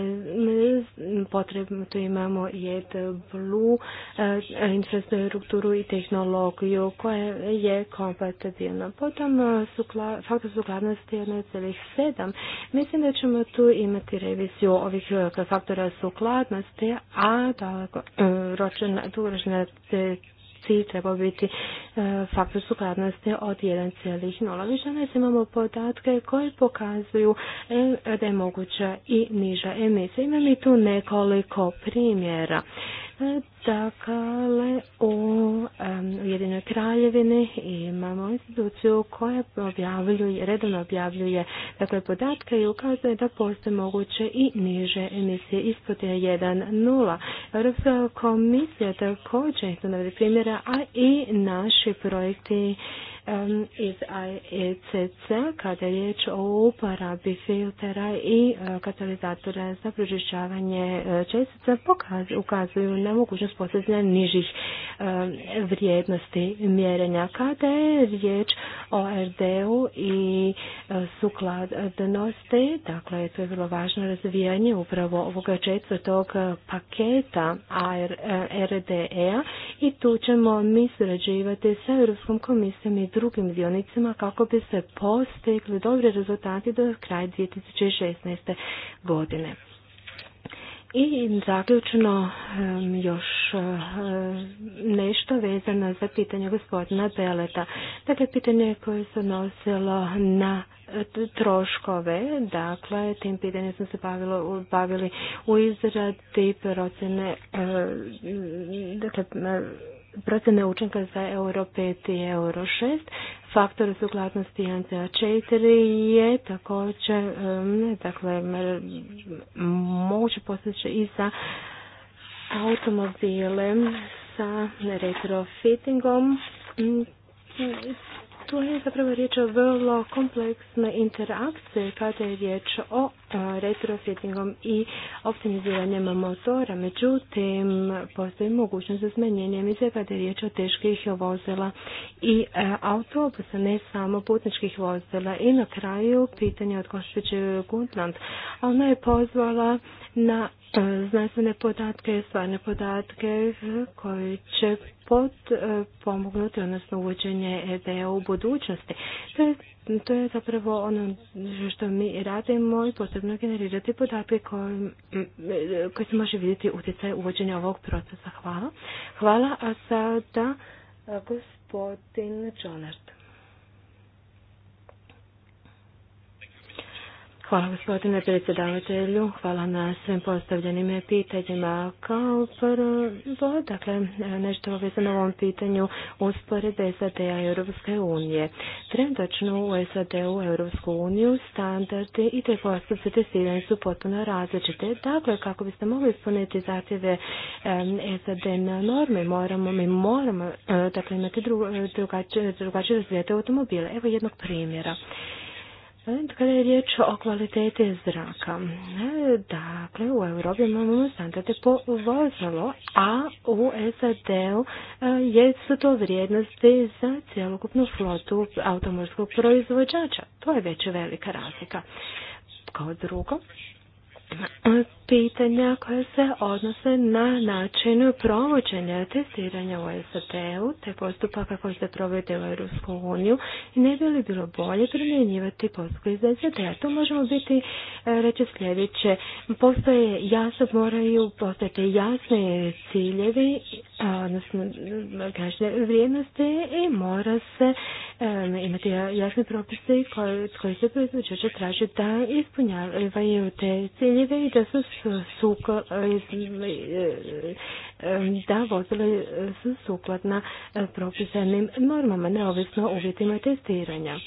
potrebno tu imamo jed blu, eh, infrastrukturu i tehnologiju koja je kompatibilna. Potom eh, faktor sukladnosti je 1,7. Mislim da ćemo tu imati reviziju ovih eh, faktora sukladnosti, a dugoročna cilj trebao biti e, faktor sukladnosti od 1,0. Više danas imamo podatke koji pokazuju e, da je moguća i niža emisija. Imam i tu nekoliko primjera. Dakle, u Ujedinoj kraljevini imamo instituciju koja objavljuje, redovno objavljuje dakle, podatke i ukazuje da postoje moguće i niže emisije ispod 1.0. Europska komisija također isto navodi primjera, a i naši projekti iz IECC kada je riječ o uporabi filtera i e, katalizatora za pročišćavanje e, čestica ukazuju na mogućnost postizanja nižih e, vrijednosti mjerenja. Kada je riječ o RD-u i sukladnosti, dakle to je vrlo važno razvijanje upravo ovoga četvrtog paketa RDE-a i tu ćemo mi surađivati sa Europskom komisijom i drugim dionicima kako bi se postigli dobri rezultati do kraja 2016. godine. I zaključno još nešto vezano za pitanje gospodina Beleta. Dakle, pitanje koje se odnosilo na e, troškove, dakle, tim pitanjem smo se bavili u izradi procjene, dakle, procjene učinka za euro 5 i euro 6. Faktor sukladnosti NCA 4 je također dakle, moguće postojeće i za automobile sa retrofittingom tu je zapravo riječ o vrlo kompleksnoj interakciji kada je riječ o e, retrofittingom i optimiziranjem motora. Međutim, postoji mogućnost za smanjenje emisije kada je riječ o teških vozila i e, autobusa, ne samo putničkih vozila. I na kraju pitanje od Košviće Gutland. Ona je pozvala na e, znanstvene podatke, stvarne podatke koji će pod e, pomognuti, odnosno uvođenje EDA u budućnosti. To je, to je zapravo ono što mi radimo i potrebno generirati podatke koje, se može vidjeti utjecaj uvođenja ovog procesa. Hvala. Hvala, a sada e, gospodin Hvala. Hvala gospodine predsjedavatelju, hvala na svim postavljenim pitanjima. Kao prvo, dakle, nešto vezano na ovom pitanju usporedbe SAD-a i Europske unije. Trenutačno u SAD-u i Europsku uniju standardi i te postupci su potpuno različite. Dakle, kako biste mogli ispuniti zahtjeve SAD na norme, moramo, mi moramo e, dakle, imati e, drugačije, drugačije razvijete automobile. Evo jednog primjera. Kada je riječ o kvaliteti zraka, dakle u Europi imamo standarde po vozilo, a u SAD-u e, su to vrijednosti za cjelokupnu flotu automorskog proizvođača. To je već velika razlika. Kao drugo, pitanja koja se odnose na način provođenja testiranja u SAD-u te postupaka koji se provode u Europsku uniju i ne bi li bilo bolje primjenjivati postupak iz SAD-a. Tu možemo biti e, reći sljedeće. Postoje jasno, moraju postati jasne ciljevi, e, odnosno e, kažne vrijednosti i mora se imati jasne propise koji se proizvođače traži da ispunjavaju te cilje vidjeli da su eh, da vozila su sukladna eh, propisanim normama, neovisno uvjetima testiranja.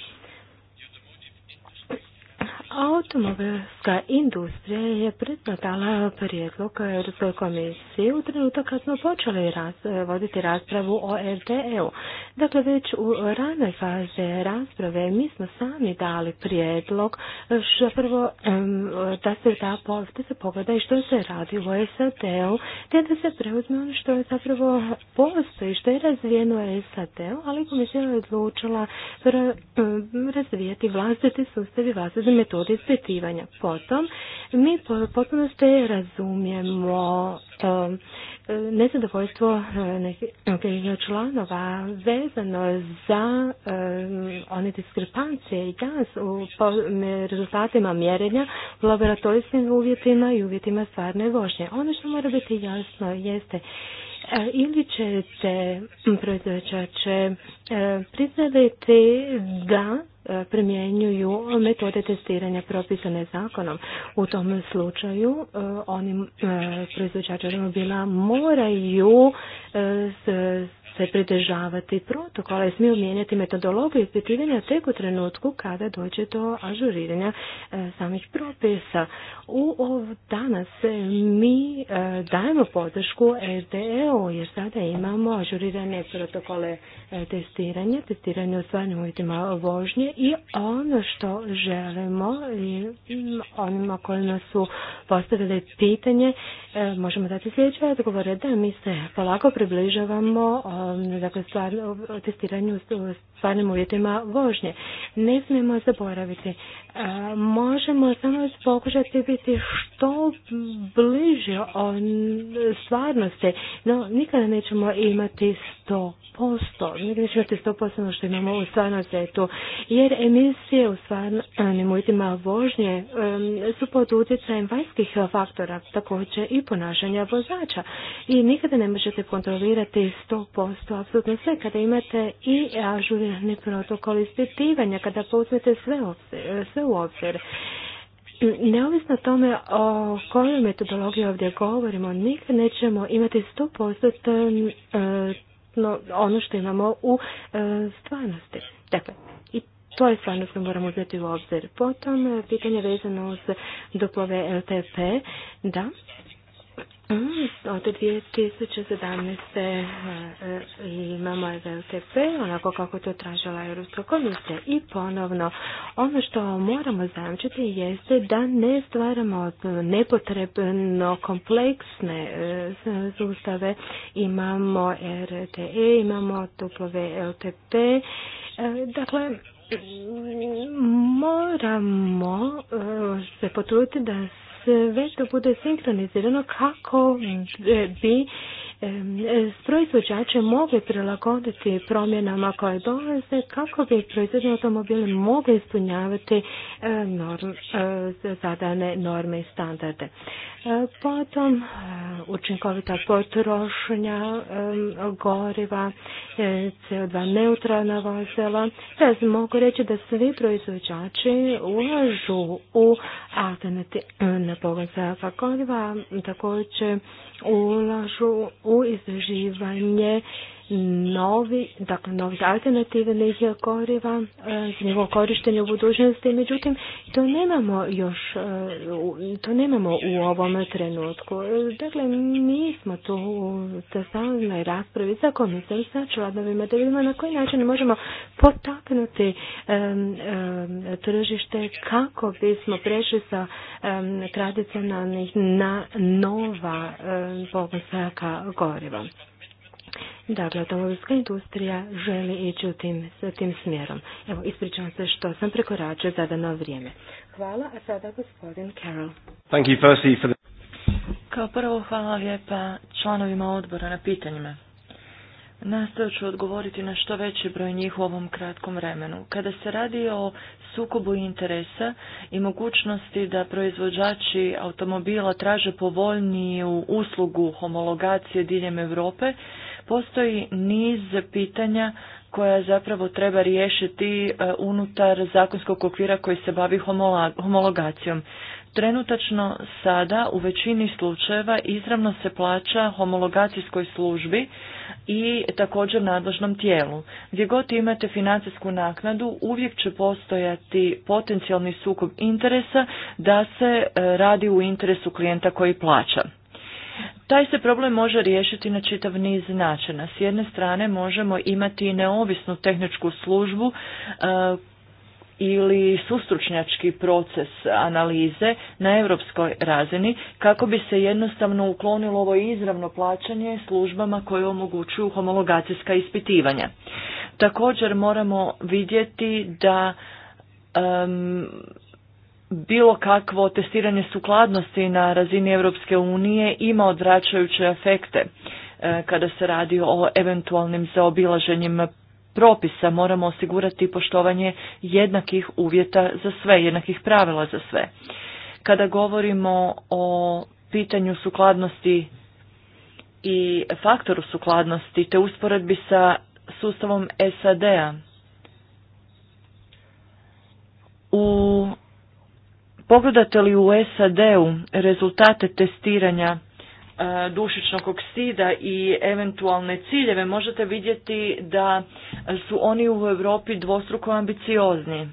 Automobilska industrija je priznatala prijedlog Europskoj komisiji u trenutak kad smo počeli voditi raspravu o FDE-u. Dakle, već u ranoj faze rasprave mi smo sami dali prijedlog što prvo da se da, pogleda i što se radi u SAD-u, te da se preuzme ono što je zapravo postoji, što je razvijeno u SAD-u, ali komisija je odlučila razvijati vlastiti sustavi, i vlastite metode metode Potom, mi potpuno ste razumijemo nezadovoljstvo eh, nekih članova vezano za one diskrepancije i gaz u rezultatima mjerenja, u laboratorijskim uvjetima i uvjetima stvarne vožnje. Ono što mora biti jasno jeste ili ćete proizvođače e, priznati da e, primjenjuju metode testiranja propisane zakonom. U tom slučaju e, oni proizvođači automobila moraju se pridržavati protokola i smiju mijenjati metodologiju ispitivanja tek u trenutku kada dođe do ažuriranja e, samih propisa. U danas e, mi e, dajemo podršku sde u jer sada imamo ažurirane protokole testiranja, testiranje u stvarnim uvjetima vožnje i ono što želimo mm, onima nas su postavili pitanje možemo dati sljedeće odgovore da mi se polako približavamo Um, dakle, stvar, testiranju stvarnim uvjetima vožnje. Ne smijemo zaboraviti. E, možemo samo pokušati biti što bliže stvarnosti, no nikada nećemo imati 100%, nikada nećemo imati 100% posto ono što imamo u stvarnom tu, jer emisije u stvarnim uvjetima vožnje um, su pod utjecajem vanjskih faktora, također i ponašanja vozača i nikada ne možete kontrolirati 100% to apsolutno sve. Kada imate i ažurirani protokol ispitivanja, kada pouzmete sve, sve u obzir, Neovisno tome o kojoj metodologiji ovdje govorimo, nikad nećemo imati 100% e, ono što imamo u e, stvarnosti. Dakle, i to je stvarnost koju moramo uzeti u obzir. Potom, e, pitanje vezano uz duplove LTP, da, Mm, od 2017. E, e, imamo e LTP, onako kako to tražila Europska komisija. I ponovno, ono što moramo zamčiti jeste da ne stvaramo nepotrebno kompleksne sustave. Imamo RTE, imamo tuplove LTP. Dakle, moramo se potruditi da sve to bude sinkronizirano kako e, bi E, proizvođače mogli prilagoditi promjenama koje dolaze kako bi proizvodni automobili mogli ispunjavati e, norm, e, zadane norme i standarde. Potom učinkovita potrošnja goriva, CO2 neutralna vozila. Ja mogu reći da svi proizvođači ulažu u alternativne pogon za goriva, također ulažu u istraživanje novi, dakle, novih alternativnih goriva e, za njegovo korištenje u budućnosti. Međutim, to nemamo još, e, to nemamo u ovom trenutku. E, dakle, mi smo tu u sastavnoj raspravi sa komisijom, sa članovima, da vidimo na koji način možemo potaknuti tržište kako bismo prešli sa tradicionalnih na nova pogonska goriva. Dakle, automobilska industrija želi ići u tim, tim smjerom. Evo, ispričavam se što sam prekoračio zadano vrijeme. Hvala, a sada gospodin Carroll. Thank you, for Kao prvo, hvala lijepa članovima odbora na pitanjima. Nastojat ću odgovoriti na što veći broj njih u ovom kratkom vremenu. Kada se radi o sukobu interesa i mogućnosti da proizvođači automobila traže povoljniju uslugu homologacije diljem Europe, Postoji niz pitanja koja zapravo treba riješiti e, unutar zakonskog okvira koji se bavi homologacijom. Trenutačno sada u većini slučajeva izravno se plaća homologacijskoj službi i također nadležnom tijelu. Gdje god imate financijsku naknadu uvijek će postojati potencijalni sukob interesa da se e, radi u interesu klijenta koji plaća. Taj se problem može riješiti na čitav niz načina. S jedne strane možemo imati neovisnu tehničku službu e, ili sustručnjački proces analize na europskoj razini kako bi se jednostavno uklonilo ovo izravno plaćanje službama koje omogućuju homologacijska ispitivanja. Također moramo vidjeti da bilo kakvo testiranje sukladnosti na razini Europske unije ima odvraćajuće efekte e, kada se radi o eventualnim zaobilaženjem propisa. Moramo osigurati poštovanje jednakih uvjeta za sve, jednakih pravila za sve. Kada govorimo o pitanju sukladnosti i faktoru sukladnosti te usporedbi sa sustavom SAD-a, u Pogledate li u SAD-u rezultate testiranja e, dušičnog oksida i eventualne ciljeve možete vidjeti da su oni u Europi dvostruko ambiciozni.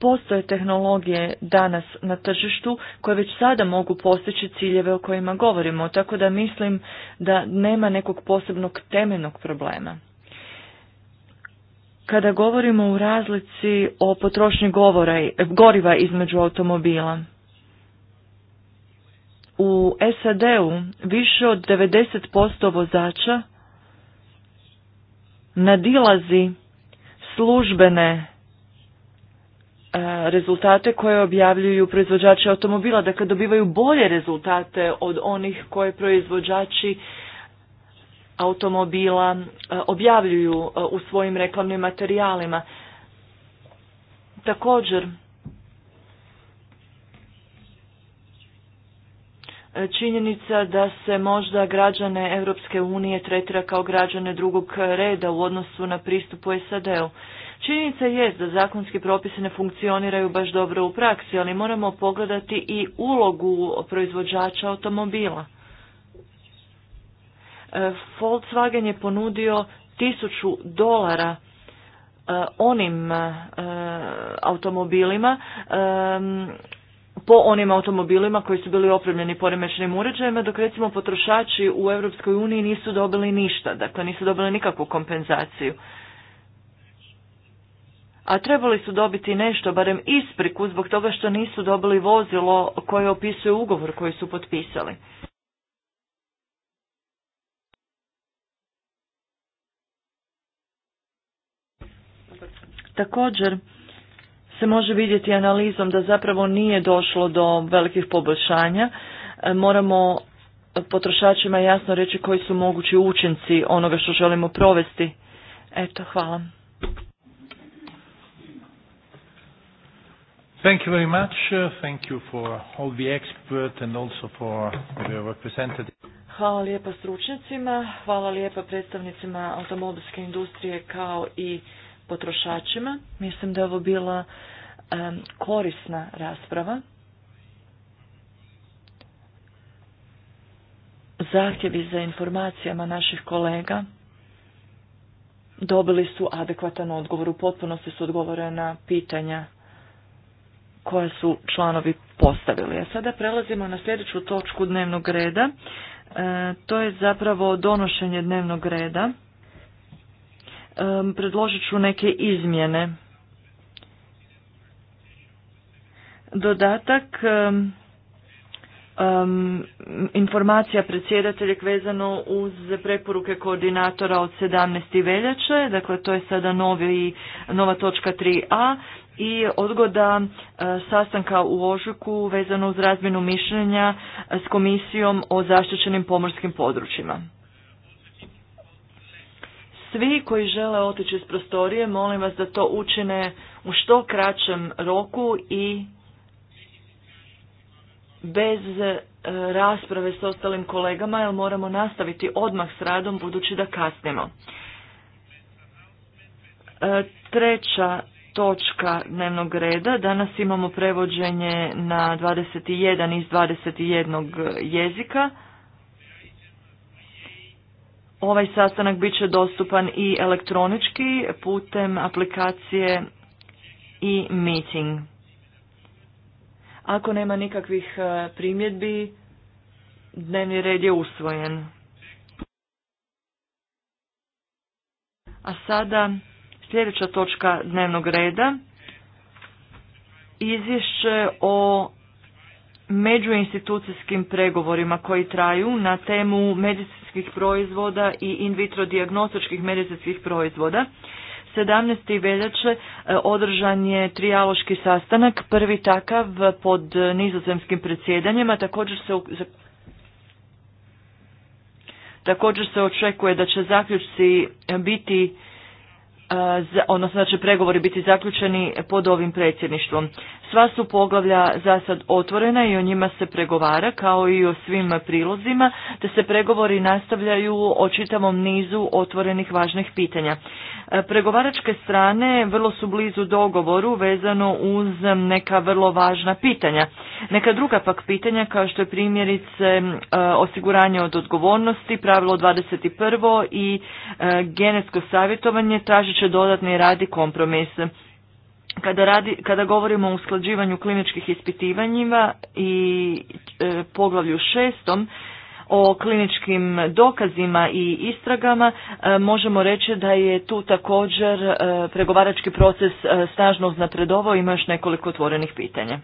Postoje tehnologije danas na tržištu koje već sada mogu postići ciljeve o kojima govorimo, tako da mislim da nema nekog posebnog temeljnog problema kada govorimo o razlici o potrošnji goriva između automobila. U SAD-u više od 90% vozača nadilazi službene e, rezultate koje objavljuju proizvođači automobila, dakle dobivaju bolje rezultate od onih koje proizvođači automobila e, objavljuju e, u svojim reklamnim materijalima. Također, e, činjenica da se možda građane Europske unije tretira kao građane drugog reda u odnosu na pristup SAD-u. Činjenica je da zakonski propisi ne funkcioniraju baš dobro u praksi, ali moramo pogledati i ulogu proizvođača automobila. Volkswagen je ponudio tisuću dolara e, onim e, automobilima e, po onim automobilima koji su bili opremljeni poremećnim uređajima, dok recimo potrošači u Europskoj uniji nisu dobili ništa, dakle nisu dobili nikakvu kompenzaciju. A trebali su dobiti nešto, barem ispriku, zbog toga što nisu dobili vozilo koje opisuje ugovor koji su potpisali. Također se može vidjeti analizom da zapravo nije došlo do velikih poboljšanja. E, moramo potrošačima jasno reći koji su mogući učinci onoga što želimo provesti. Eto, hvala. Thank you very much. Uh, thank you for all the expert and also for the Hvala lijepa stručnicima, hvala lijepa predstavnicima automobilske industrije kao i potrošačima. Mislim da je ovo bila korisna rasprava. Zahtjevi za informacijama naših kolega dobili su adekvatan odgovor. U potpunosti su odgovore na pitanja koja su članovi postavili. A sada prelazimo na sljedeću točku dnevnog reda. E, to je zapravo donošenje dnevnog reda predložit ću neke izmjene. Dodatak informacija predsjedatelja vezano uz preporuke koordinatora od 17. veljače, dakle to je sada nova točka 3a i odgoda e, sastanka u Ožujku vezano uz razmjenu mišljenja s komisijom o zaštićenim pomorskim područjima. Svi koji žele otići iz prostorije, molim vas da to učine u što kraćem roku i bez e, rasprave s ostalim kolegama, jer moramo nastaviti odmah s radom budući da kasnimo. E, treća točka dnevnog reda. Danas imamo prevođenje na 21 iz 21 jezika. Ovaj sastanak bit će dostupan i elektronički putem aplikacije i meeting. Ako nema nikakvih e, primjedbi, dnevni red je usvojen. A sada sljedeća točka dnevnog reda. Izvješće o međuinstitucijskim pregovorima koji traju na temu medicinskih proizvoda i in vitro diagnostičkih medicinskih proizvoda. 17. veljače e, održan je trijaloški sastanak, prvi takav pod nizozemskim predsjedanjima, također se Također se očekuje da će zaključci biti, e, odnosno da će pregovori biti zaključeni pod ovim predsjedništvom. Sva su poglavlja za sad otvorena i o njima se pregovara kao i o svim prilozima, te se pregovori nastavljaju o čitavom nizu otvorenih važnih pitanja. E, pregovaračke strane vrlo su blizu dogovoru vezano uz neka vrlo važna pitanja. Neka druga pak pitanja kao što je primjerice e, osiguranje od odgovornosti, pravilo 21. i e, genetsko savjetovanje tražit će dodatni radi kompromis. Kada, radi, kada govorimo o usklađivanju kliničkih ispitivanjima i e, poglavlju šestom o kliničkim dokazima i istragama e, možemo reći da je tu također e, pregovarački proces snažno uznapredovao i ima još nekoliko otvorenih pitanja.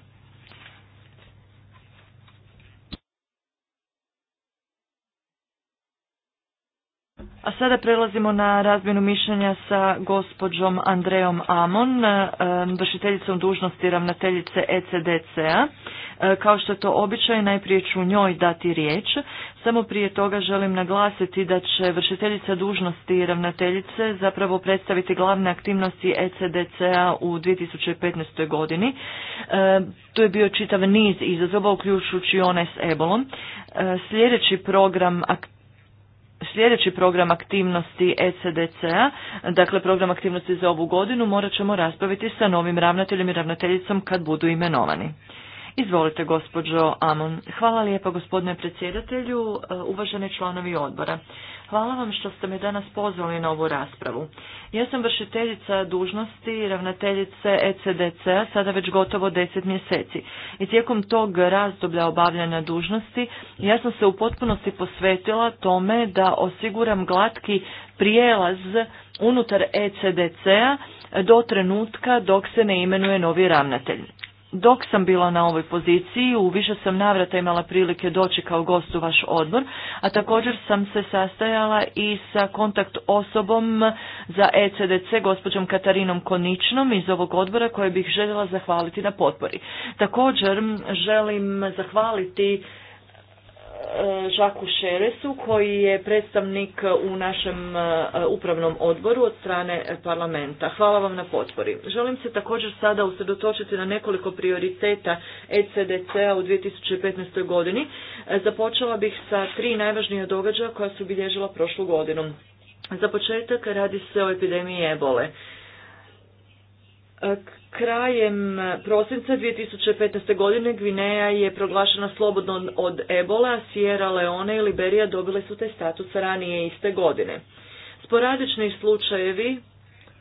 A sada prelazimo na razmjenu mišljenja sa gospođom Andreom Amon, e, vršiteljicom dužnosti ravnateljice ECDC-a. E, kao što je to običaj, najprije ću njoj dati riječ. Samo prije toga želim naglasiti da će vršiteljica dužnosti i ravnateljice zapravo predstaviti glavne aktivnosti ECDC-a u 2015. godini. E, to je bio čitav niz izazova, uključujući one s ebolom. sljedeći program aktivnosti sljedeći program aktivnosti ECDC-a, dakle program aktivnosti za ovu godinu, morat ćemo raspraviti sa novim ravnateljem i ravnateljicom kad budu imenovani. Izvolite, gospođo Amon. Hvala lijepo, gospodine predsjedatelju, e, uvaženi članovi odbora. Hvala vam što ste me danas pozvali na ovu raspravu. Ja sam vršiteljica dužnosti i ravnateljice ECDC-a sada već gotovo deset mjeseci. I tijekom tog razdoblja obavljanja dužnosti ja sam se u potpunosti posvetila tome da osiguram glatki prijelaz unutar ECDC-a do trenutka dok se ne imenuje novi ravnatelj dok sam bila na ovoj poziciji, u više sam navrata imala prilike doći kao gost u vaš odbor, a također sam se sastajala i sa kontakt osobom za ECDC, gospođom Katarinom Koničnom iz ovog odbora koje bih željela zahvaliti na potpori. Također želim zahvaliti Žaku Šeresu koji je predstavnik u našem e, upravnom odboru od strane parlamenta. Hvala vam na potpori. Želim se također sada usredotočiti na nekoliko prioriteta ECDC-a u 2015. godini. E, započela bih sa tri najvažnija događaja koja su bilježila prošlu godinu. Za početak radi se o epidemiji ebole. E, krajem e, prosinca 2015. godine Gvineja je proglašena slobodno od Ebola, a Sierra Leone i Liberija dobile su taj status ranije iste godine. Sporadični slučajevi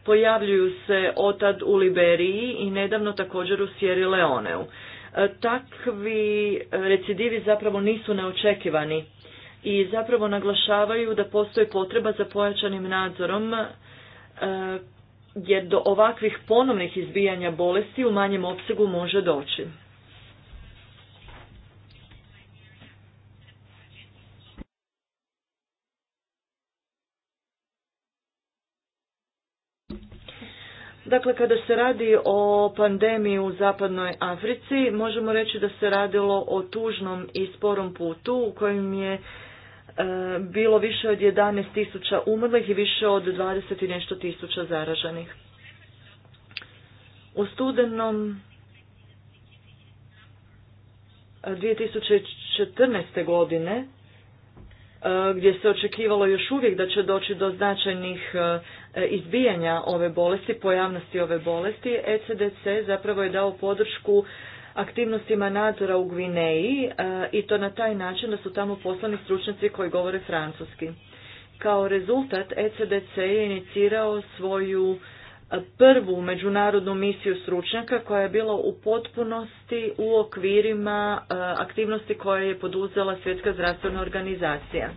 pojavljuju se otad u Liberiji i nedavno također u Sierra Leoneu. E, takvi recidivi zapravo nisu neočekivani i zapravo naglašavaju da postoji potreba za pojačanim nadzorom jer do ovakvih ponovnih izbijanja bolesti u manjem opsegu može doći. Dakle, kada se radi o pandemiji u zapadnoj Africi, možemo reći da se radilo o tužnom i sporom putu u kojem je E, bilo više od 11 tisuća umrlih i više od 20 i nešto tisuća zaraženih. U studenom 2014. E, godine e, gdje se očekivalo još uvijek da će doći do značajnih izbijanja ove bolesti, pojavnosti ove bolesti, ECDC zapravo je dao podršku aktivnostima nadzora u Gvineji e, i to na taj način da su tamo poslani stručnjaci koji govore francuski. Kao rezultat ECDC je inicirao svoju e, prvu međunarodnu misiju stručnjaka koja je bila u potpunosti u okvirima e, aktivnosti koje je poduzela Svjetska zdravstvena organizacija.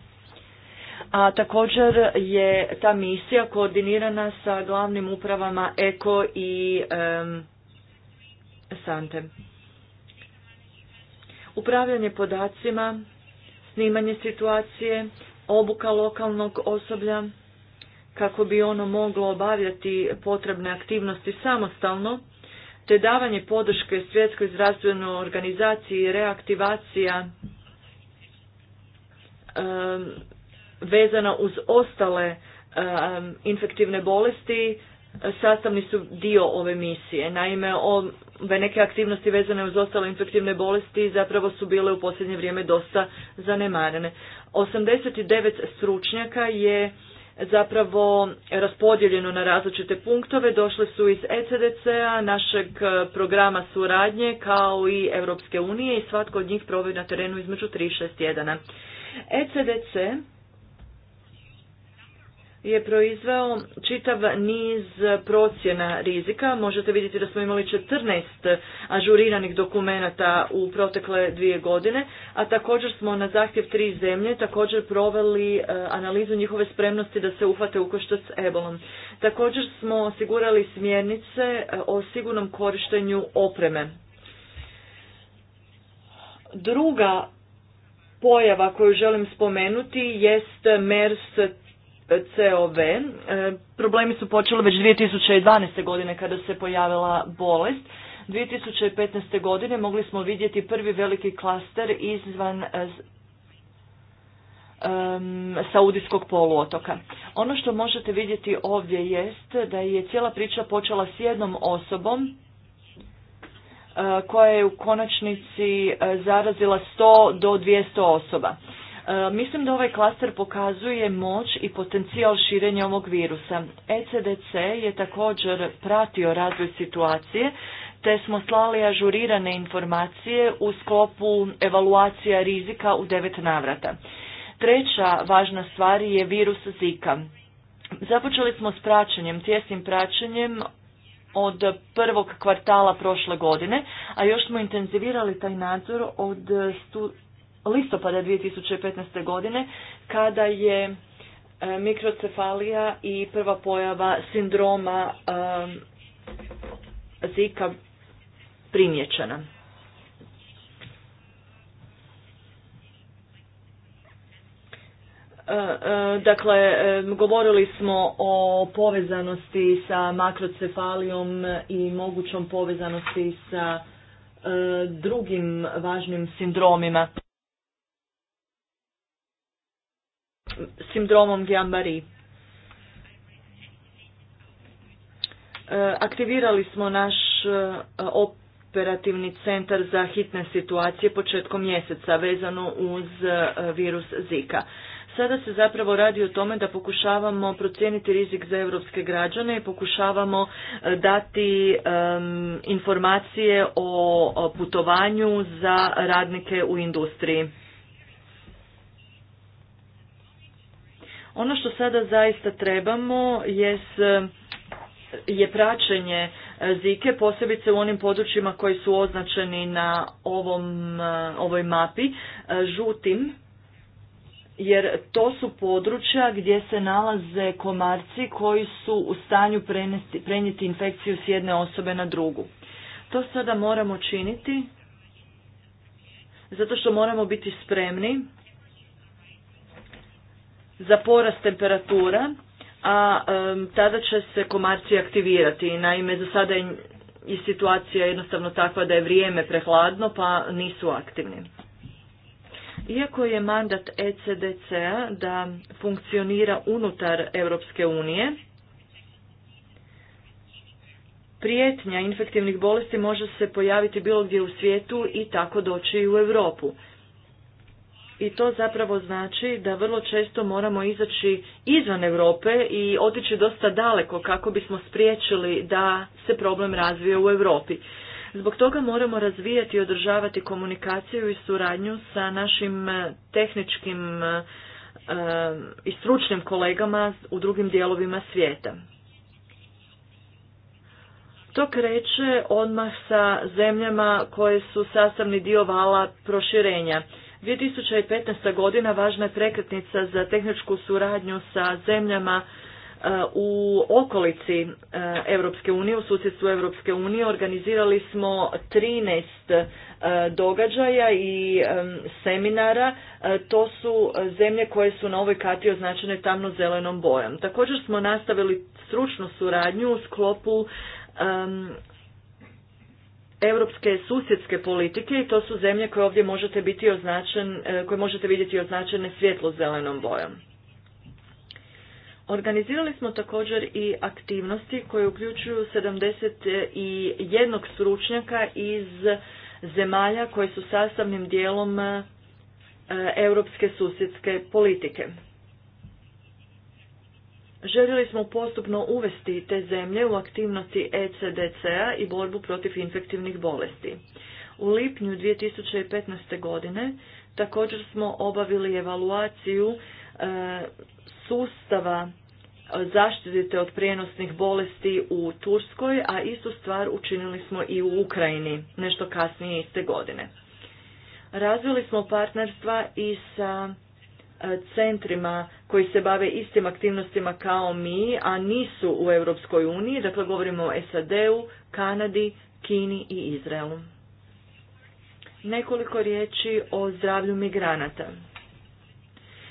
A također je ta misija koordinirana sa glavnim upravama ECO i Sante. Upravljanje podacima, snimanje situacije, obuka lokalnog osoblja kako bi ono moglo obavljati potrebne aktivnosti samostalno, te davanje podrške svjetskoj zdravstvenoj organizaciji i reaktivacija vezana uz ostale infektivne bolesti sastavni su dio ove misije. Naime, o neke aktivnosti vezane uz ostale infektivne bolesti zapravo su bile u posljednje vrijeme dosta zanemarene. 89 stručnjaka je zapravo raspodijeljeno na različite punktove, došle su iz ECDC-a, našeg e, programa suradnje kao i Europske unije i svatko od njih provodi na terenu između 3 i tjedana. ECDC je proizveo čitav niz procjena rizika. Možete vidjeti da smo imali 14 ažuriranih dokumenata u protekle dvije godine, a također smo na zahtjev tri zemlje također proveli e, analizu njihove spremnosti da se uhvate s ebolom. Također smo osigurali smjernice e, o sigurnom korištenju opreme. Druga pojava koju želim spomenuti jest MERS COV. E, problemi su počeli već 2012. godine kada se pojavila bolest. 2015. godine mogli smo vidjeti prvi veliki klaster izvan e, Saudijskog poluotoka. Ono što možete vidjeti ovdje jest da je cijela priča počela s jednom osobom e, koja je u konačnici zarazila 100 do 200 osoba. E, mislim da ovaj klaster pokazuje moć i potencijal širenja ovog virusa. ECDC je također pratio razvoj situacije, te smo slali ažurirane informacije u sklopu evaluacija rizika u devet navrata. Treća važna stvar je virus Zika. Započeli smo s praćenjem, tjesnim praćenjem od prvog kvartala prošle godine, a još smo intenzivirali taj nadzor od listopada 2015. godine kada je e, mikrocefalija i prva pojava sindroma zika primječena. E, e, dakle, govorili smo o povezanosti sa makrocefalijom i mogućom povezanosti sa drugim važnim sindromima. sindromom Giambari. E, aktivirali smo naš e, operativni centar za hitne situacije početkom mjeseca vezano uz e, virus Zika. Sada se zapravo radi o tome da pokušavamo procijeniti rizik za europske građane i pokušavamo dati informacije o putovanju za radnike u industriji. Ono što sada zaista trebamo je je praćenje e, zike, posebice u onim područjima koji su označeni na ovom, e, ovoj mapi e, žutim, jer to su područja gdje se nalaze komarci koji su u stanju prenesti, prenijeti infekciju s jedne osobe na drugu. To sada moramo činiti zato što moramo biti spremni za porast temperatura, a tada će se komarci aktivirati. Naime, za sada je i situacija jednostavno takva da je vrijeme prehladno pa nisu aktivni. Iako je mandat ECDC-a da funkcionira unutar Europske unije, prijetnja infektivnih bolesti može se pojaviti bilo gdje u svijetu i tako doći i u Europu i to zapravo znači da vrlo često moramo izaći izvan Europe i otići dosta daleko kako bismo spriječili da se problem razvije u Europi. Zbog toga moramo razvijati i održavati komunikaciju i suradnju sa našim e, tehničkim e, e, i stručnim kolegama u drugim dijelovima svijeta. To kreće odmah sa zemljama koje su sastavni dio vala proširenja. 2015. godina važna je prekretnica za tehničku suradnju sa zemljama e, u okolici Europske unije, u susjedstvu Europske unije organizirali smo 13 e, događaja i e, seminara. To su zemlje koje su na ovoj kati označene tamno-zelenom bojom. Također smo nastavili stručnu suradnju u sklopu europske susjedske politike i to su zemlje koje ovdje možete biti označen, e, koje možete vidjeti označene svjetlo zelenom bojom. Organizirali smo također i aktivnosti koje uključuju 71 stručnjaka iz zemalja koje su sastavnim dijelom e, europske susjedske politike. Željeli smo postupno uvesti te zemlje u aktivnosti ECDC-a i borbu protiv infektivnih bolesti. U lipnju 2015. godine također smo obavili evaluaciju e, sustava zaštite od prijenosnih bolesti u Turskoj, a istu stvar učinili smo i u Ukrajini nešto kasnije iste godine. Razvili smo partnerstva i sa centrima koji se bave istim aktivnostima kao mi, a nisu u Europskoj uniji, dakle govorimo o SAD-u, Kanadi, Kini i Izraelu. Nekoliko riječi o zdravlju migranata.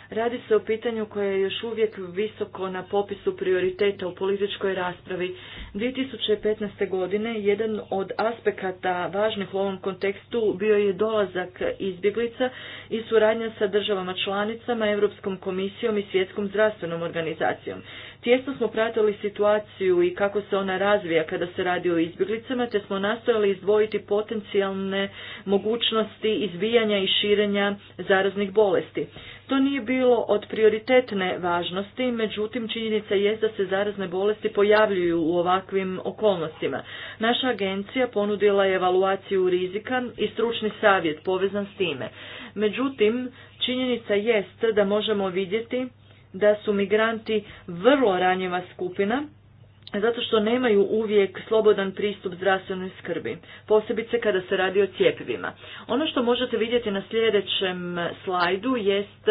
Radi se o pitanju koje je još uvijek visoko na popisu prioriteta u političkoj raspravi. 2015. godine jedan od aspekata važnih u ovom kontekstu bio je dolazak izbjeglica i suradnja sa državama članicama, Europskom komisijom i Svjetskom zdravstvenom organizacijom. Tijesno smo pratili situaciju i kako se ona razvija kada se radi o izbjeglicama, te smo nastojali izdvojiti potencijalne mogućnosti izbijanja i širenja zaraznih bolesti. To nije bilo od prioritetne važnosti, međutim činjenica je da se zarazne bolesti pojavljuju u ovakvim okolnostima. Naša agencija ponudila je evaluaciju rizika i stručni savjet povezan s time. Međutim, činjenica jest da možemo vidjeti da su migranti vrlo ranjiva skupina zato što nemaju uvijek slobodan pristup zdravstvenoj skrbi, posebice kada se radi o cijepivima. Ono što možete vidjeti na sljedećem slajdu jest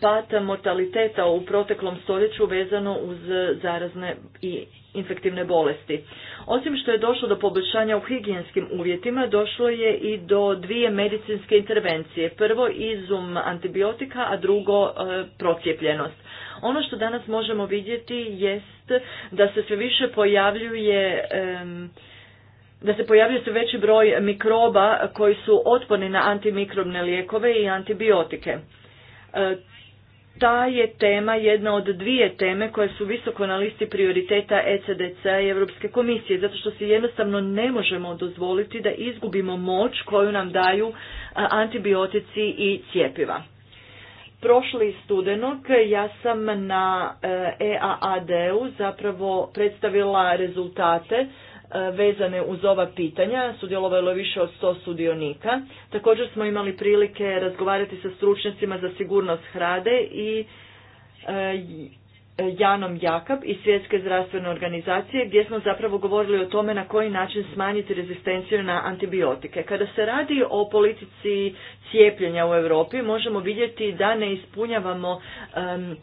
pat mortaliteta u proteklom stoljeću vezano uz zarazne i infektivne bolesti. Osim što je došlo do poboljšanja u higijenskim uvjetima, došlo je i do dvije medicinske intervencije. Prvo izum antibiotika, a drugo e, procijepljenost. Ono što danas možemo vidjeti jest da se sve više pojavljuje da se pojavljuje sve veći broj mikroba koji su otporni na antimikrobne lijekove i antibiotike. E, ta je tema jedna od dvije teme koje su visoko na listi prioriteta ECDC i Europske komisije, zato što se jednostavno ne možemo dozvoliti da izgubimo moć koju nam daju antibiotici i cijepiva. Prošli studenog ja sam na EAAD-u e zapravo predstavila rezultate e, vezane uz ova pitanja, sudjelovalo je više od 100 sudionika. Također smo imali prilike razgovarati sa stručnjacima za sigurnost hrade i e, Janom Jakab iz Svjetske zdravstvene organizacije gdje smo zapravo govorili o tome na koji način smanjiti rezistenciju na antibiotike. Kada se radi o politici cijepljenja u Europi možemo vidjeti da ne ispunjavamo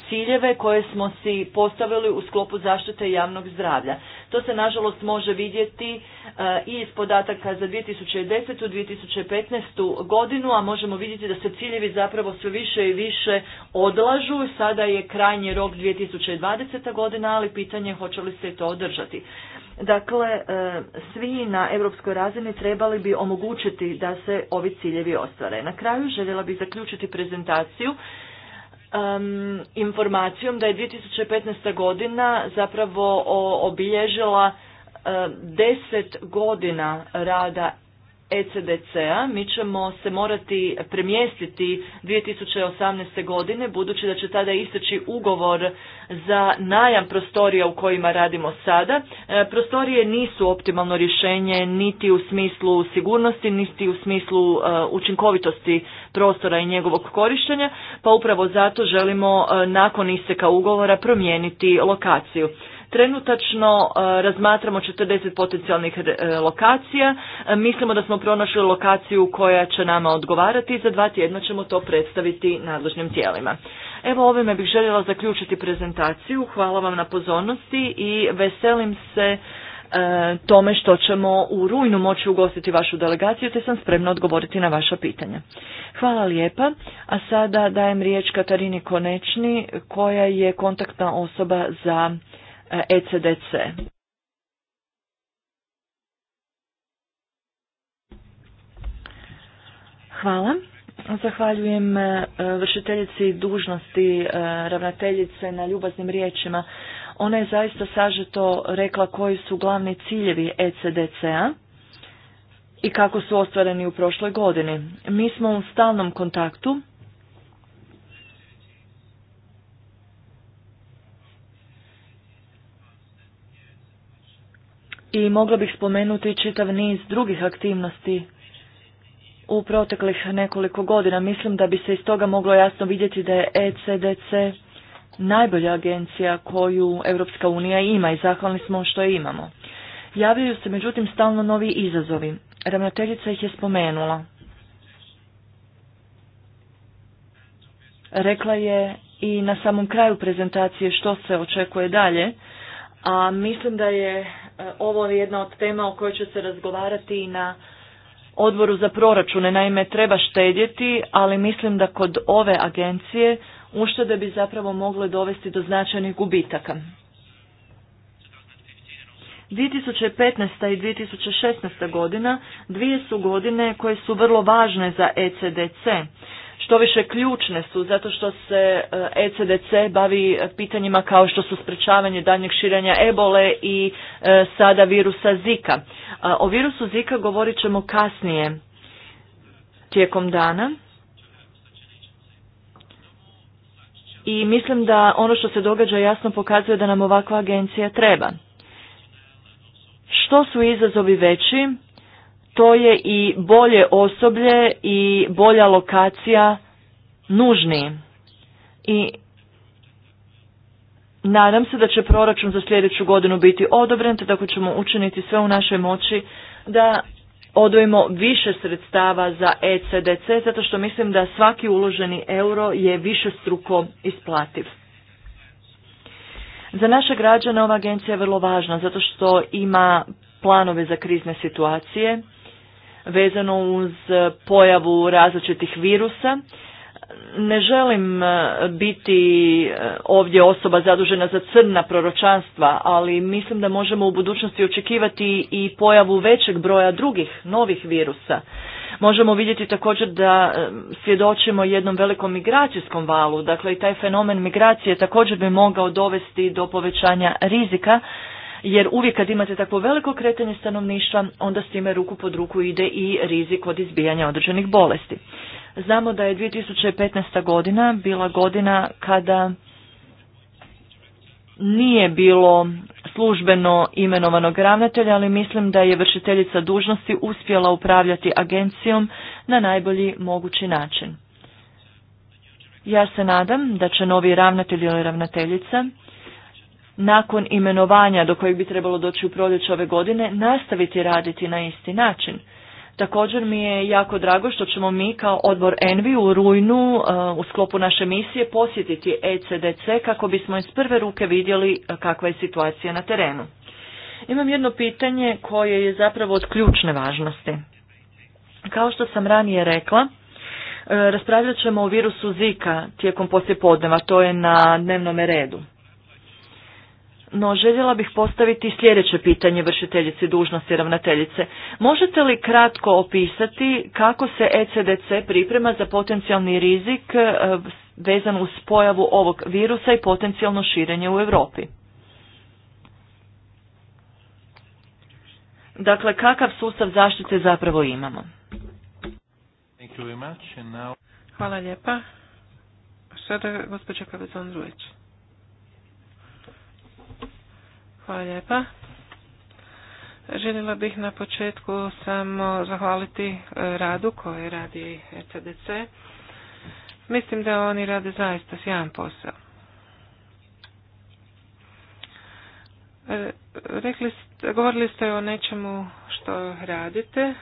ciljeve koje smo si postavili u sklopu zaštite javnog zdravlja. To se nažalost može vidjeti eh, i iz podataka za 2010. u 2015. godinu, a možemo vidjeti da se ciljevi zapravo sve više i više odlažu. Sada je krajnji rok 2015. 2020. godina, ali pitanje je hoće li se to održati. Dakle, e, svi na europskoj razini trebali bi omogućiti da se ovi ciljevi ostvare. Na kraju željela bih zaključiti prezentaciju informacijom da je 2015. godina zapravo obilježila e, deset godina rada ECDC-a mi ćemo se morati premjestiti 2018. godine budući da će tada isteći ugovor za najam prostorija u kojima radimo sada. E, prostorije nisu optimalno rješenje niti u smislu sigurnosti, niti u smislu e, učinkovitosti prostora i njegovog korištenja, pa upravo zato želimo e, nakon isteka ugovora promijeniti lokaciju. Trenutačno e, razmatramo 40 potencijalnih e, lokacija. E, mislimo da smo pronašli lokaciju koja će nama odgovarati i za dva tjedna ćemo to predstaviti nadležnim tijelima. Evo ovime bih željela zaključiti prezentaciju. Hvala vam na pozornosti i veselim se tome što ćemo u rujnu moći ugostiti vašu delegaciju te sam spremna odgovoriti na vaša pitanja. Hvala lijepa, a sada dajem riječ Katarini Konečni koja je kontaktna osoba za ECDC. Hvala. Zahvaljujem e, vršiteljici dužnosti e, ravnateljice na ljubaznim riječima. Ona je zaista sažeto rekla koji su glavni ciljevi ECDC-a i kako su ostvareni u prošloj godini. Mi smo u stalnom kontaktu i mogla bih spomenuti čitav niz drugih aktivnosti u proteklih nekoliko godina. Mislim da bi se iz toga moglo jasno vidjeti da je ECDC najbolja agencija koju Europska unija ima i zahvalni smo što je imamo. Javljaju se međutim stalno novi izazovi. Ravnateljica ih je spomenula. Rekla je i na samom kraju prezentacije što se očekuje dalje, a mislim da je E, ovo je jedna od tema o kojoj će se razgovarati i na odboru za proračune. Naime, treba štedjeti, ali mislim da kod ove agencije uštede bi zapravo mogle dovesti do značajnih gubitaka. 2015. i 2016. godina dvije su godine koje su vrlo važne za ECDC što više ključne su zato što se ECDC e bavi pitanjima kao što su sprečavanje daljnjeg širenja ebole i e, sada virusa Zika. E, o virusu Zika govorit ćemo kasnije tijekom dana. I mislim da ono što se događa jasno pokazuje da nam ovakva agencija treba. Što su izazovi veći, to je i bolje osoblje i bolja lokacija nužni. I nadam se da će proračun za sljedeću godinu biti odobren, te tako ćemo učiniti sve u našoj moći da odvojimo više sredstava za ECDC, zato što mislim da svaki uloženi euro je više struko isplativ. Za naše građane ova agencija je vrlo važna, zato što ima planove za krizne situacije, vezano uz pojavu različitih virusa. Ne želim e, biti e, ovdje osoba zadužena za crna proročanstva, ali mislim da možemo u budućnosti očekivati i pojavu većeg broja drugih novih virusa. Možemo vidjeti također da e, svjedočimo jednom velikom migracijskom valu, dakle i taj fenomen migracije također bi mogao dovesti do povećanja rizika jer uvijek kad imate takvo veliko kretanje stanovništva, onda s time ruku pod ruku ide i rizik od izbijanja određenih bolesti. Znamo da je 2015. godina bila godina kada nije bilo službeno imenovanog ravnatelja, ali mislim da je vršiteljica dužnosti uspjela upravljati agencijom na najbolji mogući način. Ja se nadam da će novi ravnatelj ili ravnateljica nakon imenovanja do kojeg bi trebalo doći u proljeće ove godine nastaviti raditi na isti način. Također mi je jako drago što ćemo mi kao odbor Envi u rujnu e, u sklopu naše misije posjetiti ECDC kako bismo iz prve ruke vidjeli e, kakva je situacija na terenu. Imam jedno pitanje koje je zapravo od ključne važnosti. Kao što sam ranije rekla, e, raspravljat ćemo o virusu Zika tijekom poslijepodneva, to je na dnevnom redu no željela bih postaviti sljedeće pitanje vršiteljici dužnosti ravnateljice. Možete li kratko opisati kako se ECDC priprema za potencijalni rizik e, vezan uz pojavu ovog virusa i potencijalno širenje u Europi? Dakle, kakav sustav zaštite zapravo imamo? Hvala lijepa. Sada gospođa Kavezon Rujić. Hvala lijepa. Željela bih na početku samo zahvaliti e, radu koji radi ECDC. Mislim da oni rade zaista sjajan posao. E, rekli ste, govorili ste o nečemu što radite.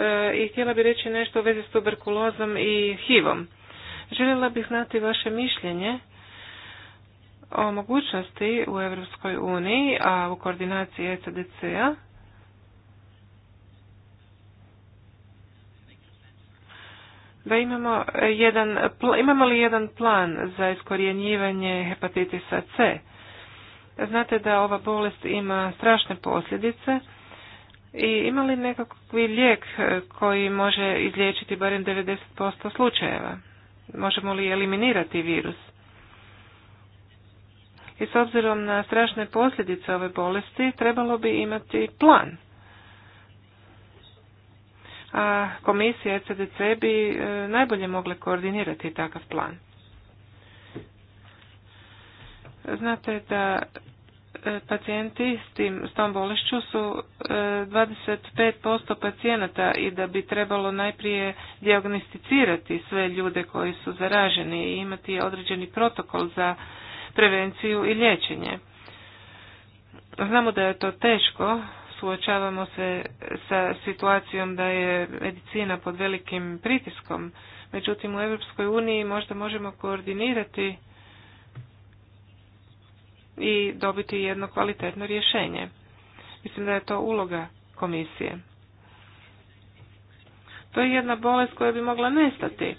E, I htjela bih reći nešto u vezi s tuberkulozom i HIVom. om Željela bih znati vaše mišljenje o mogućnosti u Europskoj uniji, a u koordinaciji ECDC-a, da imamo jedan, imamo li jedan plan za iskorjenjivanje hepatitisa C? Znate da ova bolest ima strašne posljedice i ima li nekakvi lijek e, koji može izliječiti barem 90% slučajeva? Možemo li eliminirati virus? i s obzirom na strašne posljedice ove bolesti trebalo bi imati plan. A komisija ECDC bi e, najbolje mogle koordinirati takav plan. Znate da e, pacijenti s, tim, s tom bolešću su 25% e, pacijenata i da bi trebalo najprije diagnosticirati sve ljude koji su zaraženi i imati određeni protokol za prevenciju i liječenje. Znamo da je to teško, suočavamo se sa situacijom da je medicina pod velikim pritiskom, međutim u Europskoj uniji možda možemo koordinirati i dobiti jedno kvalitetno rješenje. Mislim da je to uloga komisije. To je jedna bolest koja bi mogla nestati,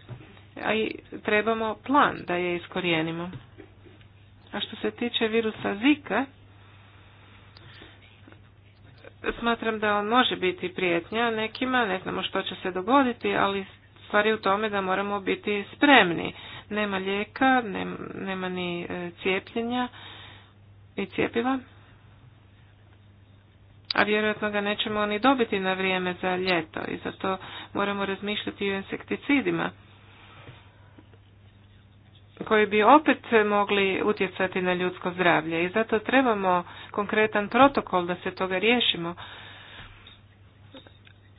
a i trebamo plan da je iskorijenimo. A što se tiče virusa Zika, smatram da on može biti prijetnja nekima, ne znamo što će se dogoditi, ali stvari u tome da moramo biti spremni. Nema lijeka, nema ni e, cijepljenja i cijepiva, a vjerojatno ga nećemo ni dobiti na vrijeme za ljeto i zato moramo razmišljati i o insekticidima koji bi opet mogli utjecati na ljudsko zdravlje i zato trebamo konkretan protokol da se toga riješimo.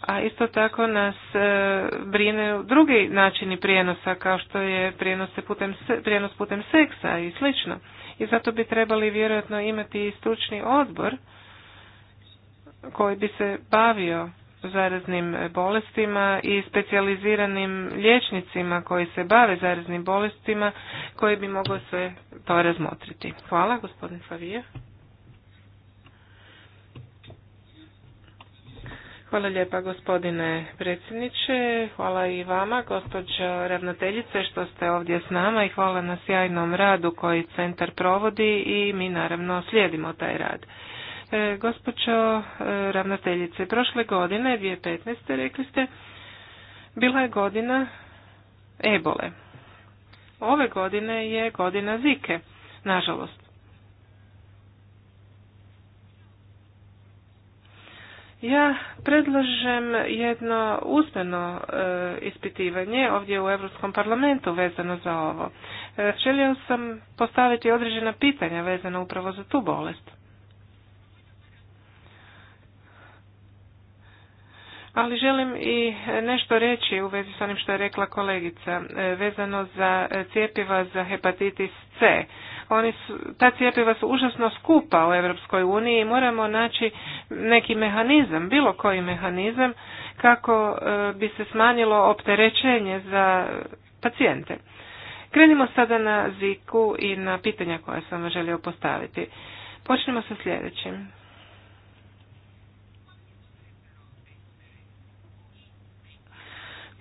A isto tako nas e, brine drugi načini prijenosa kao što je prijenos putem, prijenos putem seksa i slično. I zato bi trebali vjerojatno imati i stručni odbor koji bi se bavio zaraznim bolestima i specijaliziranim liječnicima koji se bave zaraznim bolestima koji bi mogao sve to razmotriti. Hvala, gospodin Favija. Hvala lijepa gospodine predsjedniče, hvala i vama gospođo ravnateljice što ste ovdje s nama i hvala na sjajnom radu koji centar provodi i mi naravno slijedimo taj rad. E, gospođo e, ravnateljice, prošle godine, 2015. rekli ste, bila je godina ebole. Ove godine je godina zike, nažalost. Ja predlažem jedno usmeno e, ispitivanje ovdje u Europskom parlamentu vezano za ovo. Želio sam postaviti određena pitanja vezana upravo za tu bolest. Ali želim i nešto reći u vezi s onim što je rekla kolegica, e, vezano za e, cijepiva za hepatitis C. Oni su, ta cijepiva su užasno skupa u Europskoj uniji i moramo naći neki mehanizam, bilo koji mehanizam, kako e, bi se smanjilo opterećenje za pacijente. Krenimo sada na ziku i na pitanja koja sam želio postaviti. Počnemo sa sljedećim.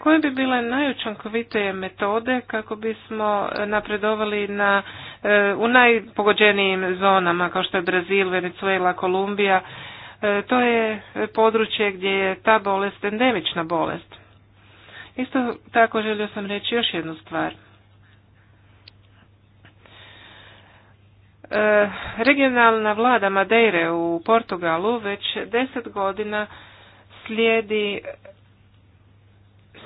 koje bi bile najučinkovitije metode kako bismo e, napredovali na, e, u najpogođenijim zonama kao što je Brazil, Venezuela, Kolumbija. E, to je područje gdje je ta bolest endemična bolest. Isto tako želio sam reći još jednu stvar. Regionalna vlada Madeire u Portugalu već deset godina slijedi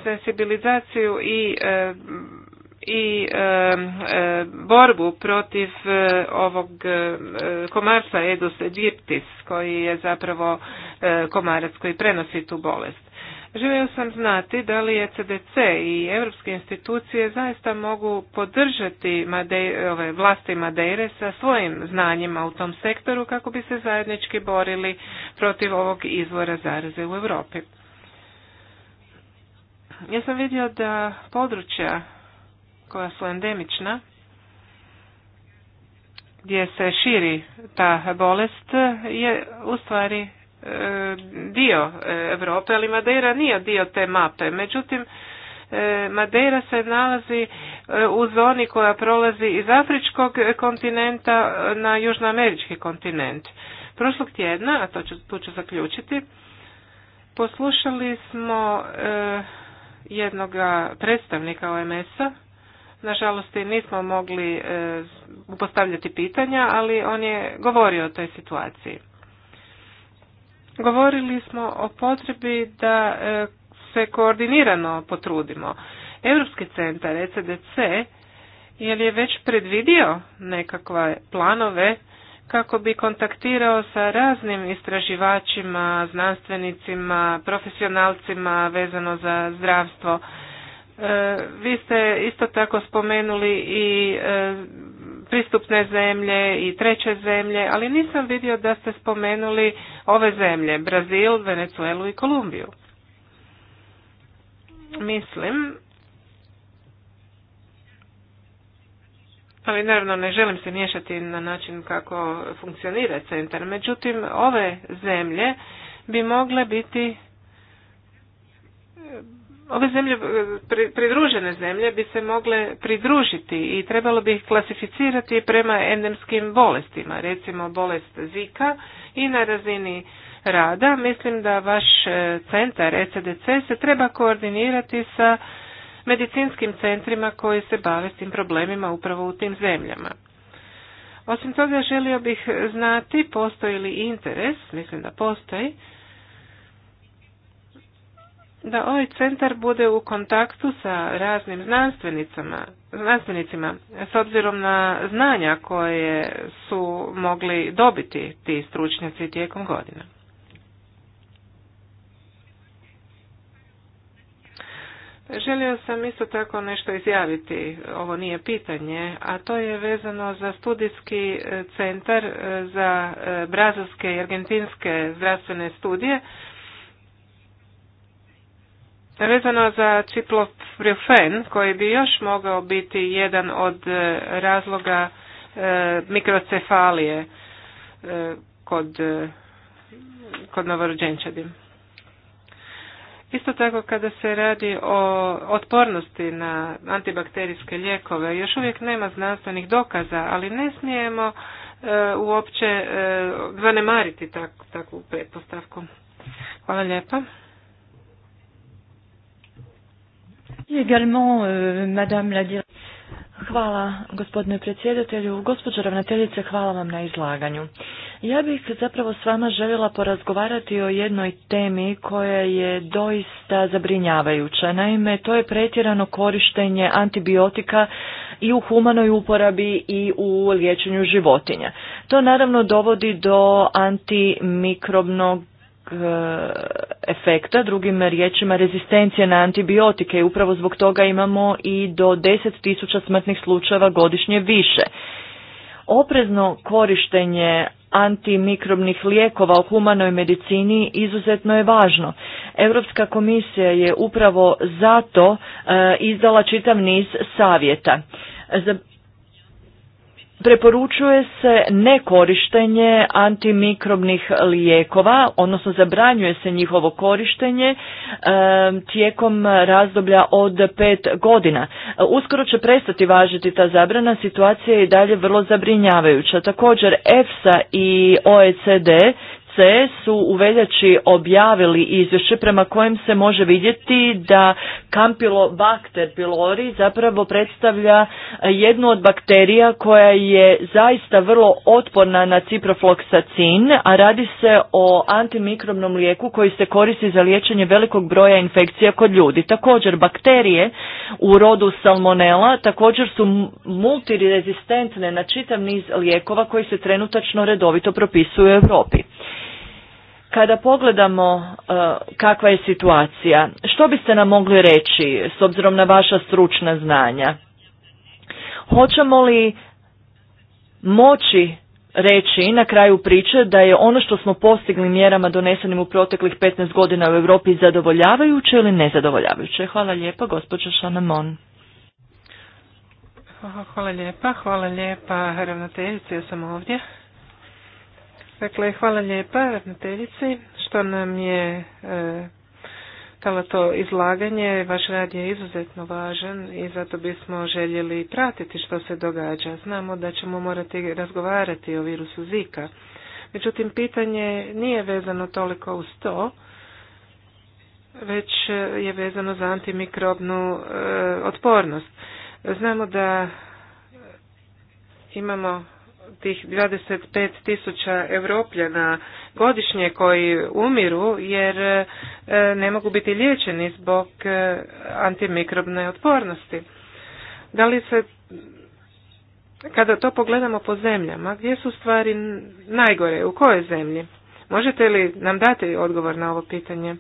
sensibilizaciju i e, i e, e, borbu protiv ovog komarca Edus aegyptis koji je zapravo komarac koji prenosi tu bolest. Želio sam znati da li je CDC i europske institucije zaista mogu podržati ove, vlasti Madeire sa svojim znanjima u tom sektoru kako bi se zajednički borili protiv ovog izvora zaraze u Europi ja sam vidio da područja koja su endemična, gdje se širi ta bolest, je u stvari e, dio e, Europe, ali Madeira nije dio te mape. Međutim, e, Madeira se nalazi u zoni koja prolazi iz afričkog kontinenta na južnoamerički kontinent. Prošlog tjedna, a to ću, tu ću zaključiti, poslušali smo Jednoga predstavnika OMS-a. Nažalost, nismo mogli e, postavljati pitanja, ali on je govorio o toj situaciji. Govorili smo o potrebi da e, se koordinirano potrudimo. Europski centar ECDC je li je već predvidio nekakve planove kako bi kontaktirao sa raznim istraživačima, znanstvenicima, profesionalcima vezano za zdravstvo. E, vi ste isto tako spomenuli i e, pristupne zemlje i treće zemlje, ali nisam vidio da ste spomenuli ove zemlje, Brazil, Venezuelu i Kolumbiju. Mislim ali naravno ne želim se miješati na način kako funkcionira centar. Međutim, ove zemlje bi mogle biti ove zemlje, pridružene zemlje bi se mogle pridružiti i trebalo bi ih klasificirati prema endemskim bolestima, recimo bolest Zika i na razini rada. Mislim da vaš e, centar ECDC se treba koordinirati sa medicinskim centrima koji se bave s tim problemima upravo u tim zemljama. Osim toga želio bih znati postoji li interes, mislim da postoji, da ovaj centar bude u kontaktu sa raznim znanstvenicama, znanstvenicima s obzirom na znanja koje su mogli dobiti ti stručnjaci tijekom godina. Želio sam isto tako nešto izjaviti, ovo nije pitanje, a to je vezano za studijski e, centar e, za e, brazilske i argentinske zdravstvene studije, Vezano za cikloprufen, koji bi još mogao biti jedan od razloga mikrocefalije kod, kod Isto tako kada se radi o otpornosti na antibakterijske lijekove, još uvijek nema znanstvenih dokaza, ali ne smijemo e, uopće e, zanemariti tak, takvu pretpostavku. Hvala lijepa. Également, euh, Madame la Hvala gospodine predsjedatelju. Gospođo ravnateljice, hvala vam na izlaganju. Ja bih zapravo s vama željela porazgovarati o jednoj temi koja je doista zabrinjavajuća. Naime, to je pretjerano korištenje antibiotika i u humanoj uporabi i u liječenju životinja. To naravno dovodi do antimikrobnog E, efekta, drugim riječima rezistencije na antibiotike i upravo zbog toga imamo i do 10.000 smrtnih slučajeva godišnje više. Oprezno korištenje antimikrobnih lijekova u humanoj medicini izuzetno je važno. Europska komisija je upravo zato e, izdala čitav niz savjeta. Za Preporučuje se nekorištenje antimikrobnih lijekova, odnosno zabranjuje se njihovo korištenje e, tijekom razdoblja od pet godina. Uskoro će prestati važiti ta zabrana, situacija je i dalje vrlo zabrinjavajuća. Također EFSA i OECD C su u veljači objavili izvješće prema kojem se može vidjeti da Campylobacter pylori zapravo predstavlja e, jednu od bakterija koja je zaista vrlo otporna na ciprofloksacin, a radi se o antimikrobnom lijeku koji se koristi za liječenje velikog broja infekcija kod ljudi. Također bakterije u rodu salmonela također su multirezistentne na čitav niz lijekova koji se trenutačno redovito propisuju u Europi. Kada pogledamo e, kakva je situacija, što biste nam mogli reći s obzirom na vaša stručna znanja? Hoćemo li moći reći na kraju priče da je ono što smo postigli mjerama donesenim u proteklih 15 godina u Europi zadovoljavajuće ili nezadovoljavajuće? Hvala lijepa, gospođa Šanamon. Hvala lijepa, hvala lijepa ravnateljice, ja sam ovdje. Dakle, hvala lijepa ravnateljici što nam je e, dala to izlaganje. Vaš rad je izuzetno važan i zato bismo željeli pratiti što se događa. Znamo da ćemo morati razgovarati o virusu Zika. Međutim, pitanje nije vezano toliko uz to, već je vezano za antimikrobnu e, otpornost. Znamo da imamo tih 25 tisuća evropljana godišnje koji umiru jer e, ne mogu biti liječeni zbog e, antimikrobne otpornosti. Da li se, kada to pogledamo po zemljama, gdje su stvari najgore, u kojoj zemlji? Možete li nam dati odgovor na ovo pitanje?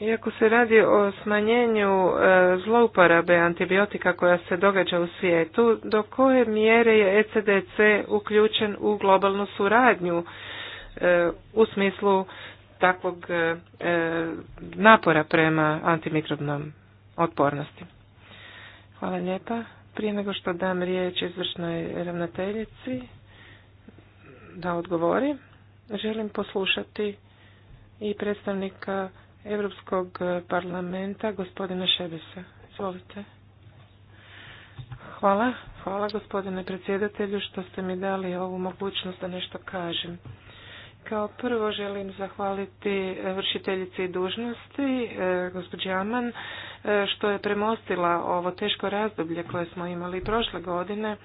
Iako se radi o smanjenju e, zlouporabe antibiotika koja se događa u svijetu, do koje mjere je ECDC uključen u globalnu suradnju e, u smislu takvog e, napora prema antimikrobnom otpornosti? Hvala lijepa. Prije nego što dam riječ izvršnoj ravnateljici da odgovori, želim poslušati i predstavnika Europskog e, parlamenta, gospodina Šebesa. Izvolite. Hvala. Hvala gospodine predsjedatelju što ste mi dali ovu mogućnost da nešto kažem. Kao prvo želim zahvaliti e, vršiteljici dužnosti, e, gospođi Aman, što je premostila ovo teško razdoblje koje smo imali prošle godine,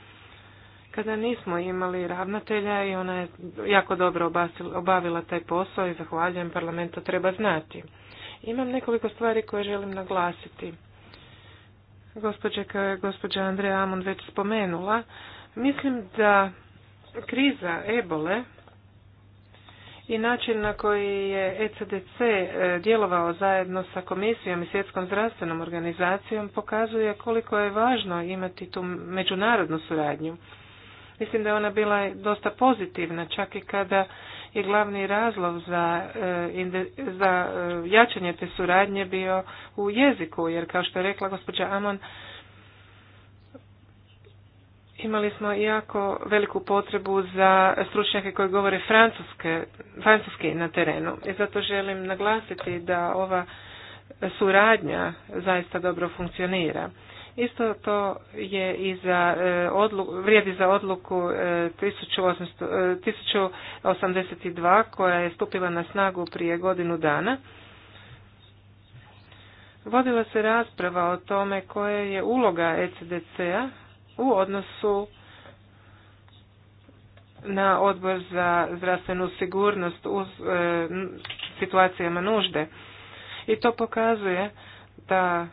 kada nismo imali ravnatelja i ona je jako dobro obavila taj posao i zahvaljujem parlamentu treba znati. Imam nekoliko stvari koje želim naglasiti. Gospođe, kao gospođa Andreja Amon već spomenula, mislim da kriza ebole i način na koji je ECDC e, djelovao zajedno sa komisijom i svjetskom zdravstvenom organizacijom pokazuje koliko je važno imati tu međunarodnu suradnju. Mislim da je ona bila dosta pozitivna, čak i kada i glavni razlog za, e, za e, jačanje te suradnje bio u jeziku, jer kao što je rekla gospođa Amon, imali smo jako veliku potrebu za stručnjake koji govore francuske, francuski na terenu. I zato želim naglasiti da ova suradnja zaista dobro funkcionira. Isto to je i za e, odluku, vrijedi za odluku 1082 e, e, koja je stupila na snagu prije godinu dana. Vodila se rasprava o tome koja je uloga ECDC-a u odnosu na odbor za zdravstvenu sigurnost u situacijama nužde. I to pokazuje da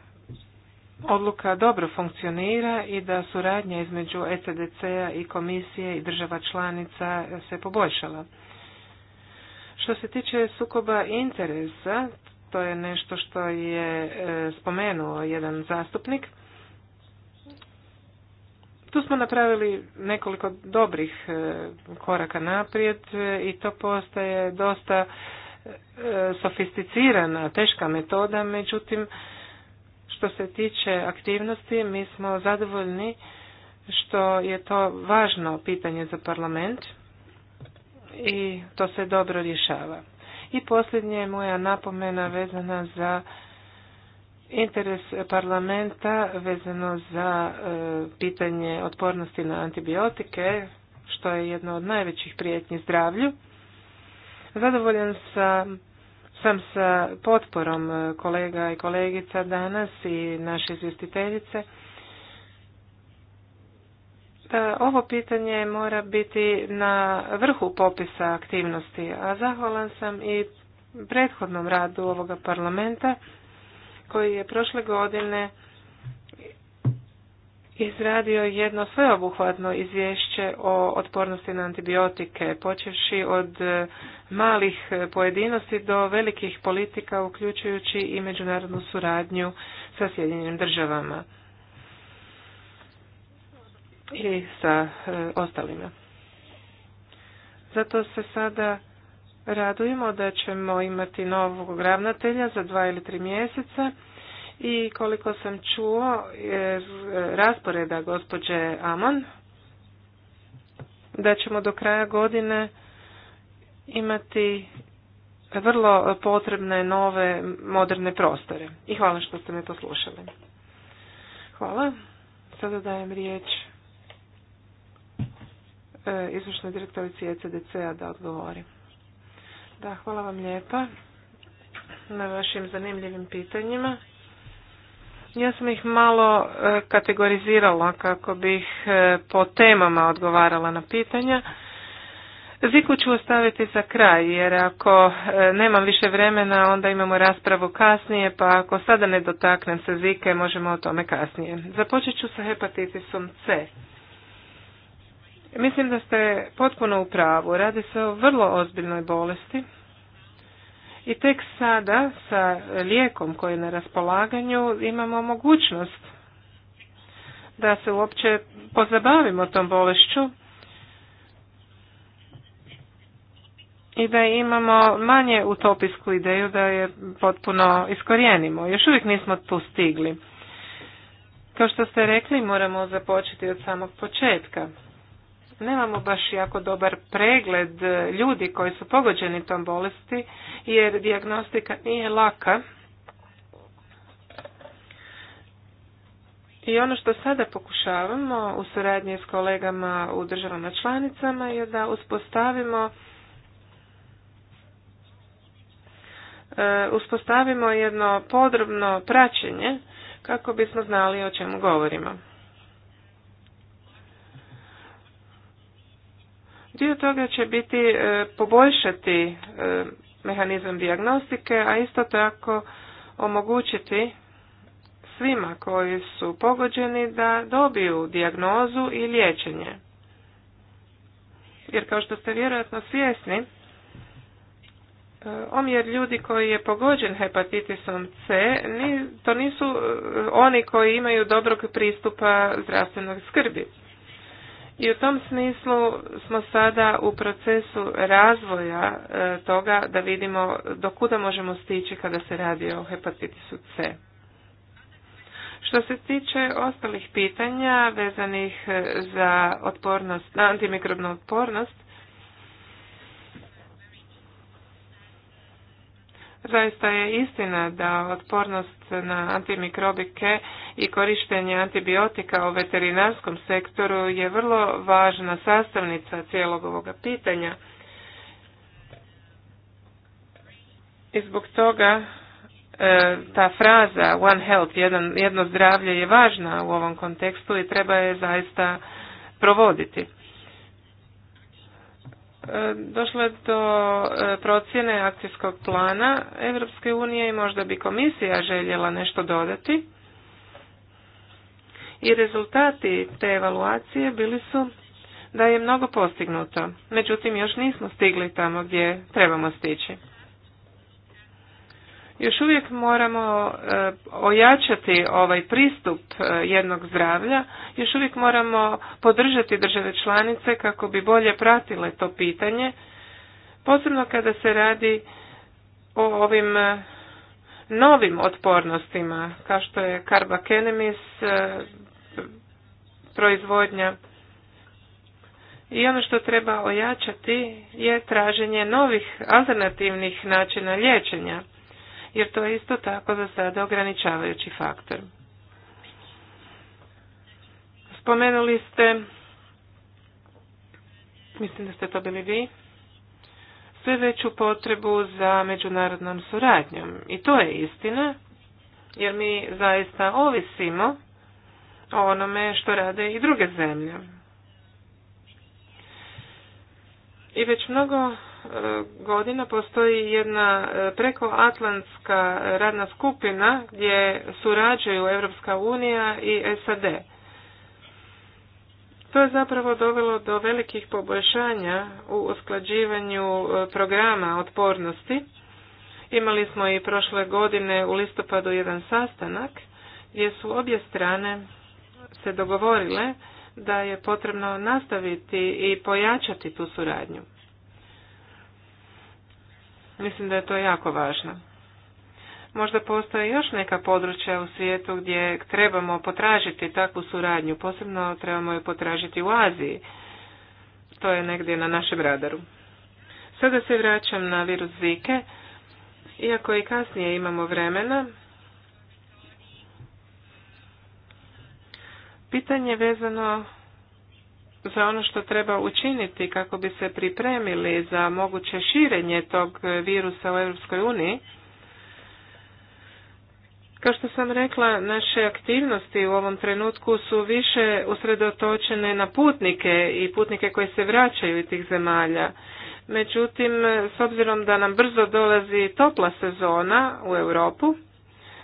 odluka dobro funkcionira i da suradnja između ECDC-a i komisije i država članica se poboljšala. Što se tiče sukoba interesa, to je nešto što je e, spomenuo jedan zastupnik. Tu smo napravili nekoliko dobrih e, koraka naprijed e, i to postaje dosta sofisticirana, teška metoda, međutim što se tiče aktivnosti, mi smo zadovoljni što je to važno pitanje za parlament i to se dobro rješava. I posljednje je moja napomena vezana za interes parlamenta vezano za e, pitanje otpornosti na antibiotike, što je jedno od najvećih prijetnji zdravlju. Zadovoljan sam sam sa potporom e, kolega i kolegica danas i naše izvjestiteljice da e, ovo pitanje mora biti na vrhu popisa aktivnosti, a zahvalan sam i prethodnom radu ovoga parlamenta koji je prošle godine izradio jedno sveobuhvatno izvješće o otpornosti na antibiotike, počevši od e, malih e, pojedinosti do velikih politika, uključujući i međunarodnu suradnju sa Sjedinjenim državama i sa e, ostalima. Zato se sada radujemo da ćemo imati novog ravnatelja za dva ili tri mjeseca i koliko sam čuo rasporeda gospođe Amon da ćemo do kraja godine imati vrlo potrebne nove moderne prostore. I hvala što ste me poslušali. Hvala. Sada dajem riječ e, izvršnoj direktorici ECDC-a da odgovori. Da, hvala vam lijepa na vašim zanimljivim pitanjima. Ja sam ih malo e, kategorizirala kako bih e, po temama odgovarala na pitanja. Ziku ću ostaviti za kraj, jer ako e, nemam više vremena, onda imamo raspravu kasnije, pa ako sada ne dotaknem se Zike, možemo o tome kasnije. Započet ću sa hepatitisom C. Mislim da ste potpuno u pravu. Radi se o vrlo ozbiljnoj bolesti. I tek sada sa lijekom koji je na raspolaganju imamo mogućnost da se uopće pozabavimo tom bolešću i da imamo manje utopijsku ideju da je potpuno iskorijenimo. Još uvijek nismo tu stigli. Kao što ste rekli, moramo započeti od samog početka nemamo baš jako dobar pregled e, ljudi koji su pogođeni tom bolesti jer dijagnostika nije laka. I ono što sada pokušavamo u suradnji s kolegama u državama članicama je da uspostavimo e, uspostavimo jedno podrobno praćenje kako bismo znali o čemu govorimo. Dio toga će biti e, poboljšati e, mehanizam dijagnostike, a isto tako omogućiti svima koji su pogođeni da dobiju dijagnozu i liječenje. Jer kao što ste vjerojatno svjesni, e, omjer ljudi koji je pogođen hepatitisom C, to nisu oni koji imaju dobrog pristupa zdravstvenoj skrbi. I u tom smislu smo sada u procesu razvoja e, toga da vidimo do kuda možemo stići kada se radi o hepatitisu C. Što se tiče ostalih pitanja vezanih e, za otpornost, na antimikrobnu otpornost, Zaista je istina da otpornost na antimikrobike i korištenje antibiotika u veterinarskom sektoru je vrlo važna sastavnica cijelog ovoga pitanja. I zbog toga e, ta fraza One Health, jedno zdravlje je važna u ovom kontekstu i treba je zaista provoditi došlo je do e, procjene akcijskog plana Europske unije i možda bi komisija željela nešto dodati. I rezultati te evaluacije bili su da je mnogo postignuto. Međutim, još nismo stigli tamo gdje trebamo stići. Još uvijek moramo e, ojačati ovaj pristup e, jednog zdravlja, još uvijek moramo podržati države članice kako bi bolje pratile to pitanje, posebno kada se radi o ovim e, novim otpornostima, kao što je karbakenemis, proizvodnja. I ono što treba ojačati je traženje novih alternativnih načina liječenja jer to je isto tako za sada ograničavajući faktor. Spomenuli ste, mislim da ste to bili vi, sve veću potrebu za međunarodnom suradnjom. I to je istina, jer mi zaista ovisimo o onome što rade i druge zemlje. I već mnogo godina postoji jedna e, prekoatlantska radna skupina gdje surađuju Europska unija i SAD. To je zapravo dovelo do velikih poboljšanja u usklađivanju e, programa otpornosti. Imali smo i prošle godine u listopadu jedan sastanak gdje su obje strane se dogovorile da je potrebno nastaviti i pojačati tu suradnju. Mislim da je to jako važno. Možda postoje još neka područja u svijetu gdje trebamo potražiti takvu suradnju, posebno trebamo je potražiti u Aziji. To je negdje na našem radaru. Sada se vraćam na virus Zike. Iako i kasnije imamo vremena, pitanje vezano za ono što treba učiniti kako bi se pripremili za moguće širenje tog virusa u Europskoj uniji. Kao što sam rekla, naše aktivnosti u ovom trenutku su više usredotočene na putnike i putnike koji se vraćaju iz tih zemalja. Međutim, s obzirom da nam brzo dolazi topla sezona u Europu,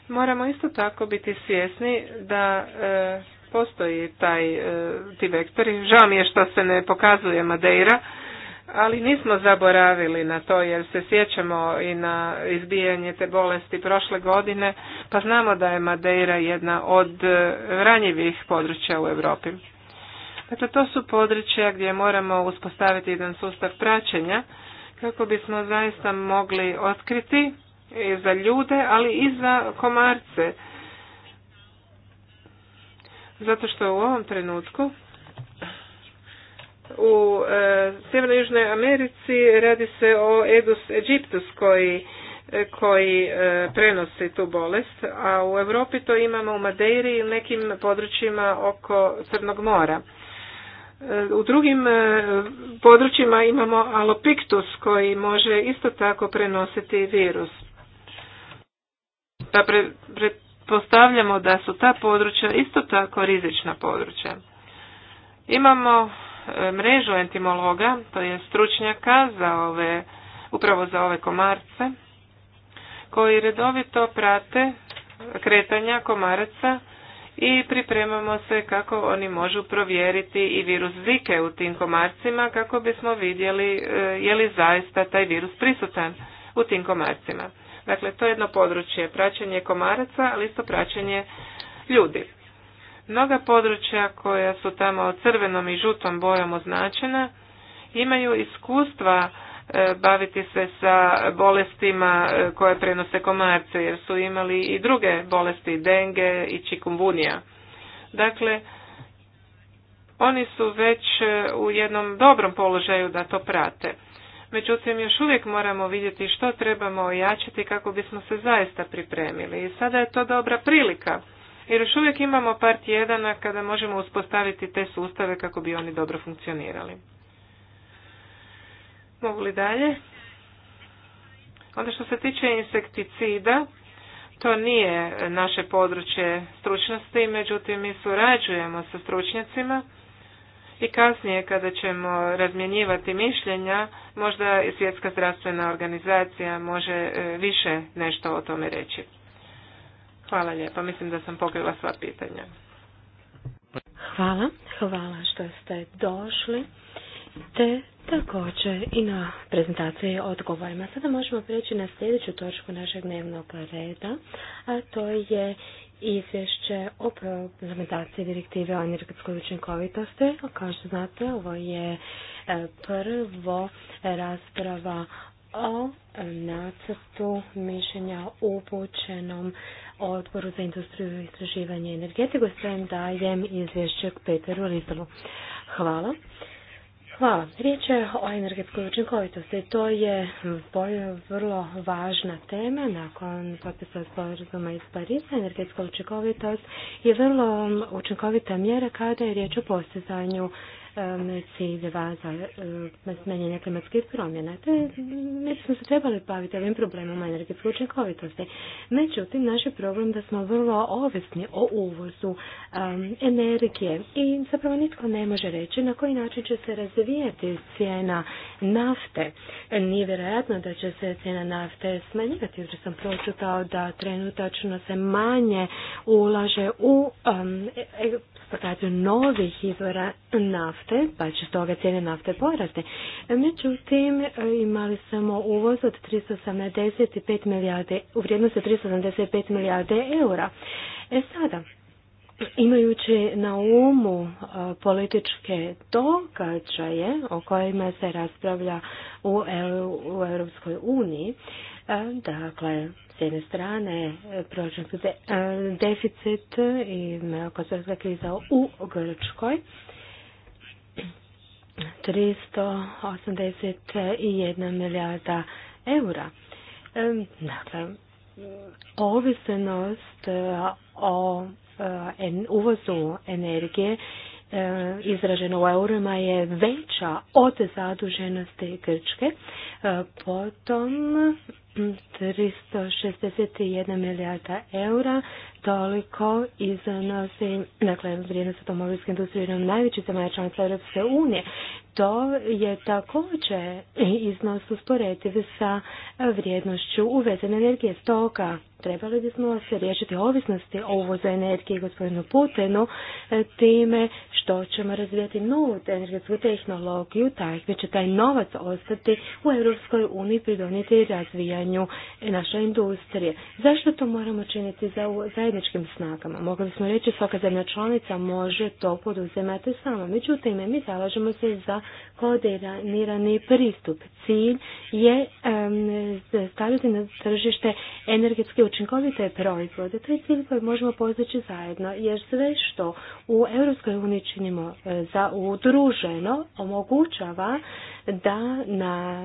moramo isto tako biti svjesni da e, postoji taj, e, ti vektori. Žao mi je što se ne pokazuje Madeira, ali nismo zaboravili na to jer se sjećamo i na izbijanje te bolesti prošle godine, pa znamo da je Madeira jedna od e, ranjivih područja u Europi. Dakle, to su područja gdje moramo uspostaviti jedan sustav praćenja kako bismo zaista mogli otkriti i za ljude, ali i za komarce zato što u ovom trenutku u e, Sjevernoj Južnoj Americi radi se o Edus Egyptus koji, e, koji e, prenosi tu bolest, a u Europi to imamo u Madeiri i nekim područjima oko Crnog mora. E, u drugim područjima imamo alopiktus koji može isto tako prenositi virus. Pa pre, pre, postavljamo da su ta područja isto tako rizična područja. Imamo e, mrežu entimologa, to je stručnjaka za ove, upravo za ove komarce, koji redovito prate kretanja komaraca i pripremamo se kako oni možu provjeriti i virus zike u tim komarcima kako bismo vidjeli e, je li zaista taj virus prisutan u tim komarcima. Dakle, to je jedno područje, praćenje komaraca, ali isto praćenje ljudi. Mnoga područja koja su tamo crvenom i žutom bojom označena imaju iskustva e, baviti se sa bolestima e, koje prenose komarce, jer su imali i druge bolesti, denge i čikumbunija. Dakle, oni su već e, u jednom dobrom položaju da to prate međutim još uvijek moramo vidjeti što trebamo ojačati kako bismo se zaista pripremili. I sada je to dobra prilika, jer još uvijek imamo par tjedana kada možemo uspostaviti te sustave kako bi oni dobro funkcionirali. Mogu li dalje? Onda što se tiče insekticida, to nije naše područje stručnosti, međutim mi surađujemo sa stručnjacima i kasnije kada ćemo razmjenjivati mišljenja, možda Svjetska zdravstvena organizacija može e, više nešto o tome reći. Hvala lijepo mislim da sam pokrila sva pitanja. Hvala, hvala što ste došli, te također i na prezentaciji odgovorima. Sada možemo preći na sljedeću točku našeg dnevnog reda, a to je izvješće o implementaciji direktive o energetskoj učinkovitosti. Kao što znate, ovo je e, prvo rasprava o nacrtu mišljenja upućenom odboru za industriju i istraživanje energetiku. Sve dajem izvješće Peteru Lizelu. Hvala. Hvala. Riječ je o energetskoj učinkovitosti. To je vrlo važna tema nakon potpisa sporazuma iz Pariza. Energetska učinkovitost je vrlo učinkovita mjera kada je riječ o postizanju Um, ciljeva za um, smanjenje klimatskih promjena. mi smo se trebali baviti ovim problemom energetske učinkovitosti. Međutim, naš je problem da smo vrlo ovisni o uvozu um, energije i zapravo nitko ne može reći na koji način će se razvijati cijena nafte. Nije vjerojatno da će se cijena nafte smanjivati, jer sam pročitao da trenutačno se manje ulaže u pokazuju novih izvora nafte, pa će stoga cijene nafte poraste. Međutim, imali smo uvoz od 375 milijarde, u vrijednosti 375 milijarde eura. E sada, Imajući na umu e, političke događaje o kojima se raspravlja u, EU, Europskoj uniji, e, dakle, s jedne strane e, proračunski deficit i gospodarska kriza u Grčkoj, 381 milijarda eura. Dakle, ovisenost o Eh, uvozu energije eh, izraženo u eurima je veća od zaduženosti Grčke, eh, potom 361 hm, milijarda eura toliko iznosi nas dakle, vrijednost automobilske industrije je najveći zemalja članica Europske unije. To je također iznos usporediv sa vrijednošću uvezene energije stoka. Trebali bismo se riješiti ovisnosti o uvozu energije gospodinu Putinu e, time što ćemo razvijati novu energetsku tehnologiju, tako će taj novac ostati u Europskoj uniji pridoniti razvijanju naše industrije. Zašto to moramo činiti za, zajedno zajedničkim snagama. Mogli smo reći svaka zemlja članica može to poduzimati sama. Međutim, mi zalažemo se za koordinirani pristup. Cilj je staviti na tržište energetske učinkovite proizvode. To je cilj koji možemo postići zajedno, jer sve što u Europskoj uniji činimo e, za udruženo omogućava da na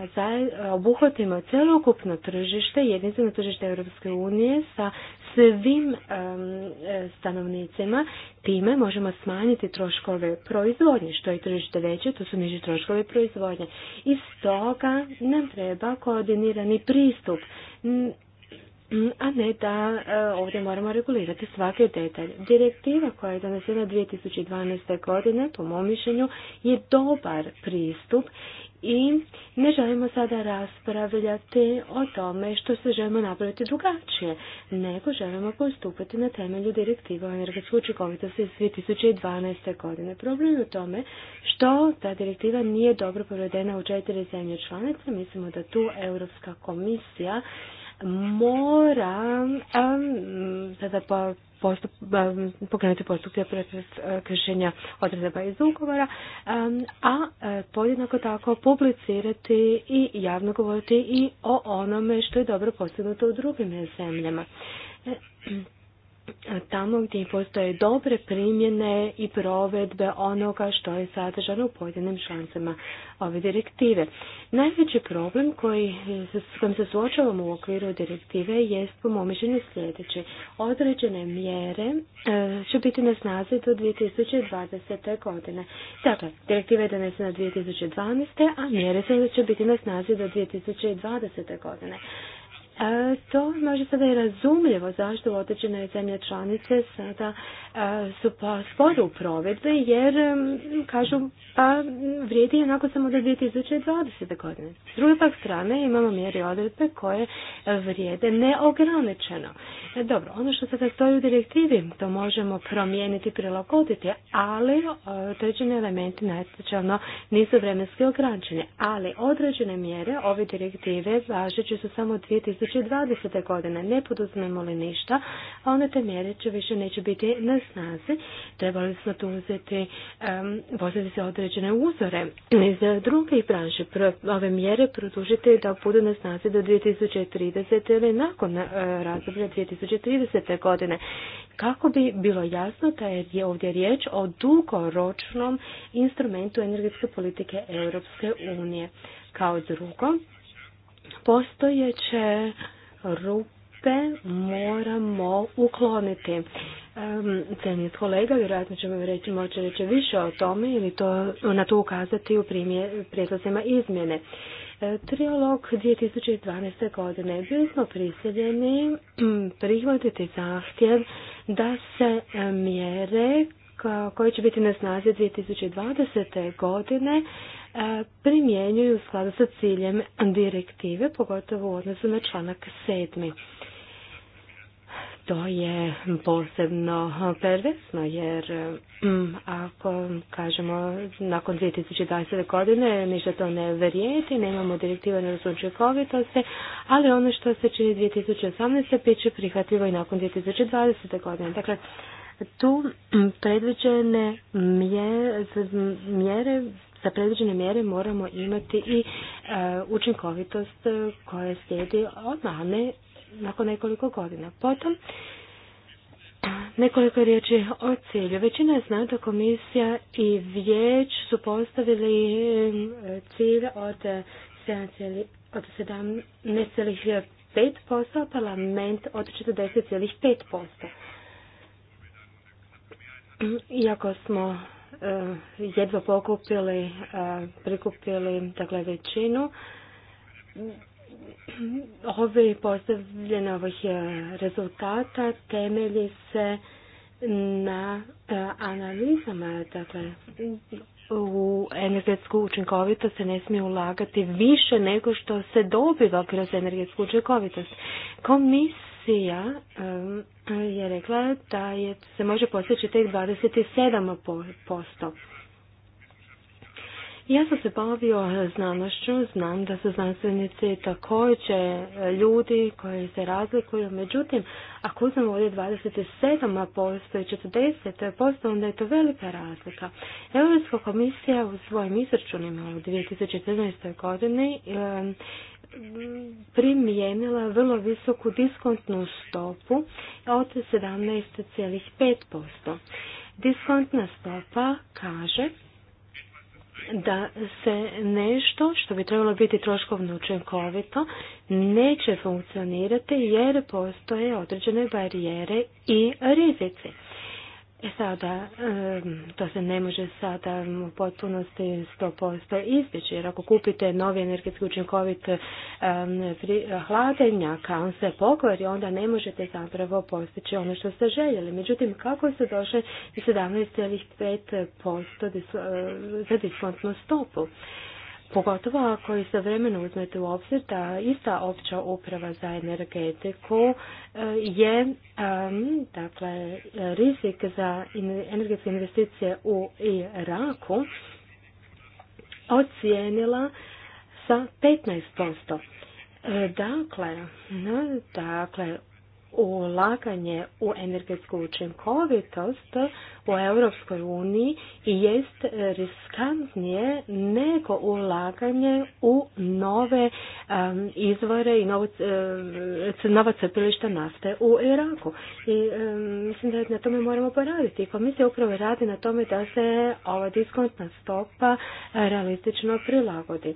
obuhvatimo celokupno tržište, jedinstveno tržište Europske unije sa svim e, stanovnicima. Time možemo smanjiti troškove proizvodnje. Što je tržište veće, to su niži troškove proizvodnje. I stoga nam treba koordinirani pristup a ne da e, ovdje moramo regulirati svaki detalj. Direktiva koja je donesena 2012. godine, po mom mišljenju, je dobar pristup i ne želimo sada raspravljati o tome što se želimo napraviti drugačije, nego želimo postupati na temelju direktiva o energetskoj učinkovitosti iz 2012. godine. Problem je u tome što ta direktiva nije dobro provedena u četiri zemlje članice. Mislimo da tu Europska komisija mora um, sada postup, um, pokrenuti postupke protiv uh, kršenja odredaba iz ugovora, um, a uh, podjednako tako publicirati i javno govoriti i o onome što je dobro postignuto u drugim zemljama. E, tamo gdje postoje dobre primjene i provedbe onoga što je sadržano u pojedinim člancima ove direktive. Najveći problem koji, s kojim se suočavamo u okviru direktive jest po mom mišljenju sljedeći. Određene mjere e, će biti na snazi do 2020. godine. Dakle, direktiva je donesena 2012. a mjere će biti na snazi do 2020. godine. E, to može sada i razumljivo zašto određene zemlje članice sada e, su pa sporo u provedbi jer kažu pa vrijedi onako samo do 2020. godine. S druge pak strane imamo mjeri odredbe koje vrijede neograničeno. E, dobro, ono što sada stoji u direktivi to možemo promijeniti, prilagoditi, ali određeni elementi najstačalno nisu vremenski ograničeni, ali određene mjere ove direktive važeće su samo 2020. 20. godine. Ne poduzmemo li ništa, a onda te mjere će više neće biti na snazi. Trebali smo tu uzeti, um, se određene uzore iz druge branže. Ove mjere produžite da budu na snazi do 2030. ili nakon uh, razdoblja 2030. godine. Kako bi bilo jasno da je ovdje riječ o dugoročnom instrumentu energetske politike Europske unije. Kao drugo, postojeće rupe moramo ukloniti. Cenije kolega, vjerojatno ćemo reći, moći reći više o tome ili to, na to ukazati u prijedlozima izmjene. E, triolog 2012. godine bili smo prisiljeni prihvatiti zahtjev da se mjere koje će biti na snazi 2020. godine E, primjenjuju u skladu sa ciljem direktive, pogotovo u odnosu na članak sedmi. To je posebno pervesno jer mm, ako kažemo nakon 2020. godine ništa to ne verijeti, nemamo direktive na učinkovitosti, ali ono što se čini 2018. bit će prihvatljivo i nakon 2020. godine. Dakle, tu mm, predviđene mjere za predviđene mjere moramo imati i e, učinkovitost e, koja slijedi od ne nakon nekoliko godina. Potom, Nekoliko riječi o cilju. Većina je zna komisija i vijeć su postavili cilj od 7, od 17,5%, a parlament od 40,5%. Iako smo Eh, jedva pokupili, eh, prikupili dakle, većinu. Ovi postavljeni ovih eh, rezultata temelji se na analizama, dakle, u energetsku učinkovitost se ne smije ulagati više nego što se dobiva kroz energetsku učinkovitost. Komisija komisija je rekla da je, se može postići tek 27%. Ja sam se bavio znanošću, znam da su znanstvenici također ljudi koji se razlikuju, međutim, ako uzmemo ovdje 27% i 40%, onda je to velika razlika. Europska komisija u svojim izračunima u 2014. godini primijenila vrlo visoku diskontnu stopu od 17,5%. Diskontna stopa kaže da se nešto što bi trebalo biti troškovno učinkovito neće funkcionirati jer postoje određene barijere i rizici. E sada, to se ne može sada u potpunosti 100% izbjeći, jer ako kupite novi energetski učinkovit hladenjak, a on se pokvari, onda ne možete zapravo postići ono što ste željeli. Međutim, kako su došli i 17,5% za diskontnu stopu? Pogotovo ako istovremeno uzmete u obzir da ista opća uprava za energetiku e, je dakle, rizik za energetske investicije u Iraku ocijenila sa 15%. E, dakle, dakle, ulaganje u energetsku učinkovitost u Europskoj uniji jest riskantnije nego ulaganje u nove izvore i e, nova crpilišta nafte u Iraku. I mislim da na tome moramo poraditi. Komisija upravo radi na tome da se ova diskontna stopa realistično prilagodi.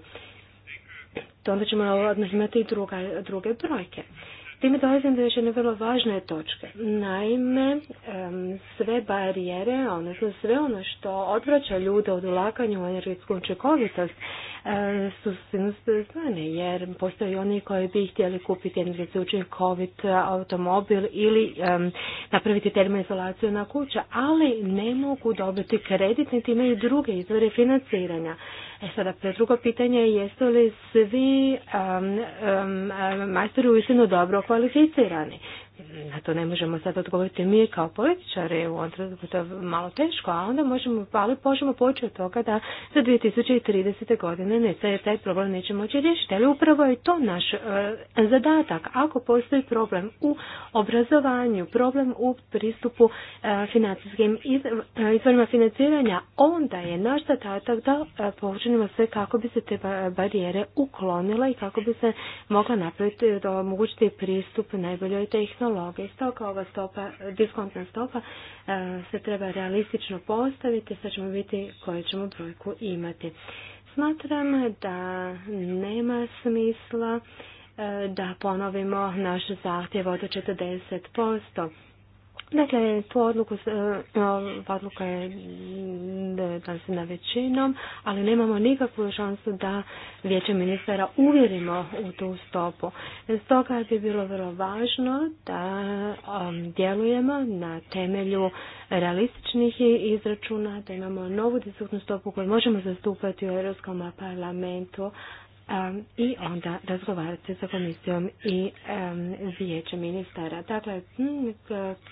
To onda ćemo imati i druga, druge brojke. Time dolazim do još jedne vrlo važne točke. Naime, sve barijere, odnosno sve ono što odvraća ljude od ulakanja u energetsku učinkovitost su znane, jer postoji oni koji bi htjeli kupiti energetski učinkovit automobil ili napraviti termoizolaciju na kuća, ali ne mogu dobiti kredit, niti imaju druge izvore financiranja. E sada, drugo pitanje, jeste li svi um, um, majstori uistinu dobro kvalificirani? Na to ne možemo sad odgovoriti mi kao političari, u ovom trenutku to je malo teško, a onda možemo, ali možemo početi od toga da za 2030. godine ne, taj problem neće moći riješiti. Ali upravo je to naš e, zadatak. Ako postoji problem u obrazovanju, problem u pristupu e, financijskim iz, e, izvorima financiranja, onda je naš zadatak da počinimo sve kako bi se te barijere uklonile i kako bi se mogla napraviti, da omogućiti pristup najboljoj tehnologiji tehnologije. kao ova stopa, diskontna stopa e, se treba realistično postaviti, sad ćemo vidjeti koju ćemo brojku imati. Smatram da nema smisla e, da ponovimo naš zahtjev od 40%. Dakle, tu odluku, e, odluka je na većinom, ali nemamo nikakvu šansu da vijeće ministara uvjerimo u tu stopu. Stoga bi bilo vrlo važno da um, djelujemo na temelju realističnih izračuna, da imamo novu diskutnu stopu koju možemo zastupati u Europskom parlamentu, i onda razgovarati sa komisijom i vijećem ministara. Dakle,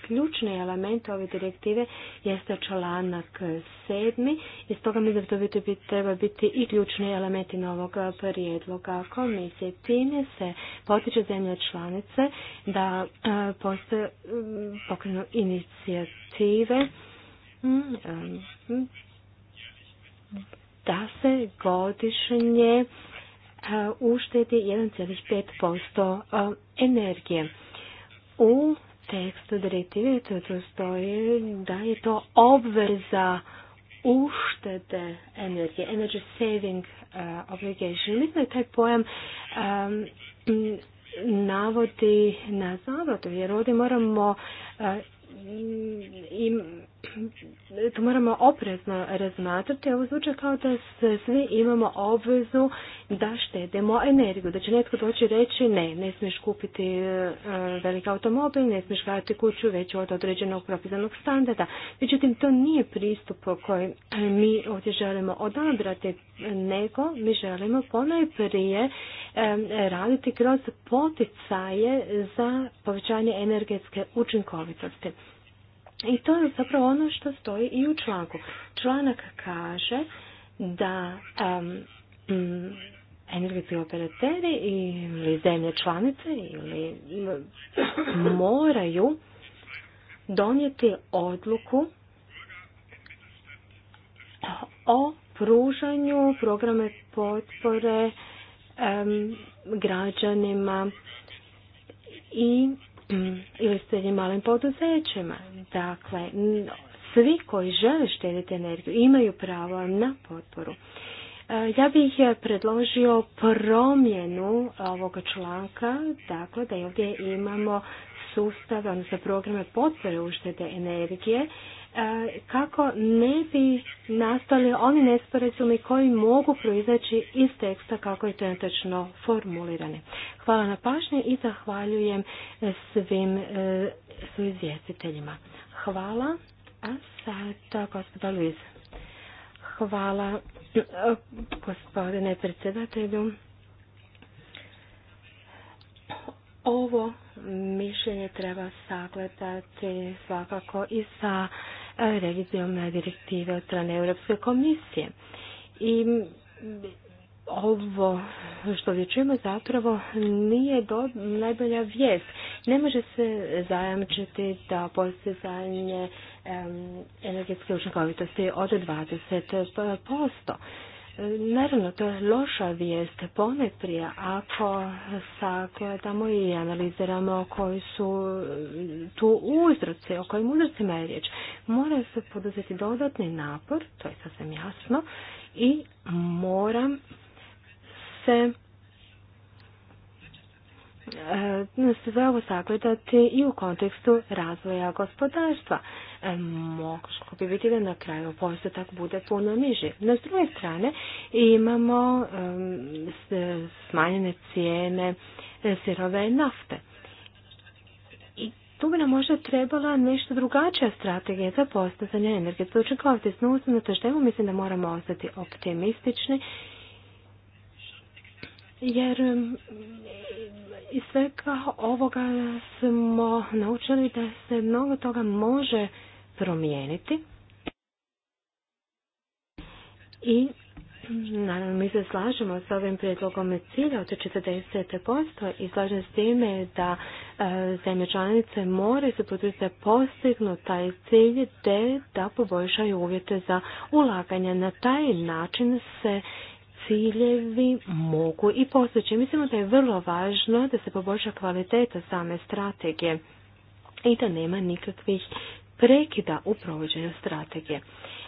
ključni element ove direktive jeste članak sedmi i stoga mi da to treba biti i ključni elementi novog prijedloga komisije. Time se potiče zemlje članice da e, postoje pokrenu inicijative da se godišnje uštedi 1,5% energije. U tekstu direktive to stoji da je to obveza uštede energije, energy saving obligation. Mislim da taj pojam um, navodi na zavodu jer ovdje moramo uh, tu moramo oprezno razmatrati. Ovo zvuče kao da svi imamo obvezu da štedimo energiju. Da će netko doći reći ne, ne smiješ kupiti e, veliki automobil, ne smiješ gledati kuću već od određenog propisanog standarda. Međutim, to nije pristup koji mi ovdje želimo odabrati, nego mi želimo ponajprije e, raditi kroz poticaje za povećanje energetske učinkovitosti. I to je zapravo ono što stoji i u članku. Članak kaže da um, energetski operateri ili zemlje članice ili moraju donijeti odluku o pružanju programe potpore um, građanima i Mm, ili srednjim malim poduzećima. Dakle, svi koji žele štediti energiju imaju pravo na potporu. E, ja bih e, predložio promjenu ovoga članka, dakle da ovdje imamo sustav, za programe potpore uštede energije, E, kako ne bi nastali oni nesporazumi koji mogu proizaći iz teksta kako je trenutačno formulirani. Hvala na pažnje i zahvaljujem e, svim izvjestiteljima. Hvala. A sada gospoda Luiz. Hvala e, gospodine predsjedatelju. Ovo mišljenje treba sagledati svakako i sa E, revizijom direktive od strane Europske komisije. I ovo što vi čujemo zapravo nije do, najbolja vijest. Ne može se zajamčiti da postizanje um, energetske učinkovitosti od 20%. Naravno, to je loša vijest poneprije ako tamo i analiziramo koji su e, tu uzroci, o kojim uzrocima je riječ. Mora se poduzeti dodatni napor, to je sasvim jasno, i moram se sve ovo sagledati i u kontekstu razvoja gospodarstva. E, Možemo bi vidjeli na kraju postotak bude puno niži. Na druge strane imamo e, smanjene cijene e, sirove nafte. I tu bi nam možda trebala nešto drugačija strategija za postizanje energetske učinkovitosti. No, to što mislim da moramo ostati optimistični jer mm, mm, iz svega ovoga smo naučili da se mnogo toga može promijeniti i mm, Naravno, mi se slažemo s ovim prijedlogom cilja od 40% i slažem s time da e, zemlje članice moraju se potruditi da postignu taj cilj te da poboljšaju uvjete za ulaganje. Na taj način se ciljevi mogu i postići. Mislimo da je vrlo važno da se poboljša kvaliteta same strategije i da nema nikakvih prekida u provođenju strategije.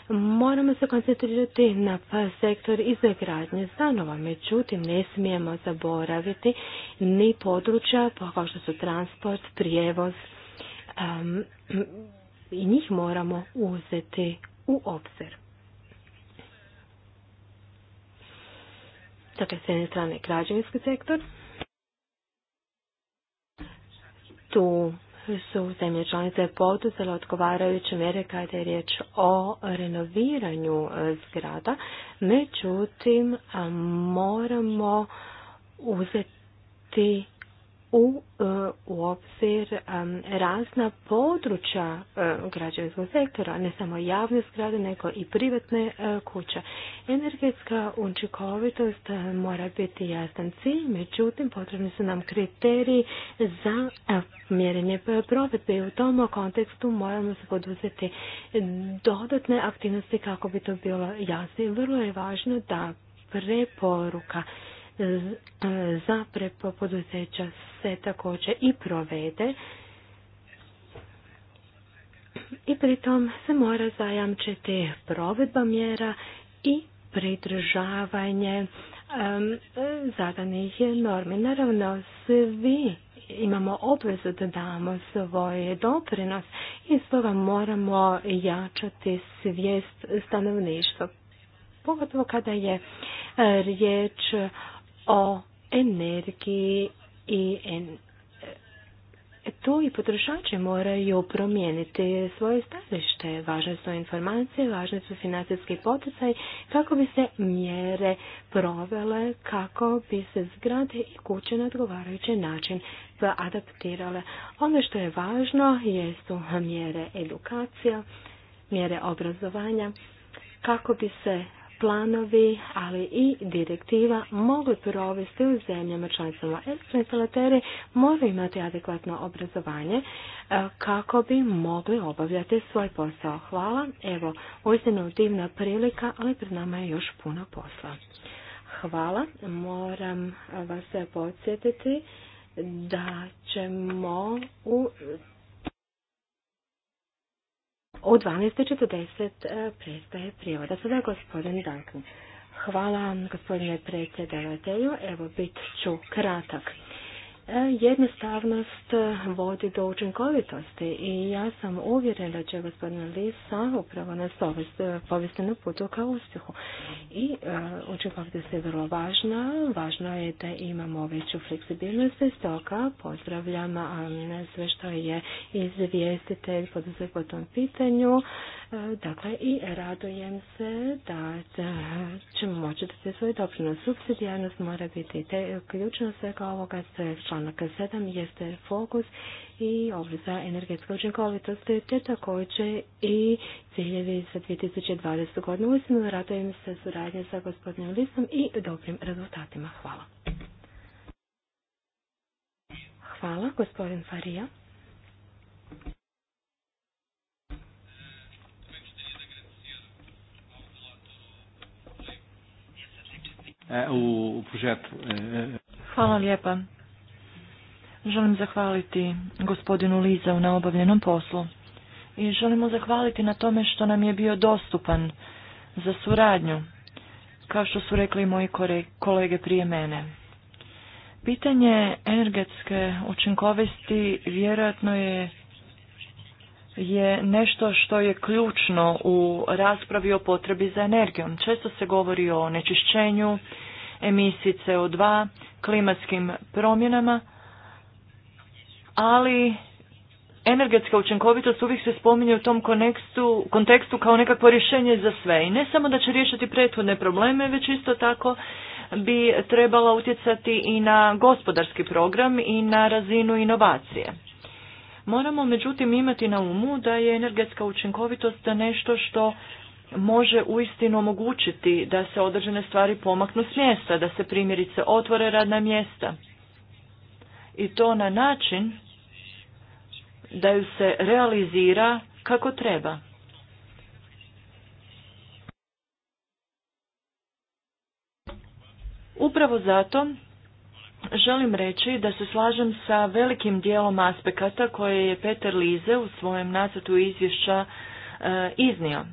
Moramo se koncentrirati na sektor izgradnje stanova, međutim ne smijemo zaboraviti ni područja kao što su transport, prijevoz i njih moramo uzeti u obzir. Dakle, s jedne strane građevinski sektor. Tu su zemlje članice poduzele odgovarajuće mjere kada je riječ o renoviranju e, zgrada. Međutim, moramo uzeti u, e, u obzir e, razna područja e, građevinskog sektora, ne samo javne zgrade, nego i privatne kuće. Energetska učinkovitost mora biti jasan cilj, međutim potrebni su nam kriteriji za mjerenje provedbe i u tom kontekstu moramo se poduzeti dodatne aktivnosti kako bi to bilo jasno i vrlo je važno da preporuka za poduzeća se također i provede i pritom se mora zajamčiti provedba mjera i pridržavanje zadanih normi. Naravno, svi imamo obvezu da damo svoj doprinos i stoga moramo jačati svijest stanovništva. Pogotovo kada je e, riječ o energiji i en... E, tu i potrošači moraju promijeniti svoje stavište. Važne su informacije, važne su financijski poticaj kako bi se mjere provele, kako bi se zgrade i kuće na odgovarajući način adaptirale. Ono što je važno jesu mjere edukacija, mjere obrazovanja kako bi se planovi, ali i direktiva mogu provesti u zemljama članicama. Elektroinstalateri moraju imati adekvatno obrazovanje e, kako bi mogli obavljati svoj posao. Hvala. Evo, uistinu divna prilika, ali pred nama je još puno posla. Hvala. Moram vas podsjetiti da ćemo u u 12.40 e, prestaje prijevoda. Sada gospodin Duncan. Hvala gospodine predsjedavatelju. Evo, bit ću kratak. E, jednostavnost vodi do učinkovitosti i ja sam uvjerena da će gospodin Lisa upravo nas povesti na putu ka uspjehu. I uh, učinkovitost je vrlo važna, važno je da imamo veću fleksibilnost i stoka. pozdravljam um, sve što je izvjestitelj poduzeo po tom pitanju. E, dakle, i radujem se da, ćemo moći da se svoj doprinos. Subsidijarnost mora biti te, ključno svega ovoga sve članaka 7 jeste fokus i obveza energetska učinkovitost, te također i ciljevi za 2020. godinu. Uistinu radujem se suradnje sa gospodinom Listom i dobrim rezultatima. Hvala. Hvala, gospodin Farija. E, u projetu. E, e. Hvala lijepa. Želim zahvaliti gospodinu Lizau na obavljenom poslu i želimo zahvaliti na tome što nam je bio dostupan za suradnju, kao što su rekli moji kolege prije mene. Pitanje energetske učinkovesti vjerojatno je je nešto što je ključno u raspravi o potrebi za energijom. Često se govori o nečišćenju, emisiji CO2, klimatskim promjenama, ali energetska učinkovitost uvijek se spominje u tom konekstu, kontekstu kao nekakvo rješenje za sve. I ne samo da će riješiti prethodne probleme, već isto tako bi trebala utjecati i na gospodarski program i na razinu inovacije. Moramo međutim imati na umu da je energetska učinkovitost nešto što može uistinu omogućiti da se određene stvari pomaknu s mjesta, da se primjerice otvore radna mjesta. I to na način da ju se realizira kako treba. Upravo zato želim reći da se slažem sa velikim dijelom aspekata koje je Peter Lize u svojem nacrtu izvješća e, iznio.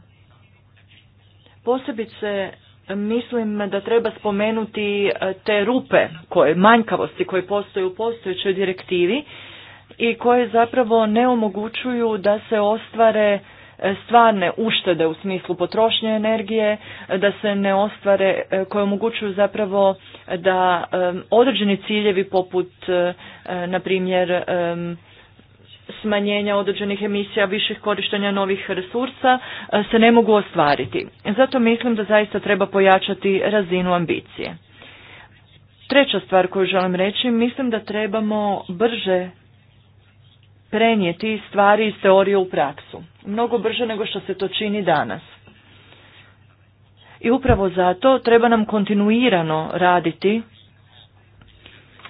Posebice mislim da treba spomenuti e, te rupe koje manjkavosti koje postoje u postojećoj direktivi i koje zapravo ne omogućuju da se ostvare e, stvarne uštede u smislu potrošnje energije, da se ne ostvare, e, koje omogućuju zapravo da e, određeni ciljevi poput, na primjer, smanjenja određenih emisija, viših korištenja novih resursa se ne mogu ostvariti. Zato mislim da zaista treba pojačati razinu ambicije. Treća stvar koju želim reći, mislim da trebamo brže prenijeti stvari iz teorije u praksu. Mnogo brže nego što se to čini danas. I upravo zato treba nam kontinuirano raditi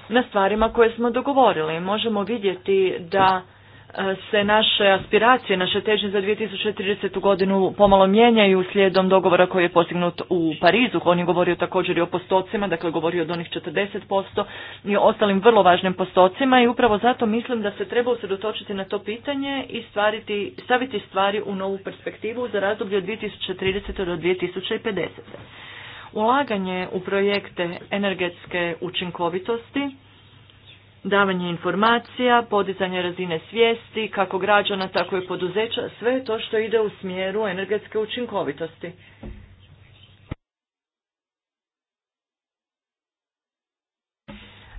na stvarima koje smo dogovorili. Možemo vidjeti da se naše aspiracije, naše težnje za 2030. godinu pomalo mijenjaju slijedom dogovora koji je postignut u Parizu. On je govorio također i o postocima, dakle govorio od onih 40% i o ostalim vrlo važnim postocima i upravo zato mislim da se treba usredotočiti na to pitanje i stvariti, staviti stvari u novu perspektivu za razdoblje od 2030. do 2050. Ulaganje u projekte energetske učinkovitosti davanje informacija, podizanje razine svijesti, kako građana, tako i poduzeća, sve to što ide u smjeru energetske učinkovitosti.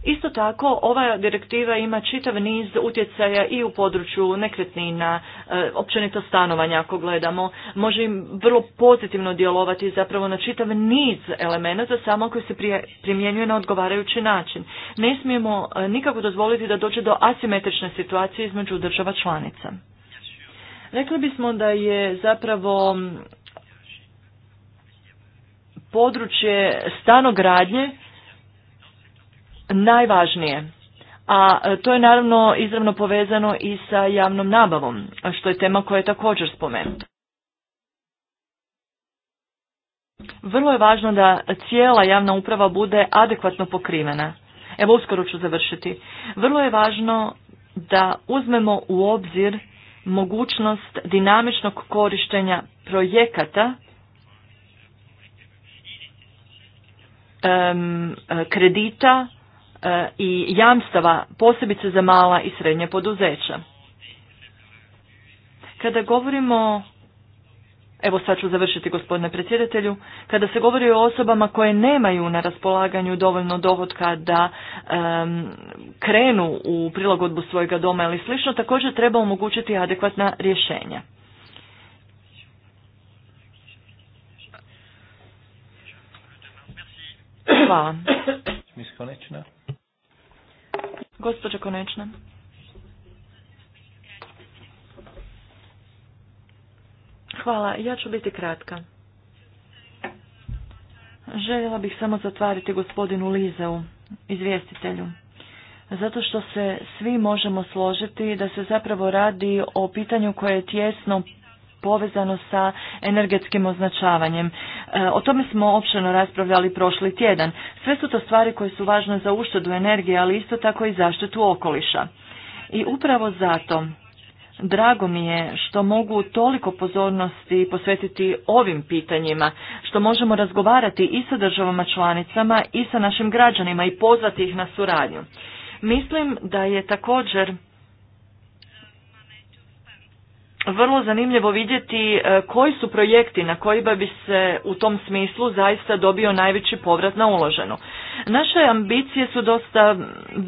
Isto tako, ova direktiva ima čitav niz utjecaja i u području nekretnina, e, općenito stanovanja ako gledamo. Može im vrlo pozitivno djelovati zapravo na čitav niz elemenata samo koji se primjenjuje na odgovarajući način. Ne smijemo e, nikako dozvoliti da dođe do asimetrične situacije između država članica. Rekli bismo da je zapravo područje stanogradnje najvažnije. A e, to je naravno izravno povezano i sa javnom nabavom, što je tema koja je također spomenuta. Vrlo je važno da cijela javna uprava bude adekvatno pokrivena. Evo uskoro ću završiti. Vrlo je važno da uzmemo u obzir mogućnost dinamičnog korištenja projekata e, kredita E, i jamstava posebice za mala i srednje poduzeća. Kada govorimo, evo sad ću završiti gospodine predsjedatelju, kada se govori o osobama koje nemaju na raspolaganju dovoljno dohodka da krenu u prilagodbu svojega doma ili slično, također treba omogućiti adekvatna rješenja. Hvala. Gospođa Konečna. Hvala, ja ću biti kratka. Željela bih samo zatvariti gospodinu Lizeu, izvjestitelju. Zato što se svi možemo složiti da se zapravo radi o pitanju koje je tjesno povezano sa energetskim označavanjem. E, o tome smo opšeno raspravljali prošli tjedan. Sve su to stvari koje su važne za uštedu energije, ali isto tako i zaštitu okoliša. I upravo zato Drago mi je što mogu toliko pozornosti posvetiti ovim pitanjima, što možemo razgovarati i sa državama članicama i sa našim građanima i pozvati ih na suradnju. Mislim da je također vrlo zanimljivo vidjeti e, koji su projekti na kojima bi se u tom smislu zaista dobio najveći povrat na uloženo. Naše ambicije su dosta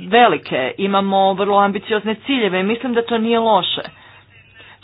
velike, imamo vrlo ambiciozne ciljeve i mislim da to nije loše.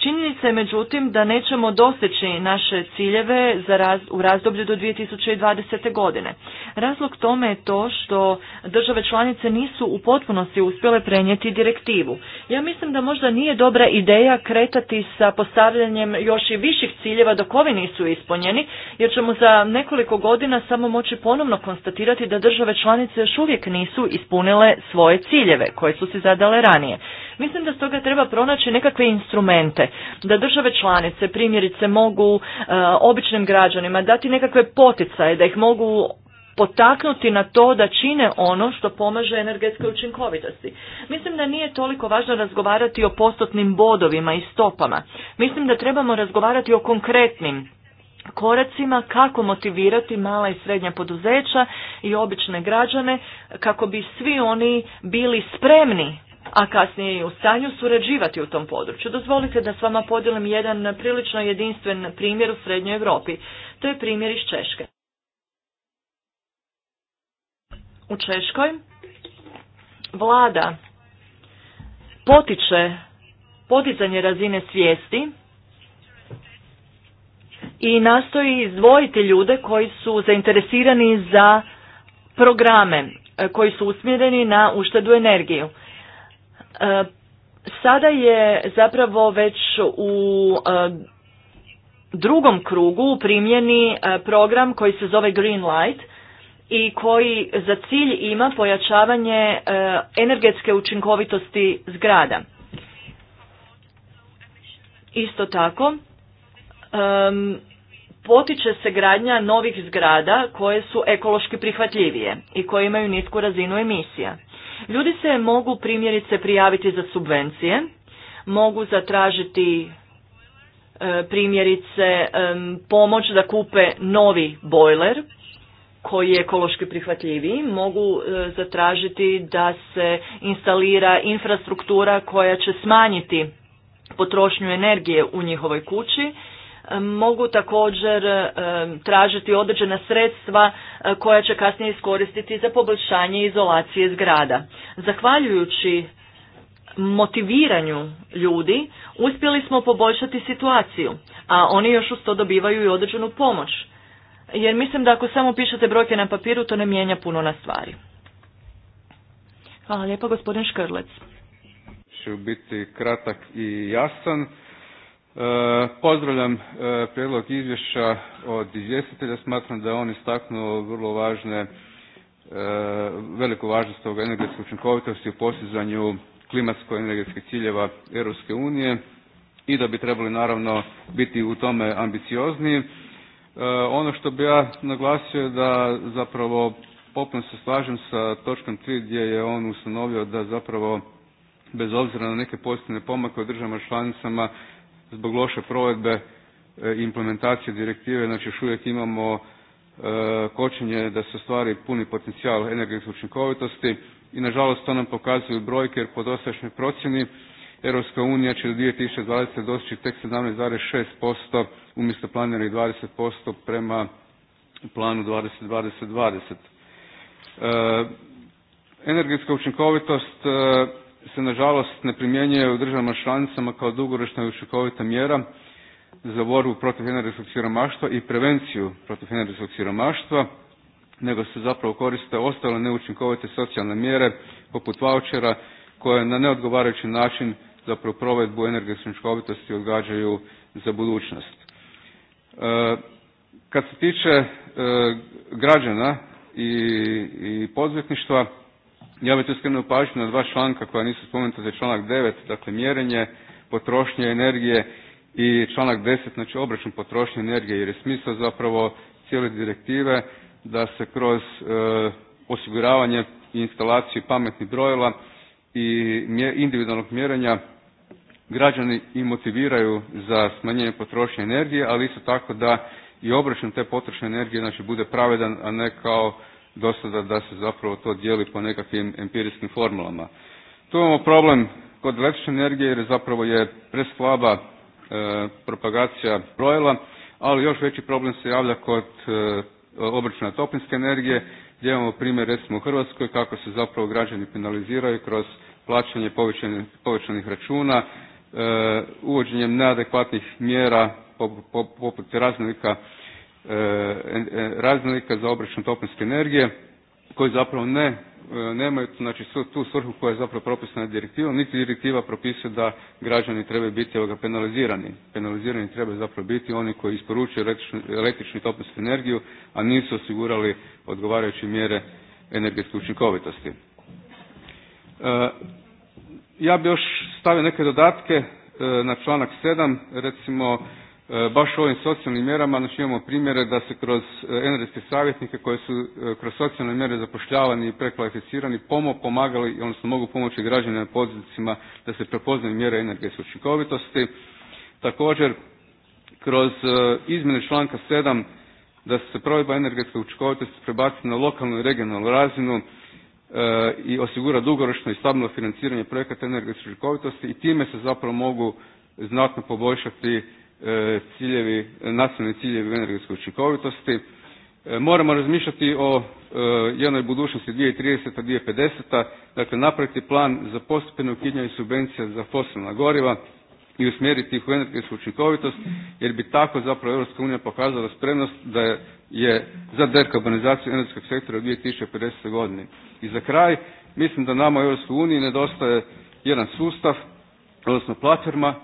Činjenica je međutim da nećemo doseći naše ciljeve za u razdoblju do 2020. godine. Razlog tome je to što države članice nisu u potpunosti uspjele prenijeti direktivu. Ja mislim da možda nije dobra ideja kretati sa postavljanjem još i viših ciljeva dok ovi nisu ispunjeni, jer ćemo za nekoliko godina samo moći ponovno konstatirati da države članice još uvijek nisu ispunile svoje ciljeve koje su se zadale ranije. Mislim da stoga treba pronaći nekakve instrumente da države članice primjerice mogu e, običnim građanima dati nekakve poticaje, da ih mogu potaknuti na to da čine ono što pomaže energetskoj učinkovitosti. Mislim da nije toliko važno razgovarati o postotnim bodovima i stopama. Mislim da trebamo razgovarati o konkretnim koracima kako motivirati mala i srednja poduzeća i obične građane kako bi svi oni bili spremni a kasnije i u stanju surađivati u tom području. Dozvolite da s vama podijelim jedan prilično jedinstven primjer u Srednjoj Europi. To je primjer iz Češke. U Češkoj vlada potiče podizanje razine svijesti i nastoji izdvojiti ljude koji su zainteresirani za programe e, koji su usmjereni na uštedu energiju. E, sada je zapravo već u e, drugom krugu u primjeni e, program koji se zove Green Light i koji za cilj ima pojačavanje energetske učinkovitosti zgrada. Isto tako, potiče se gradnja novih zgrada koje su ekološki prihvatljivije i koje imaju nisku razinu emisija. Ljudi se mogu primjerice prijaviti za subvencije, mogu zatražiti e, primjerice e, pomoć da kupe novi bojler koji je ekološki prihvatljiviji, mogu e, zatražiti da se instalira infrastruktura koja će smanjiti potrošnju energije u njihovoj kući mogu također e, tražiti određena sredstva e, koja će kasnije iskoristiti za poboljšanje izolacije zgrada. Zahvaljujući motiviranju ljudi uspjeli smo poboljšati situaciju, a oni još uz to dobivaju i određenu pomoć. Jer mislim da ako samo pišete brojke na papiru, to ne mijenja puno na stvari. Hvala lijepa, gospodin Škrlec. biti kratak i jasan. E, pozdravljam e, prijedlog izvješća od izvjestitelja. Smatram da je on istaknuo vrlo važne, e, veliku važnost ovog energetske učinkovitosti u postizanju klimatsko-energetskih ciljeva Europske unije i da bi trebali naravno biti u tome ambiciozniji. Ono što bi ja naglasio je da zapravo potpuno se slažem sa točkom 3 gdje je on ustanovio da zapravo bez obzira na neke pozitivne pomake u državama članicama zbog loše provedbe e, implementacije direktive, znači još uvijek imamo e, kočenje da se ostvari puni potencijal energetske učinkovitosti i nažalost to nam pokazuju brojke jer po dosadašnjoj procjeni Europska unija će do 2020. dostići tek 17,6% umjesto planiranih 20% prema planu 2020-2020. E, energetska učinkovitost se nažalost ne primjenjuje u državama članicama kao dugoročna i učinkovita mjera za borbu protiv energetskog siromaštva i prevenciju protiv energetskog siromaštva, nego se zapravo koriste ostale neučinkovite socijalne mjere poput vouchera, koje na neodgovarajući način zapravo provedbu energetske učinkovitosti odgađaju za budućnost. E, kad se tiče e, građana i, i poduzetništva, ja bih tu skrenuo pažnju na dva članka koja nisu spomenuta, za članak 9, dakle mjerenje potrošnje energije i članak 10, znači obračun potrošnje energije, jer je smisao zapravo cijele direktive da se kroz e, osiguravanje i instalaciju pametnih brojila i individualnog mjerenja građani i motiviraju za smanjenje potrošnje energije, ali isto tako da i obračun te potrošnje energije znači, bude pravedan, a ne kao dosada da se zapravo to dijeli po nekakvim empirijskim formulama. Tu imamo problem kod električne energije jer zapravo je preslaba e, propagacija brojila, ali još veći problem se javlja kod e, obračuna toplinske energije gdje imamo primjer recimo u Hrvatskoj kako se zapravo građani penaliziraju kroz plaćanje povećanih, računa, e, uvođenjem neadekvatnih mjera poput raznolika E, e, raznolika za obračun toplinske energije koji zapravo ne e, nemaju znači, tu svrhu koja je zapravo propisana direktivom, niti direktiva propisuje da građani trebaju biti ovoga, penalizirani. Penalizirani trebaju zapravo biti oni koji isporučuju električnu, i toplinsku energiju, a nisu osigurali odgovarajuće mjere energetske učinkovitosti. ja bi još stavio neke dodatke na članak 7, recimo E, baš ovim socijalnim mjerama, znači imamo primjere da se kroz e, energetske savjetnike koji su e, kroz socijalne mjere zapošljavani i prekvalificirani pomo pomagali, odnosno mogu pomoći građanima i poduzetnicima da se prepoznaju mjere energetske učinkovitosti. Također, kroz izmjene članka 7 da se provedba energetske učinkovitosti prebaci na lokalnu i regionalnu razinu, i osigura dugoročno i stabilno financiranje projekata energetske učinkovitosti i time se zapravo mogu znatno poboljšati E, ciljevi, nacionalni ciljevi energetske učinkovitosti. E, moramo razmišljati o e, jednoj budućnosti 2030. 2050. Dakle, napraviti plan za postepeno i subvencija za fosilna goriva i usmjeriti ih u energetsku učinkovitost, jer bi tako zapravo Europska unija pokazala spremnost da je za dekarbonizaciju energetskog sektora u 2050. godini. I za kraj, mislim da nama u EU uniji nedostaje jedan sustav, odnosno platforma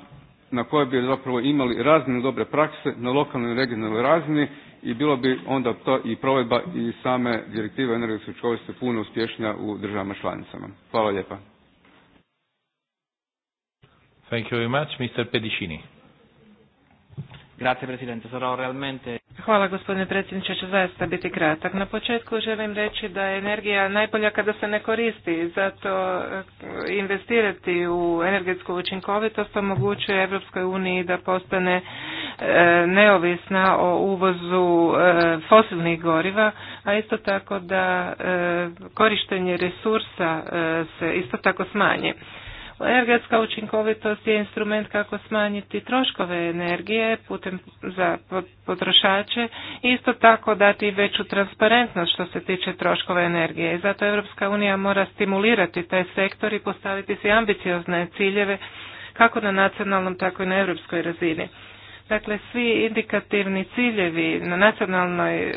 na kojoj bi zapravo imali razne dobre prakse na lokalnoj i regionalnoj razini i bilo bi onda to i provedba i same direktive energetske učinkovitosti puno uspješnija u državama članicama. Hvala lijepa. Thank you very much, Mr. Pedicini. Grazie Presidente, realmente... Hvala gospodine predsjedniče, ću zaista biti kratak. Na početku želim reći da je energija najbolja kada se ne koristi, zato eh, investirati u energetsku učinkovitost omogućuje Europskoj uniji da postane eh, neovisna o uvozu eh, fosilnih goriva, a isto tako da korištenje resursa se isto tako smanji. Energetska učinkovitost je instrument kako smanjiti troškove energije putem za potrošače i isto tako dati veću transparentnost što se tiče troškova energije. I zato Europska unija mora stimulirati taj sektor i postaviti si ambiciozne ciljeve kako na nacionalnom tako i na europskoj razini. Dakle, svi indikativni ciljevi na nacionalnoj e,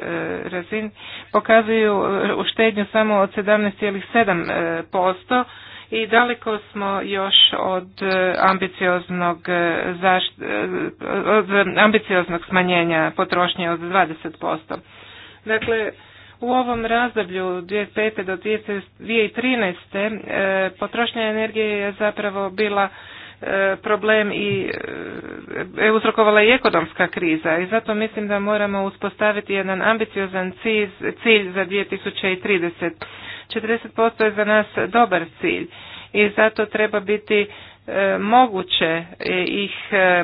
razini pokazuju e, uštednju samo od 17,7%, i daleko smo još od e, ambicioznog e, zašt... E, od ambicioznog smanjenja potrošnje od 20%. Dakle, u ovom razdoblju 2005. do 2013. potrošnja energije je zapravo bila problem i je uzrokovala i ekonomska kriza i zato mislim da moramo uspostaviti jedan ambiciozan cilj, cilj za 2030. 40% je za nas dobar cilj i zato treba biti e, moguće ih e,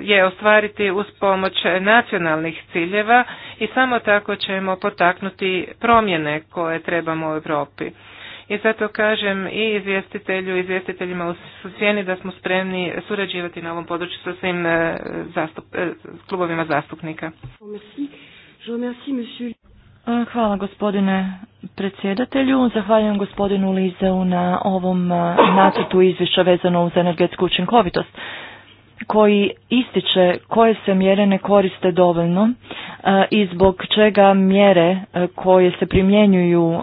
je ostvariti uz pomoć nacionalnih ciljeva i samo tako ćemo potaknuti promjene koje trebamo u Europi. I zato kažem i izvjestitelju i izvjestiteljima u sjeni da smo spremni surađivati na ovom području sa svim e, zastup, klubovima zastupnika. Hvala gospodine predsjedatelju. Zahvaljujem gospodinu Lizeu na ovom nacrtu izvješća vezano uz energetsku učinkovitost koji ističe koje se mjere ne koriste dovoljno i zbog čega mjere koje se primjenjuju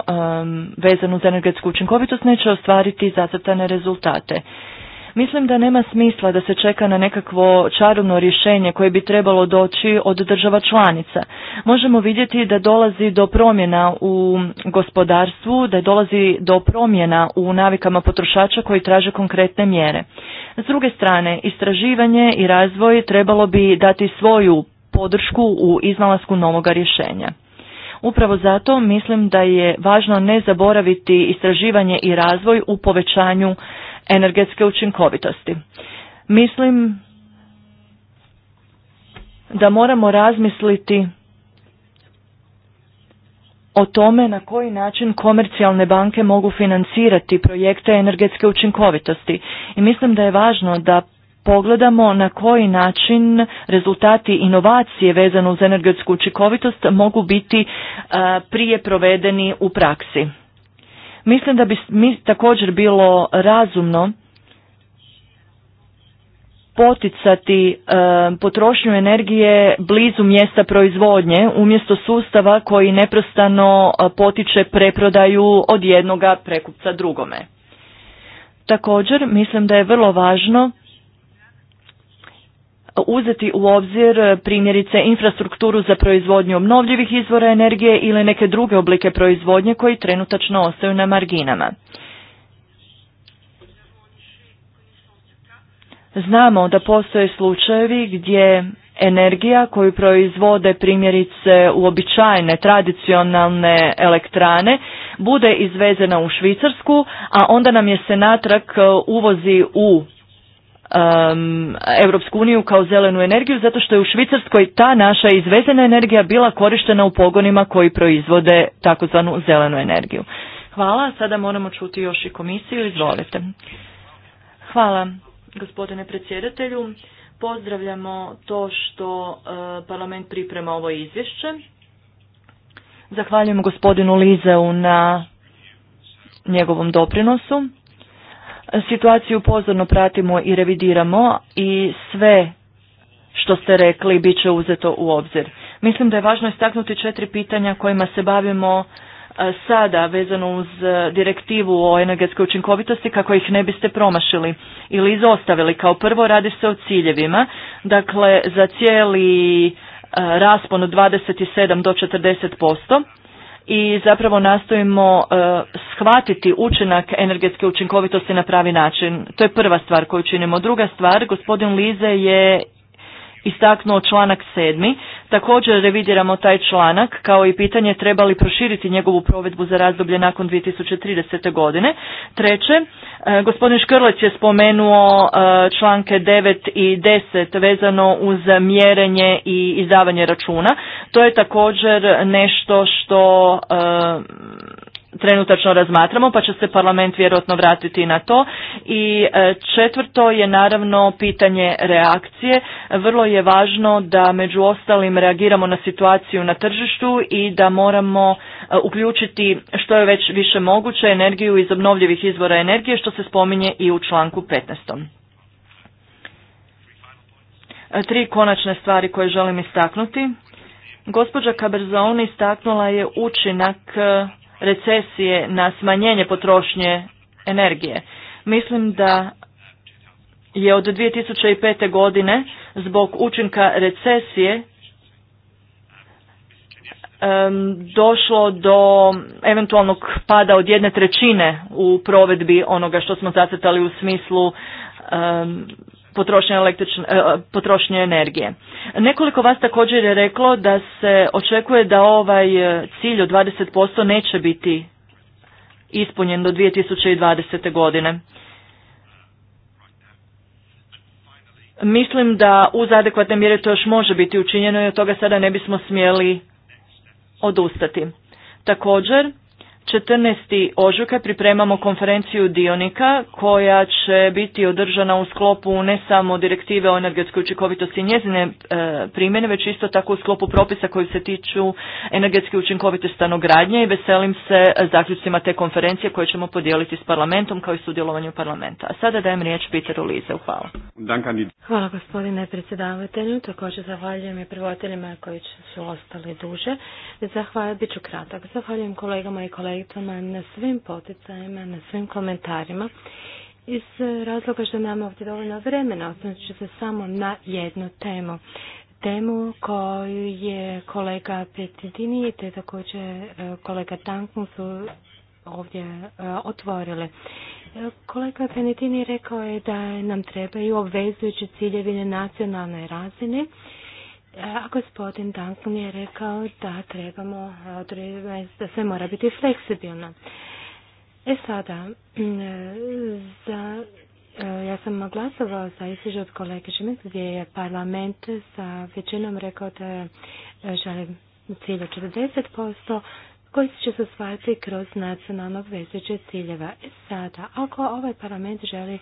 vezano uz energetsku učinkovitost neće ostvariti zacrtane rezultate. Mislim da nema smisla da se čeka na nekakvo čarobno rješenje koje bi trebalo doći od država članica. Možemo vidjeti da dolazi do promjena u gospodarstvu, da dolazi do promjena u navikama potrošača koji traže konkretne mjere. S druge strane, istraživanje i razvoj trebalo bi dati svoju podršku u iznalasku novoga rješenja. Upravo zato mislim da je važno ne zaboraviti istraživanje i razvoj u povećanju energetske učinkovitosti. Mislim da moramo razmisliti o tome na koji način komercijalne banke mogu financirati projekte energetske učinkovitosti. I mislim da je važno da pogledamo na koji način rezultati inovacije vezano uz energetsku učinkovitost mogu biti prije provedeni u praksi. Mislim da bi također bilo razumno poticati e, potrošnju energije blizu mjesta proizvodnje umjesto sustava koji neprostano e, potiče preprodaju od jednoga prekupca drugome. Također mislim da je vrlo važno uzeti u obzir e, primjerice infrastrukturu za proizvodnju obnovljivih izvora energije ili neke druge oblike proizvodnje koji trenutačno ostaju na marginama. Znamo da postoje slučajevi gdje energija koju proizvode primjerice uobičajene tradicionalne elektrane bude izvezena u Švicarsku, a onda nam je se natrag e, uvozi u um, Europsku uniju kao zelenu energiju zato što je u Švicarskoj ta naša izvezena energija bila korištena u pogonima koji proizvode takozvanu zelenu energiju. Hvala, sada moramo čuti još i komisiju, izvolite. Hvala gospodine predsjedatelju. Pozdravljamo to što e, parlament priprema ovo izvješće. Zahvaljujem gospodinu Lizeu na njegovom doprinosu. Situaciju pozorno pratimo i revidiramo i sve što ste rekli bit će uzeto u obzir. Mislim da je važno istaknuti četiri pitanja kojima se bavimo e, sada vezano uz e, direktivu o energetskoj učinkovitosti kako ih ne biste promašili ili izostavili. Kao prvo radi se o ciljevima, dakle za cijeli e, raspon od 27 do 40% i zapravo nastojimo e, shvatiti učinak energetske učinkovitosti na pravi način. To je prva stvar koju činimo. Druga stvar, gospodin Lize je istaknuo članak sedmi. Također revidiramo taj članak kao i pitanje treba li proširiti njegovu provedbu za razdoblje nakon 2030. godine. Treće, E, gospodin Škrleć je spomenuo e, članke 9 i 10 vezano uz mjerenje i izdavanje računa. To je također nešto što e, trenutačno razmatramo, pa će se parlament vjerojatno vratiti na to. I e, četvrto je naravno pitanje reakcije. Vrlo je važno da među ostalim reagiramo na situaciju na tržištu i da moramo e, uključiti što je već više moguće energiju iz obnovljivih izvora energije, što se spominje i u članku 15 e, tri konačne stvari koje želim istaknuti. Gospođa Kaberzoni istaknula je učinak recesije na smanjenje potrošnje energije. Mislim da je od 2005. godine zbog učinka recesije došlo do eventualnog pada od jedne trećine u provedbi onoga što smo zacrtali u smislu potrošnje, električne, e, potrošnje energije. Nekoliko vas također je reklo da se očekuje da ovaj e, cilj od 20% neće biti ispunjen do 2020. godine. Mislim da uz adekvatne mjere to još može biti učinjeno i od toga sada ne bismo smjeli odustati. Također, 14. ožujka pripremamo konferenciju dionika koja će biti održana u sklopu ne samo direktive o energetskoj učinkovitosti i njezine e, primjene, već isto tako u sklopu propisa koji se tiču energetske učinkovite stanogradnje i veselim se zaključcima te konferencije koje ćemo podijeliti s parlamentom kao i sudjelovanju parlamenta. A sada dajem riječ Peteru Lizeu. Hvala. Hvala gospodine predsjedavatelju. Također zahvaljujem i prvoteljima koji su ostali duže. Zahvaljujem, bit kratak. Zahvaljujem kolegama i kolegama kolegicama na svim poticajima, na svim komentarima. Iz razloga što nam ovdje dovoljno vremena, osnovit ću se samo na jednu temu. Temu koju je kolega Petitini te također e, kolega Tankun su ovdje e, otvorile. Kolega Penitini rekao je da nam trebaju obvezujući ciljevi nacionalne razine... razini E, a gospodin Duncan je rekao da trebamo da sve mora biti fleksibilno. E sada, e, za, e, ja sam glasovao za izvježu od kolege Šimec gdje je parlament sa većinom rekao da žele cilj od 40% koji će se osvajati kroz nacionalnog obvezujuće ciljeva. E sada, ako ovaj parlament želi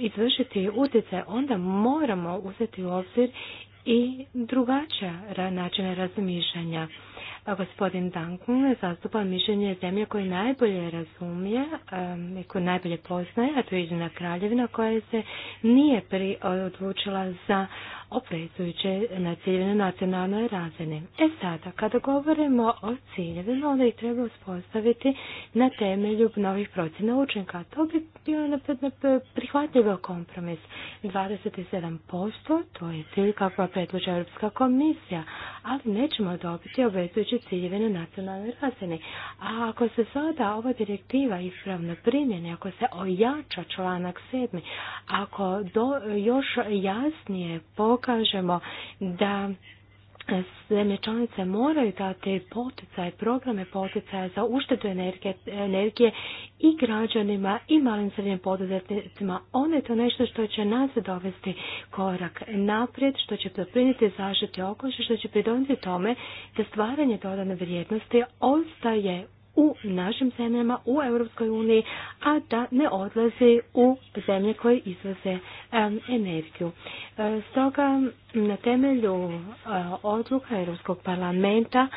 izvršiti utjecaj, onda moramo uzeti u obzir i drugačija načina razmišljanja. Gospodin Duncan zastupa mišljenje zemlje koje najbolje razumije i koje najbolje poznaje, a to je jedina Kraljevina koja se nije odlučila za obvezujuće na ciljevne nacionalnoj razine. E sada, kada govorimo o ciljevima, onda ih treba uspostaviti na temelju novih procjena učinka. To bi bio prihvatljivo kompromis. 27% to je cilj kako predluča Europska komisija, ali nećemo dobiti obvezujuće ciljeve na nacionalnoj razini. A ako se sada ova direktiva ispravno primjeni, ako se ojača članak 7, ako do, još jasnije po pokažemo da zemlje članice moraju dati poticaj, programe poticaja za uštedu energije, i građanima i malim srednjim poduzetnicima. Ono je to nešto što će nas dovesti korak naprijed, što će doprinijeti zaštiti okoliša, što će pridoniti tome da stvaranje dodane vrijednosti ostaje u našim zemljama u Europskoj uniji, a da ne odlazi u zemlje koje izvoze energiju. E, stoga na temelju e, odluka Europskog parlamenta,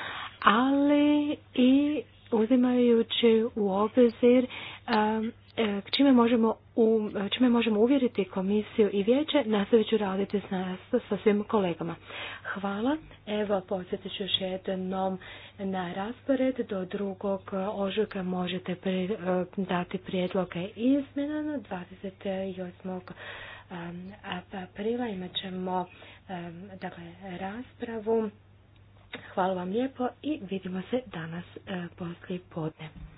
ali i uzimajući u obzir e, čime možemo u čime možemo uvjeriti komisiju i vijeće, nastavit ću raditi s nas, sa svim kolegama. Hvala. Evo, podsjetit ću još jednom na raspored. Do drugog ožujka možete eh, dati prijedloge izmjena na 28. aprila. Imat ćemo dakle, raspravu. Hvala vam lijepo i vidimo se danas eh, poslije podne.